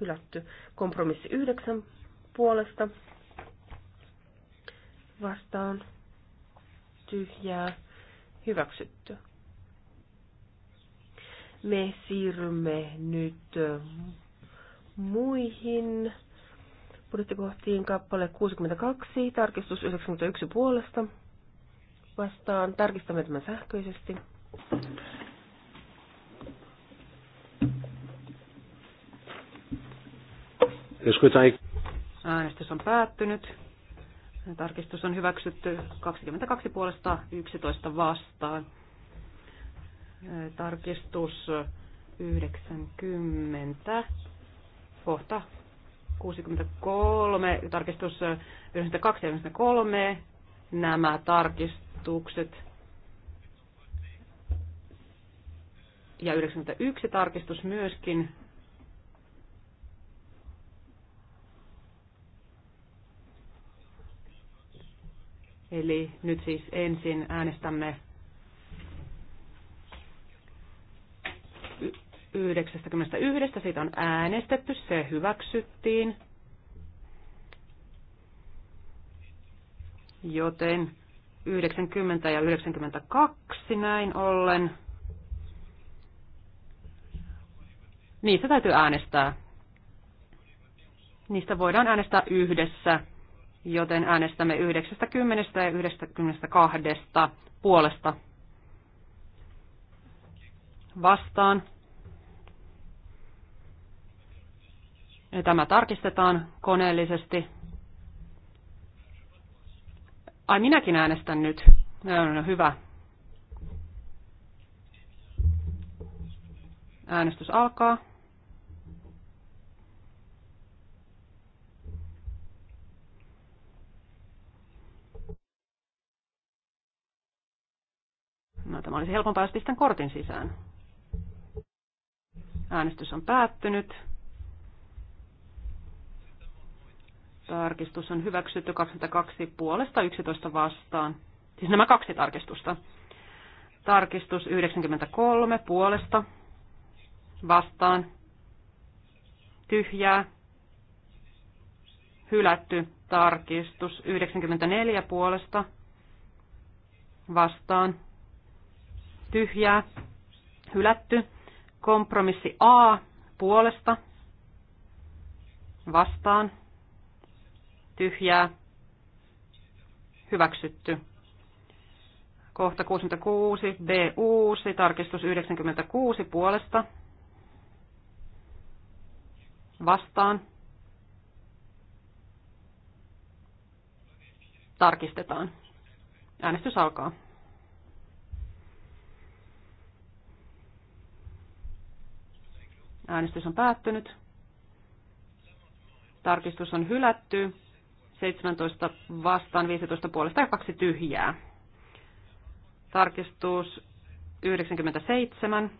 Hylätty. Kompromissi 9 puolesta vastaan. Tyhjää. Hyväksytty. Me siirrymme nyt muihin budjettikohtiin kappale 62, tarkistus 91 puolesta vastaan. Tarkistamme tämän sähköisesti. Äänestys on päättynyt. Tarkistus on hyväksytty 22 puolesta 11 vastaan. Tarkistus 90. Kohta 63. Tarkistus 92 ja 93. Nämä tarkistukset tarkistukset ja 91 tarkistus myöskin. Eli nyt siis ensin äänestämme 91, siitä on äänestetty, se hyväksyttiin. Joten 90 ja 92 näin ollen. Niistä täytyy äänestää. Niistä voidaan äänestää yhdessä, joten äänestämme 90 ja 92 puolesta vastaan. Ja tämä tarkistetaan koneellisesti. Ai minäkin äänestän nyt. No, no, no, hyvä. Äänestys alkaa. No, tämä olisi helpompaa, jos pistän kortin sisään. Äänestys on päättynyt. tarkistus on hyväksytty 22 puolesta 11 vastaan. Siis nämä kaksi tarkistusta. Tarkistus 93 puolesta vastaan. Tyhjää. Hylätty tarkistus 94 puolesta vastaan. Tyhjää. Hylätty. Kompromissi A puolesta vastaan tyhjää, hyväksytty. Kohta 66, B uusi, tarkistus 96 puolesta. Vastaan. Tarkistetaan. Äänestys alkaa. Äänestys on päättynyt. Tarkistus on hylätty. 17 vastaan, 15 puolesta ja kaksi tyhjää. Tarkistus 97,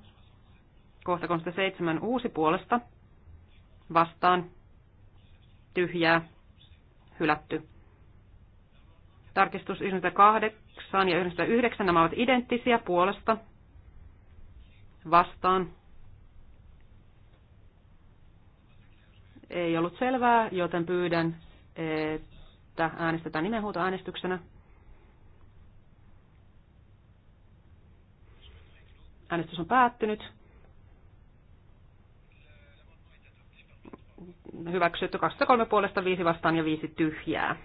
kohta 37 uusi puolesta, vastaan, tyhjää, hylätty. Tarkistus 98 ja 99, nämä ovat identtisiä puolesta, vastaan. Ei ollut selvää, joten pyydän että äänestetään nimenhuutoäänestyksenä. Äänestys on päättynyt. Hyväksytty 23 puolesta 5 vastaan ja 5 tyhjää.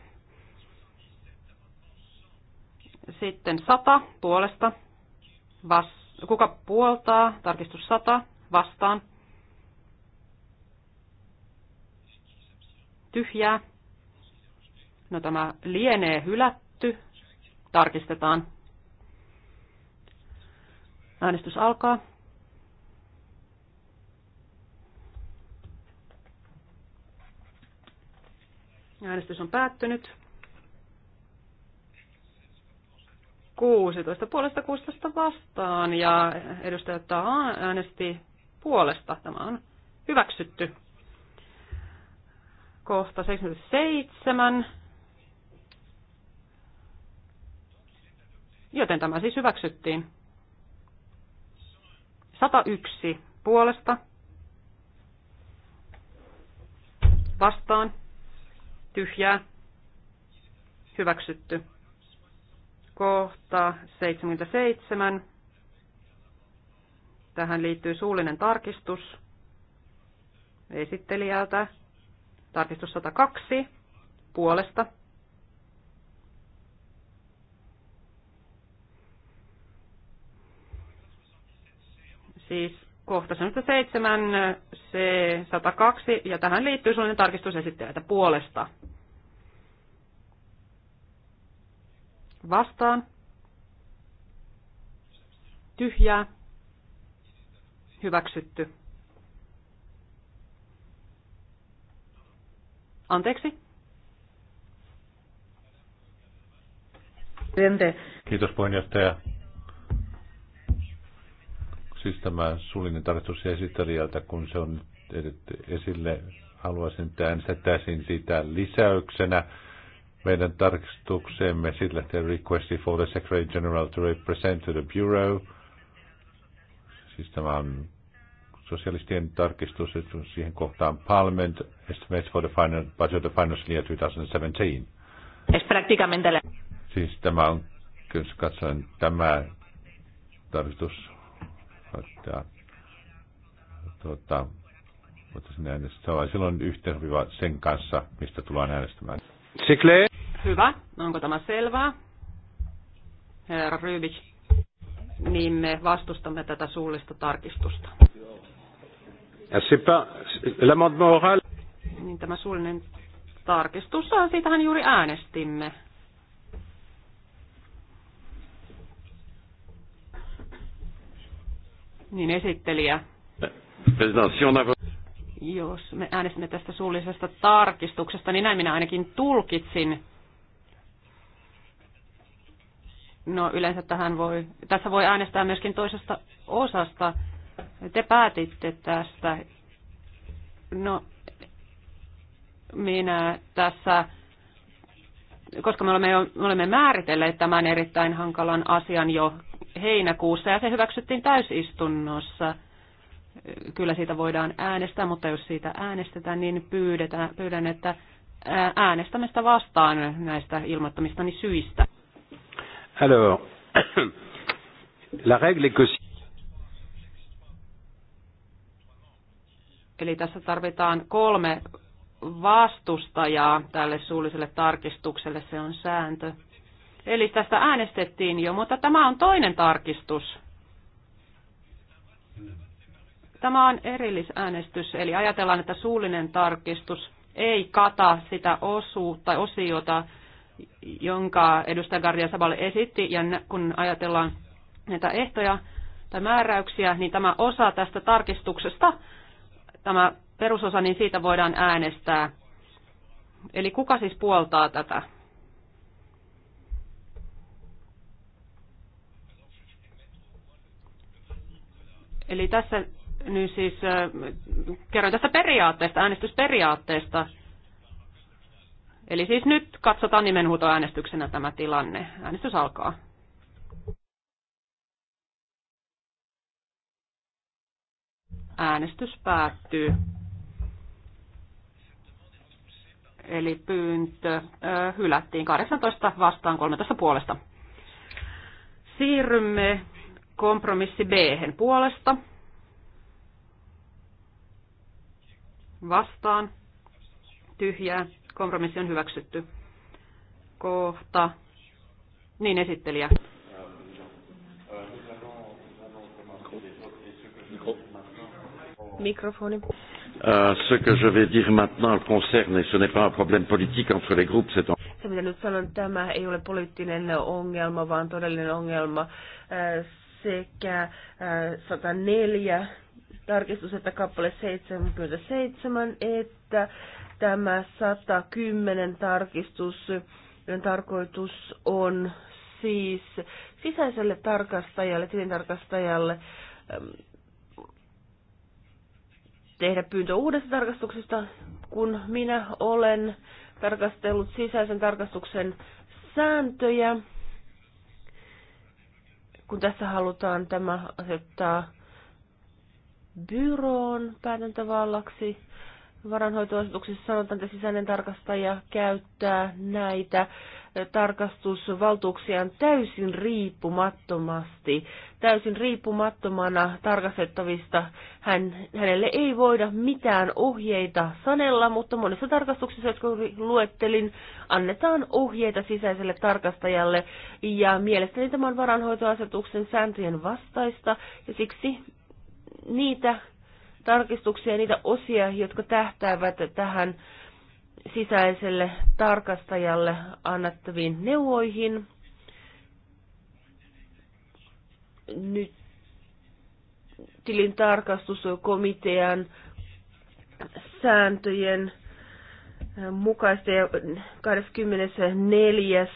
Sitten 100 puolesta. Vas, kuka puoltaa? Tarkistus 100 vastaan. Tyhjää. No tämä lienee hylätty. Tarkistetaan. Äänestys alkaa. Äänestys on päättynyt. 16 puolesta 16 vastaan ja edustaja äänesti puolesta. Tämä on hyväksytty. Kohta 77. Joten tämä siis hyväksyttiin. 101 puolesta. Vastaan. Tyhjää. Hyväksytty. Kohta 77. Tähän liittyy suullinen tarkistus esittelijältä. Tarkistus 102 puolesta Siis kohta 7, c 102, ja tähän liittyy suullinen tarkistus esittelijöitä puolesta. Vastaan. Tyhjää. Hyväksytty. Anteeksi? Kiitos puheenjohtaja Siis tämä suullinen tarkistus esittelijältä, kun se on esille, haluaisin, tämän setäsin sitä lisäyksenä meidän tarkistukseemme sillä, että request for the Secretary General to represent to the Bureau. Siis tämä on sosialistien tarkistus siihen kohtaan Parliament Estimates for the final budget of financial year 2017. Es Siis tämä on, kyllä katsoin, tämä tarkistus että, tuota, mutta sinne äänestää. Se on silloin yhteenviva sen kanssa, mistä tullaan äänestämään. Sikle. Hyvä. Onko tämä selvää? Herra Rybik, niin me vastustamme tätä suullista tarkistusta. Ah, niin tämä suullinen tarkistus, siitähän juuri äänestimme. Niin esittelijä. Jos me äänestimme tästä suullisesta tarkistuksesta, niin näin minä ainakin tulkitsin. No yleensä tähän voi, tässä voi äänestää myöskin toisesta osasta. Te päätitte tästä. No minä tässä, koska me olemme, jo, me olemme määritelleet tämän erittäin hankalan asian jo heinäkuussa ja se hyväksyttiin täysistunnossa. Kyllä siitä voidaan äänestää, mutta jos siitä äänestetään, niin pyydetään, pyydän, että äänestämistä vastaan näistä ilmoittamistani syistä. Alors, la règle que Eli tässä tarvitaan kolme vastustajaa tälle suulliselle tarkistukselle, se on sääntö. Eli tästä äänestettiin jo, mutta tämä on toinen tarkistus. Tämä on erillisäänestys, eli ajatellaan, että suullinen tarkistus ei kata sitä osuutta, osiota, jonka edustaja Gardia Saballe esitti, ja kun ajatellaan näitä ehtoja tai määräyksiä, niin tämä osa tästä tarkistuksesta, tämä perusosa, niin siitä voidaan äänestää. Eli kuka siis puoltaa tätä? Eli tässä nyt siis kerron tästä periaatteesta, äänestysperiaatteesta. Eli siis nyt katsotaan nimenhuutoäänestyksenä tämä tilanne. Äänestys alkaa. Äänestys päättyy. Eli pyyntö hylättiin 18 vastaan 13 puolesta. Siirrymme Kompromissi B puolesta. Vastaan. Tyhjää. Kompromissi on hyväksytty. Kohta. Niin esittelijä. Mikrofoni. Uh, ce que je vais dire maintenant concerne, et ce n'est pas un problème politique entre les groupes, c'est un... Se, mitä nyt sanon, tämä ei ole poliittinen ongelma, vaan todellinen ongelma. Uh, sekä 104 tarkistus, että kappale 77, että tämä 110 tarkistus, tarkoitus on siis sisäiselle tarkastajalle, tilintarkastajalle tehdä pyyntö uudesta tarkastuksesta, kun minä olen tarkastellut sisäisen tarkastuksen sääntöjä kun tässä halutaan tämä asettaa byroon päätäntävallaksi, varanhoitoasetuksessa sanotaan, että sisäinen tarkastaja käyttää näitä tarkastusvaltuuksiaan täysin riippumattomasti. Täysin riippumattomana tarkastettavista hän, hänelle ei voida mitään ohjeita sanella, mutta monissa tarkastuksissa, jotka luettelin, annetaan ohjeita sisäiselle tarkastajalle. Ja mielestäni tämä on varanhoitoasetuksen sääntöjen vastaista ja siksi niitä tarkistuksia, niitä osia, jotka tähtäävät tähän sisäiselle tarkastajalle annettaviin neuvoihin. Nyt tilintarkastuskomitean sääntöjen mukaista ja 24.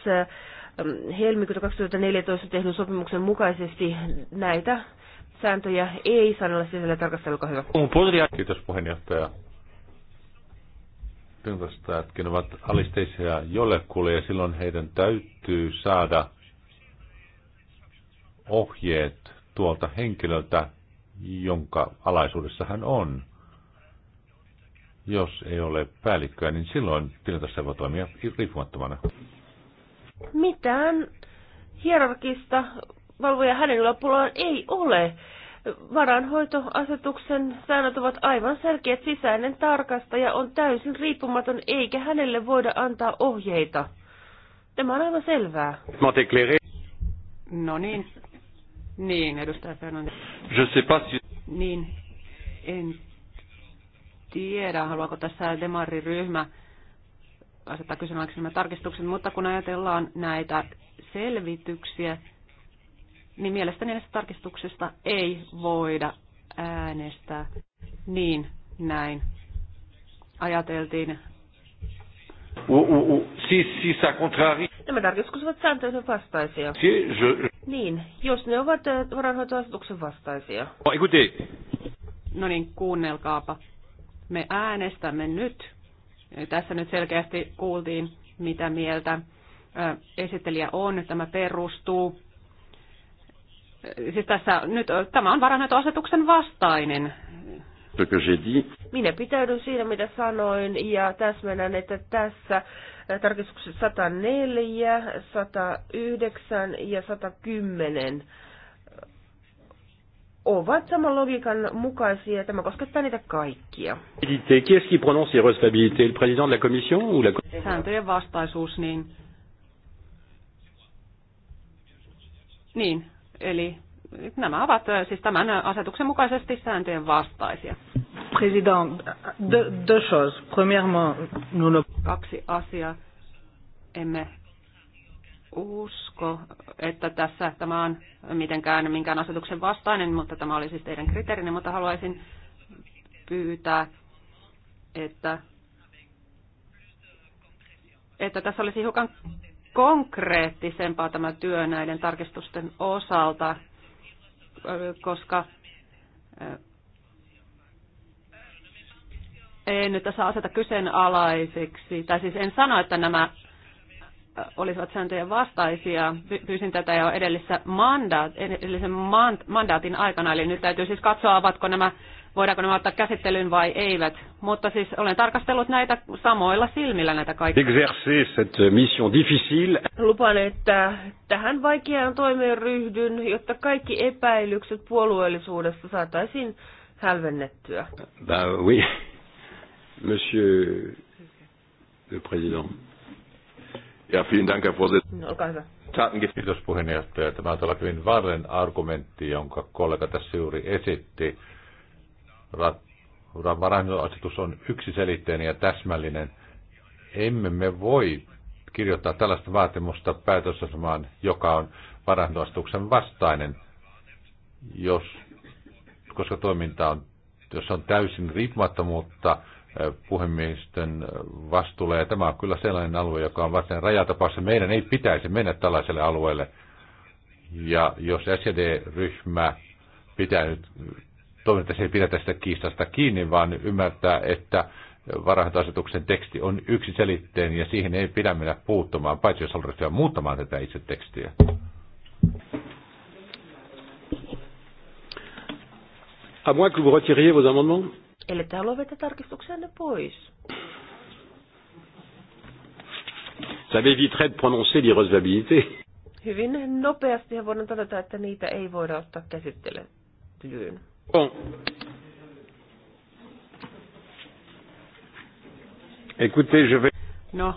helmikuuta 2014 tehnyt sopimuksen mukaisesti näitä sääntöjä ei sanella sisällä tarkastella, hyvä. Kiitos puheenjohtaja rynkastaatkin ovat alisteisia jollekulle ja silloin heidän täytyy saada ohjeet tuolta henkilöltä, jonka alaisuudessa hän on. Jos ei ole päällikköä, niin silloin tilanteessa voi toimia riippumattomana. Mitään hierarkista valvoja hänen yläpuolellaan ei ole. Varanhoitoasetuksen säännöt ovat aivan selkeät. Sisäinen tarkastaja on täysin riippumaton, eikä hänelle voida antaa ohjeita. Tämä on aivan selvää. No niin. Niin, edustaja Fernandes. Je sais pas si... Niin, en tiedä, haluaako tässä demariryhmä asettaa kysymyksen tarkistuksen, mutta kun ajatellaan näitä selvityksiä, niin mielestäni näistä tarkistuksista ei voida äänestää. Niin, näin. Ajateltiin. Nämä tarkistukset ovat sääntöjen vastaisia. Niin, jos ne ovat eh, varanhoitoasetuksen vastaisia. No niin, kuunnelkaapa. Me äänestämme nyt. Tässä nyt selkeästi kuultiin, mitä mieltä eh, esittelijä on. Tämä perustuu siis tässä nyt, tämä on varainhoitoasetuksen vastainen. Minä pitäydyn siinä, mitä sanoin, ja täsmennän, että tässä tarkistukset 104, 109 ja 110 ovat saman logiikan mukaisia, ja tämä koskettaa niitä kaikkia. la Sääntöjen vastaisuus, niin... Niin, Eli nämä ovat äh, siis tämän äh, asetuksen mukaisesti sääntöjen vastaisia. President, de, deux choses. Premièrement, nous ne... Kaksi asiaa. Emme usko, että tässä tämä on mitenkään minkään asetuksen vastainen, mutta tämä oli siis teidän kriteerinne, mutta haluaisin pyytää, että, että tässä olisi hiukan konkreettisempaa tämä työ näiden tarkistusten osalta, koska en nyt tässä aseta kyseenalaiseksi, tai siis en sano, että nämä olisivat sääntöjen vastaisia. Pyysin tätä jo edellisessä mandaat, edellisen mandaatin aikana, eli nyt täytyy siis katsoa, ovatko nämä voidaanko nämä ottaa käsittelyyn vai eivät. Mutta siis olen tarkastellut näitä samoilla silmillä näitä kaikkia. Lupan, että tähän vaikeaan toimeen ryhdyn, jotta kaikki epäilykset puolueellisuudesta saataisiin hälvennettyä. Bah, oui. Monsieur le Président. Ja, vielen Dank, Herr Vorsitzender. No, olkaa hyvä. Kiitos puheenjohtaja. Tämä on hyvin varren argumentti, jonka kollega tässä juuri esitti varainhoitoasetus on yksiselitteinen ja täsmällinen. Emme me voi kirjoittaa tällaista vaatimusta päätösasemaan, joka on varainhoitoasetuksen vastainen, jos, koska toiminta on, jos on täysin riippumattomuutta puhemiesten vastuulla. Ja tämä on kyllä sellainen alue, joka on vasten rajatapassa Meidän ei pitäisi mennä tällaiselle alueelle. Ja jos SED-ryhmä pitää nyt toivon, että se ei pidä tästä kiistasta kiinni, vaan ymmärtää, että varhaitasetuksen teksti on yksiselitteinen ja siihen ei pidä mennä puuttumaan, paitsi jos halutaan muuttamaan tätä itse tekstiä. À moins que vous retiriez vos amendements. Eli te haluatte tarkistuksenne pois. Ça m'éviterait de prononcer l'irrecevabilité. Hyvin nopeasti ja voidaan todeta, että niitä ei voida ottaa käsittelyyn. Bon. Écoutez, je vais... No,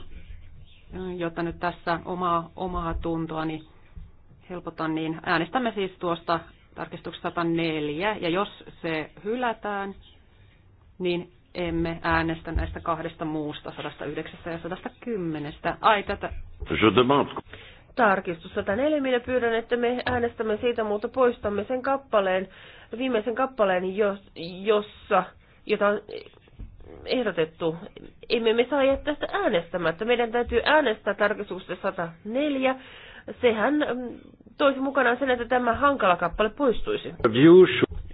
jotta nyt tässä omaa, omaa tuntoani niin helpotan, niin äänestämme siis tuosta tarkistuksesta 104, ja jos se hylätään, niin emme äänestä näistä kahdesta muusta, 109 ja 110. Ai, tätä... Je demande. Tarkistus 104, minä pyydän, että me äänestämme siitä, mutta poistamme sen kappaleen viimeisen kappaleen, jossa, jota on ehdotettu, emme me saa jättää sitä äänestämättä. Meidän täytyy äänestää tarkistuksesta 104. Sehän mm, toisi mukanaan sen, että tämä hankala kappale poistuisi.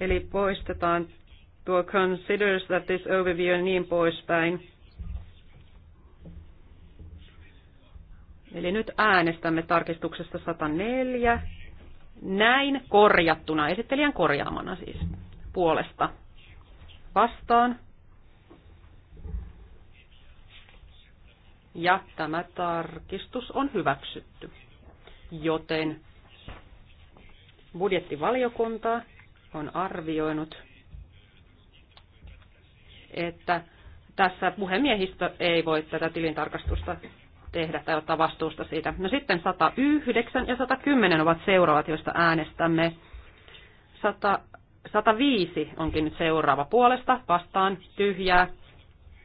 Eli poistetaan tuo considers that this overview on niin poispäin. Eli nyt äänestämme tarkistuksesta 104 näin korjattuna, esittelijän korjaamana siis puolesta vastaan. Ja tämä tarkistus on hyväksytty. Joten budjettivaliokunta on arvioinut, että tässä puhemiehistö ei voi tätä tilintarkastusta tehdä tai ottaa vastuusta siitä. No sitten 109 ja 110 ovat seuraavat, joista äänestämme. 100, 105 onkin nyt seuraava puolesta, vastaan, tyhjää,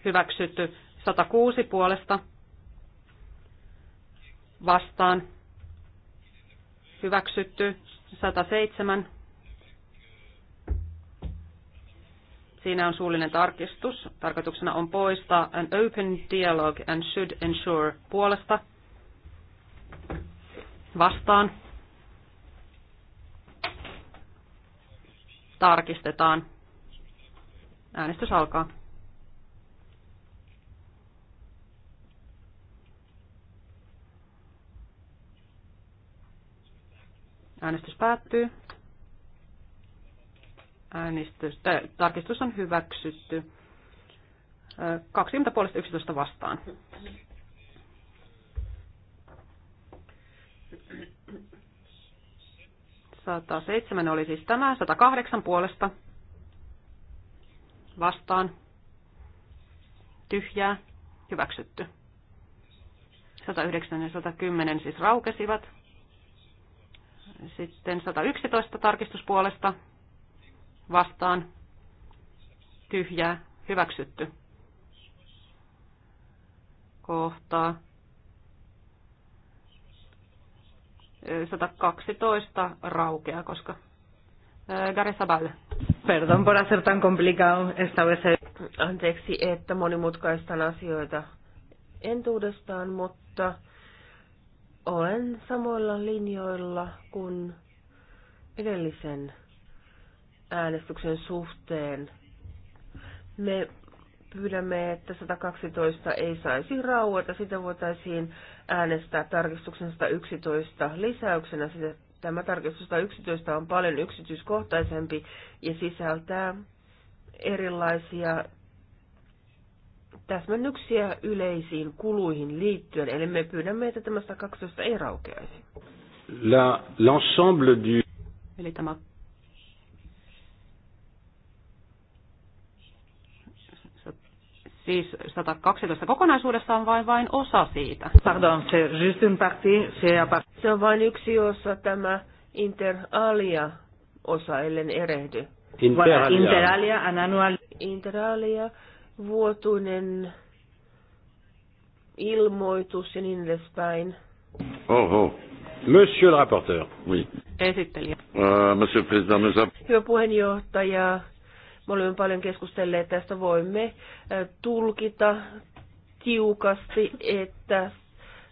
hyväksytty. 106 puolesta, vastaan, hyväksytty. 107 Siinä on suullinen tarkistus. Tarkoituksena on poistaa an open dialogue and should ensure puolesta vastaan. Tarkistetaan. Äänestys alkaa. Äänestys päättyy. Äänestys, äh, tarkistus on hyväksytty. 20 puolesta 11 vastaan. Sata seitsemän oli siis tämä, 108 puolesta vastaan, tyhjää, hyväksytty. 109 ja 110 siis raukesivat. Sitten 111 tarkistuspuolesta vastaan tyhjää hyväksytty. Kohtaa 112 raukea koska Gary Sabal. Perdón por hacer tan complicado esta vez. Anteeksi, että monimutkaistan asioita entuudestaan, mutta olen samoilla linjoilla kuin edellisen äänestyksen suhteen. Me pyydämme, että 112 ei saisi rauhoita. Sitä voitaisiin äänestää tarkistuksen 111 lisäyksenä. Sitä, tämä tarkistus 111 on paljon yksityiskohtaisempi ja sisältää erilaisia täsmennyksiä yleisiin kuluihin liittyen. Eli me pyydämme, että tämä 112 ei raukeaisi. La, l'ensemble du... Eli tämä Siis 112 kokonaisuudessaan vain vain osa siitä. Pardon, se just se partie, se, se on vain yksi osa tämä inter alia osa, ellen erehdy. Interalia. Interalia, annual. Interalia, vuotuinen ilmoitus ja niin edespäin. Oho. Oh. Monsieur le rapporteur, oui. Esittelijä. Uh, monsieur le président, nous Hyvä puheenjohtaja, me olemme paljon keskustelleet tästä. Voimme tulkita tiukasti, että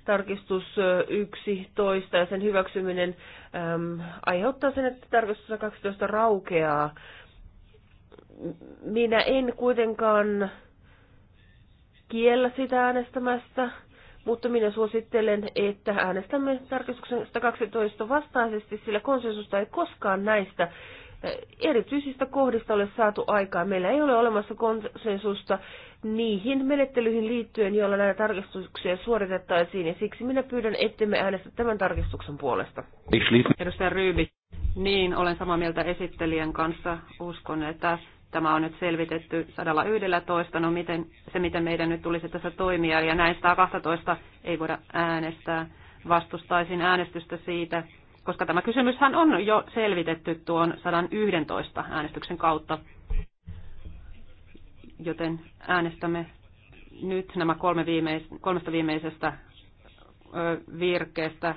tarkistus 11 ja sen hyväksyminen äm, aiheuttaa sen, että tarkistus 12 raukeaa. Minä en kuitenkaan kiellä sitä äänestämästä, mutta minä suosittelen, että äänestämme tarkistuksen 112 vastaisesti, sillä konsensusta ei koskaan näistä erityisistä kohdista ole saatu aikaa. Meillä ei ole olemassa konsensusta niihin menettelyihin liittyen, joilla näitä tarkistuksia suoritettaisiin, ja siksi minä pyydän, ettemme äänestä tämän tarkistuksen puolesta. Edustaja Ryybi, niin olen samaa mieltä esittelijän kanssa. Uskon, että tämä on nyt selvitetty 111, no miten, se miten meidän nyt tulisi tässä toimia, ja näin 112 ei voida äänestää. Vastustaisin äänestystä siitä, koska tämä kysymyshän on jo selvitetty tuon 111 äänestyksen kautta. Joten äänestämme nyt nämä kolme viimeis, kolmesta viimeisestä ö, virkeestä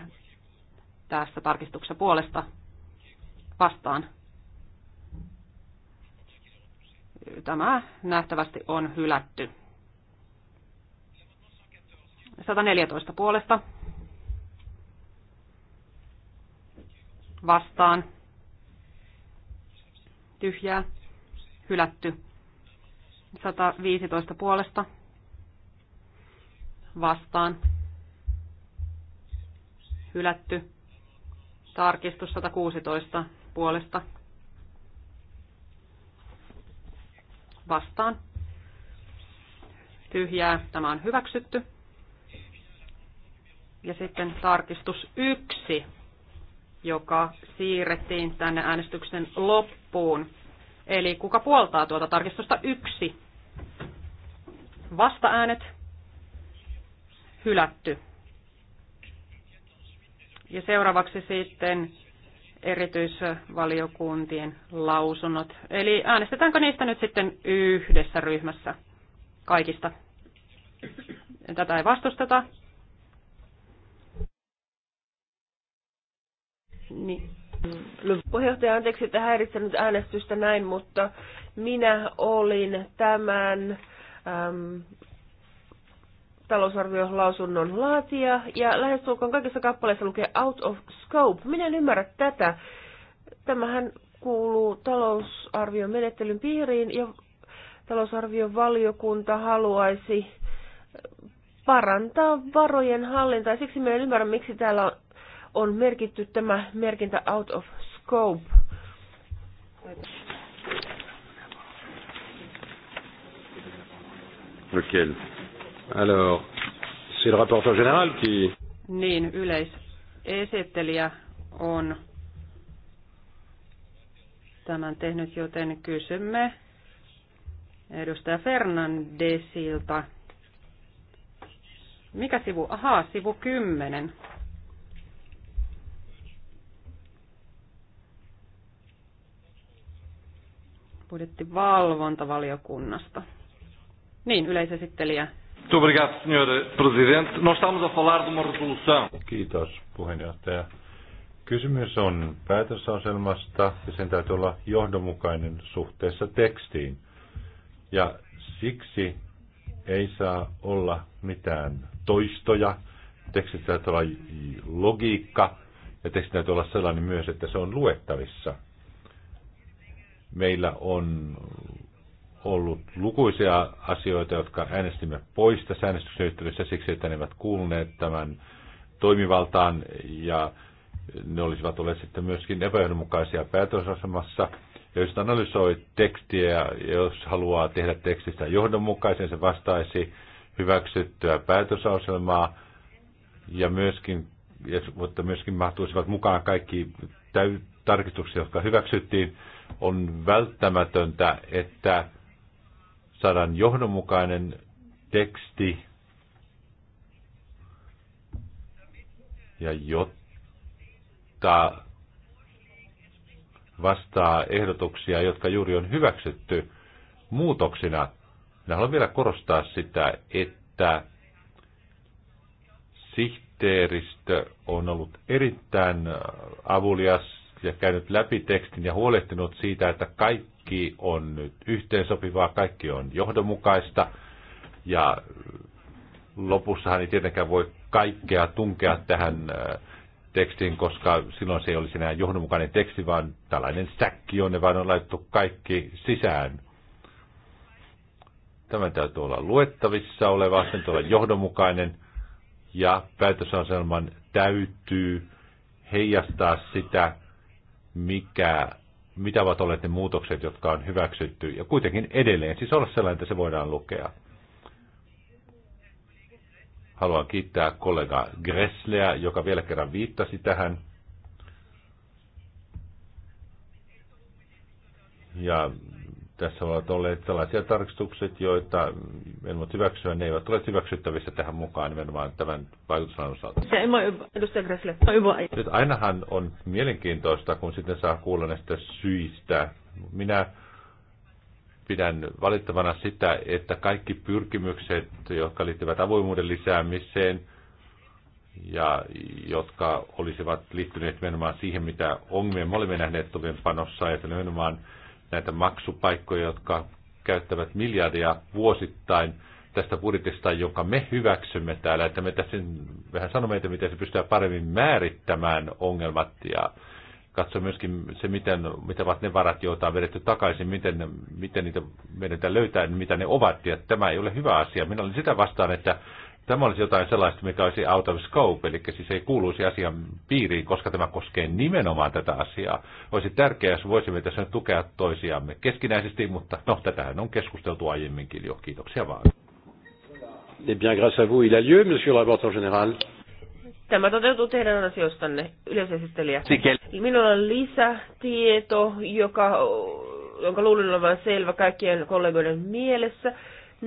tässä tarkistuksessa puolesta vastaan. Tämä nähtävästi on hylätty. 114 puolesta vastaan tyhjää hylätty. 115 puolesta vastaan hylätty. Tarkistus 116 puolesta vastaan tyhjää. Tämä on hyväksytty. Ja sitten tarkistus yksi joka siirrettiin tänne äänestyksen loppuun. Eli kuka puoltaa tuota tarkistusta yksi? Vastaäänet hylätty. Ja seuraavaksi sitten erityisvaliokuntien lausunnot. Eli äänestetäänkö niistä nyt sitten yhdessä ryhmässä kaikista? Tätä ei vastusteta. Niin. Puheenjohtaja, anteeksi, että häiritsenyt äänestystä näin, mutta minä olin tämän äm, talousarviolausunnon laatija ja lähestulkoon kaikessa kappaleessa lukee out of scope. Minä en ymmärrä tätä. Tämähän kuuluu talousarvion menettelyn piiriin ja talousarvion valiokunta haluaisi parantaa varojen hallintaa. Siksi minä en ymmärrä, miksi täällä on on merkitty tämä merkintä out of scope. Lequel Alors, c'est le rapporteur général qui... Niin, yleisesittelijä on tämän tehnyt, joten kysymme edustaja Fernandesilta. Mikä sivu? Ahaa, sivu 10. budjettivalvontavaliokunnasta. Niin, yleisesittelijä. Obrigado, senhor presidente. Nós estamos a falar de uma resolução. Kiitos, puheenjohtaja. Kysymys on päätösaselmasta ja sen täytyy olla johdonmukainen suhteessa tekstiin. Ja siksi ei saa olla mitään toistoja. Tekstit täytyy olla logiikka ja tekstit täytyy olla sellainen myös, että se on luettavissa. Meillä on ollut lukuisia asioita, jotka äänestimme pois tässä äänestyksen yhteydessä siksi, että ne eivät kuuluneet tämän toimivaltaan ja ne olisivat olleet sitten myöskin epäjohdonmukaisia päätösasemassa. Ja jos analysoi tekstiä, ja jos haluaa tehdä tekstistä johdonmukaisen, se vastaisi hyväksyttyä päätösasemaa ja myöskin, mutta myöskin mahtuisivat mukaan kaikki tarkistukset, jotka hyväksyttiin on välttämätöntä, että saadaan johdonmukainen teksti ja jotta vastaa ehdotuksia, jotka juuri on hyväksytty muutoksina. Minä haluan vielä korostaa sitä, että sihteeristö on ollut erittäin avulias ja käynyt läpi tekstin ja huolehtinut siitä, että kaikki on nyt yhteensopivaa, kaikki on johdonmukaista ja lopussahan ei tietenkään voi kaikkea tunkea tähän äh, tekstiin, koska silloin se ei olisi enää johdonmukainen teksti, vaan tällainen säkki, jonne vaan on laitettu kaikki sisään. Tämän täytyy olla luettavissa oleva, sen tulee olla johdonmukainen ja päätösasemman täytyy heijastaa sitä, mikä, mitä ovat olleet ne muutokset, jotka on hyväksytty, ja kuitenkin edelleen, siis olla sellainen, että se voidaan lukea. Haluan kiittää kollega Gressleä, joka vielä kerran viittasi tähän. Ja tässä ovat olleet tällaisia tarkistukset, joita en voi hyväksyä. Ne eivät ole hyväksyttävissä tähän mukaan nimenomaan tämän vaikutusalan osalta. Nyt ainahan on mielenkiintoista, kun sitten saa kuulla näistä syistä. Minä pidän valittavana sitä, että kaikki pyrkimykset, jotka liittyvät avoimuuden lisäämiseen ja jotka olisivat liittyneet nimenomaan siihen, mitä ongelmia me olemme nähneet panossa, että nimenomaan näitä maksupaikkoja, jotka käyttävät miljardia vuosittain tästä budjetista, jonka me hyväksymme täällä, että me tässä vähän sanomme, että miten se pystyy paremmin määrittämään ongelmat ja katso myöskin se, miten, mitä ovat ne varat, joita on vedetty takaisin, miten, miten niitä meidän löytää, mitä ne ovat, ja tämä ei ole hyvä asia. Minä olen sitä vastaan, että Tämä olisi jotain sellaista, mikä olisi out of scope, eli siis ei kuuluisi asian piiriin, koska tämä koskee nimenomaan tätä asiaa. Olisi tärkeää, jos voisimme tässä nyt tukea toisiamme keskinäisesti, mutta no, tätähän on keskusteltu aiemminkin jo. Kiitoksia vaan. Eh bien, grâce à vous, il a lieu, monsieur le rapporteur général. Tämä toteutuu teidän asioistanne, yleisesittelijä. Minulla on lisätieto, joka, jonka luulin olevan selvä kaikkien kollegoiden mielessä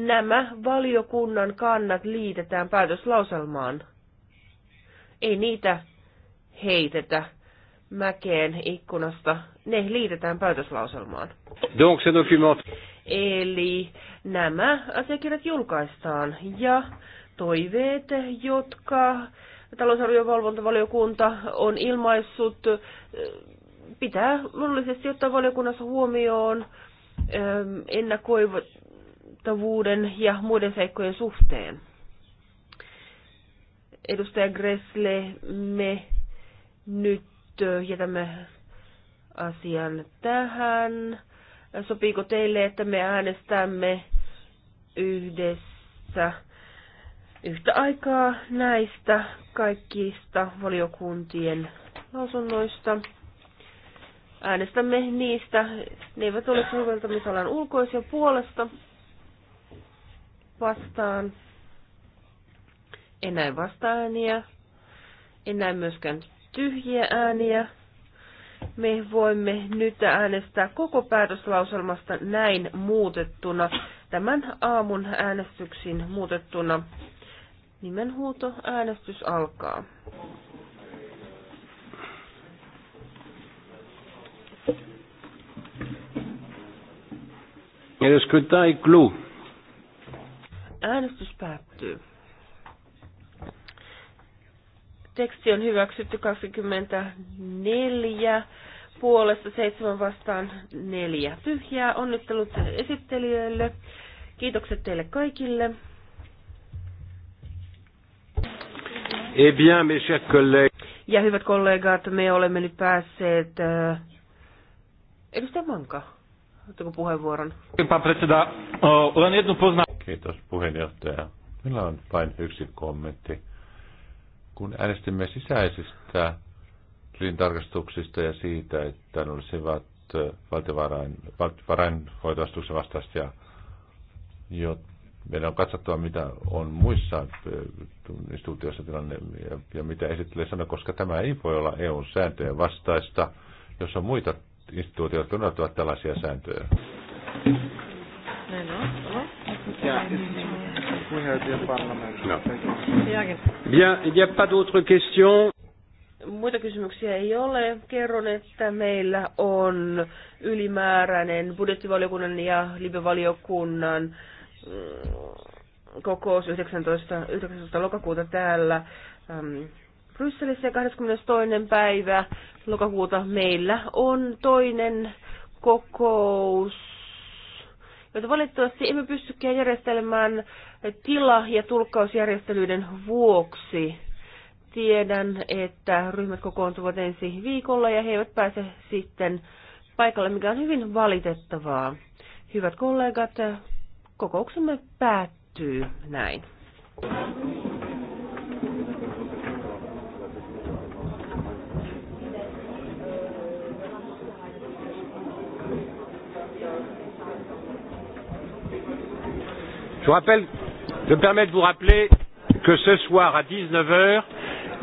nämä valiokunnan kannat liitetään päätöslauselmaan. Ei niitä heitetä mäkeen ikkunasta. Ne liitetään päätöslauselmaan. Donc se document. Eli nämä asiakirjat julkaistaan ja toiveet, jotka talousarviovalvontavaliokunta on ilmaissut, pitää luonnollisesti ottaa valiokunnassa huomioon ennakoivat vaikuttavuuden ja muiden seikkojen suhteen. Edustaja Gressle, me nyt jätämme asian tähän. Sopiiko teille, että me äänestämme yhdessä yhtä aikaa näistä kaikista valiokuntien lausunnoista? Äänestämme niistä. Ne eivät ole soveltamisalan ulkoisia puolesta vastaan. En näe vasta-ääniä. En näe myöskään tyhjiä ääniä. Me voimme nyt äänestää koko päätöslauselmasta näin muutettuna, tämän aamun äänestyksin muutettuna. Nimenhuuto äänestys alkaa. Ja jos kyllä Äänestys päättyy. Teksti on hyväksytty 24 puolesta, 7 vastaan 4 tyhjää. Onnittelut esittelijöille. Kiitokset teille kaikille. Eh bien, mes chers collègues. Ja hyvät kollegat, me olemme nyt päässeet... Äh, edustaja Manka, ottako puheenvuoron? Pan predseda, Olen jednu pozna... Kiitos puheenjohtaja. Meillä on vain yksi kommentti. Kun äänestimme sisäisistä tilintarkastuksista ja siitä, että ne olisivat äh, valtiovarainhoitoastuksen vastaisia, jo meidän on katsottava, mitä on muissa äh, instituutioissa tilanne ja mitä esittelee sanoa, koska tämä ei voi olla EUn sääntöjen vastaista, jos on muita instituutioita, jotka noudattavat tällaisia sääntöjä. Näin on. No. Bien, il n'y a pas d'autres questions. Muita kysymyksiä ei ole. Kerron, että meillä on ylimääräinen budjettivaliokunnan ja libevaliokunnan mm, kokous 19. 19. lokakuuta täällä ähm, Brysselissä ja 22. päivä lokakuuta meillä on toinen kokous mutta valitettavasti emme pystykään järjestelmään tila- ja tulkkausjärjestelyiden vuoksi. Tiedän, että ryhmät kokoontuvat ensi viikolla ja he eivät pääse sitten paikalle, mikä on hyvin valitettavaa. Hyvät kollegat, kokouksemme päättyy näin. Je, vous rappelle, je me permets de vous rappeler que ce soir à 19h,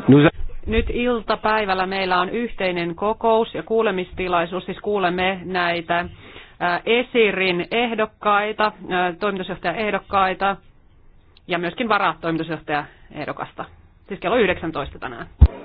nous avons... nyt iltapäivällä meillä on yhteinen kokous ja kuulemistilaisuus, siis kuulemme näitä äh, Esirin ehdokkaita, äh, toimitusjohtajan ehdokkaita ja myöskin varatoimitusjohtajan ehdokasta. Siis kello 19 tänään.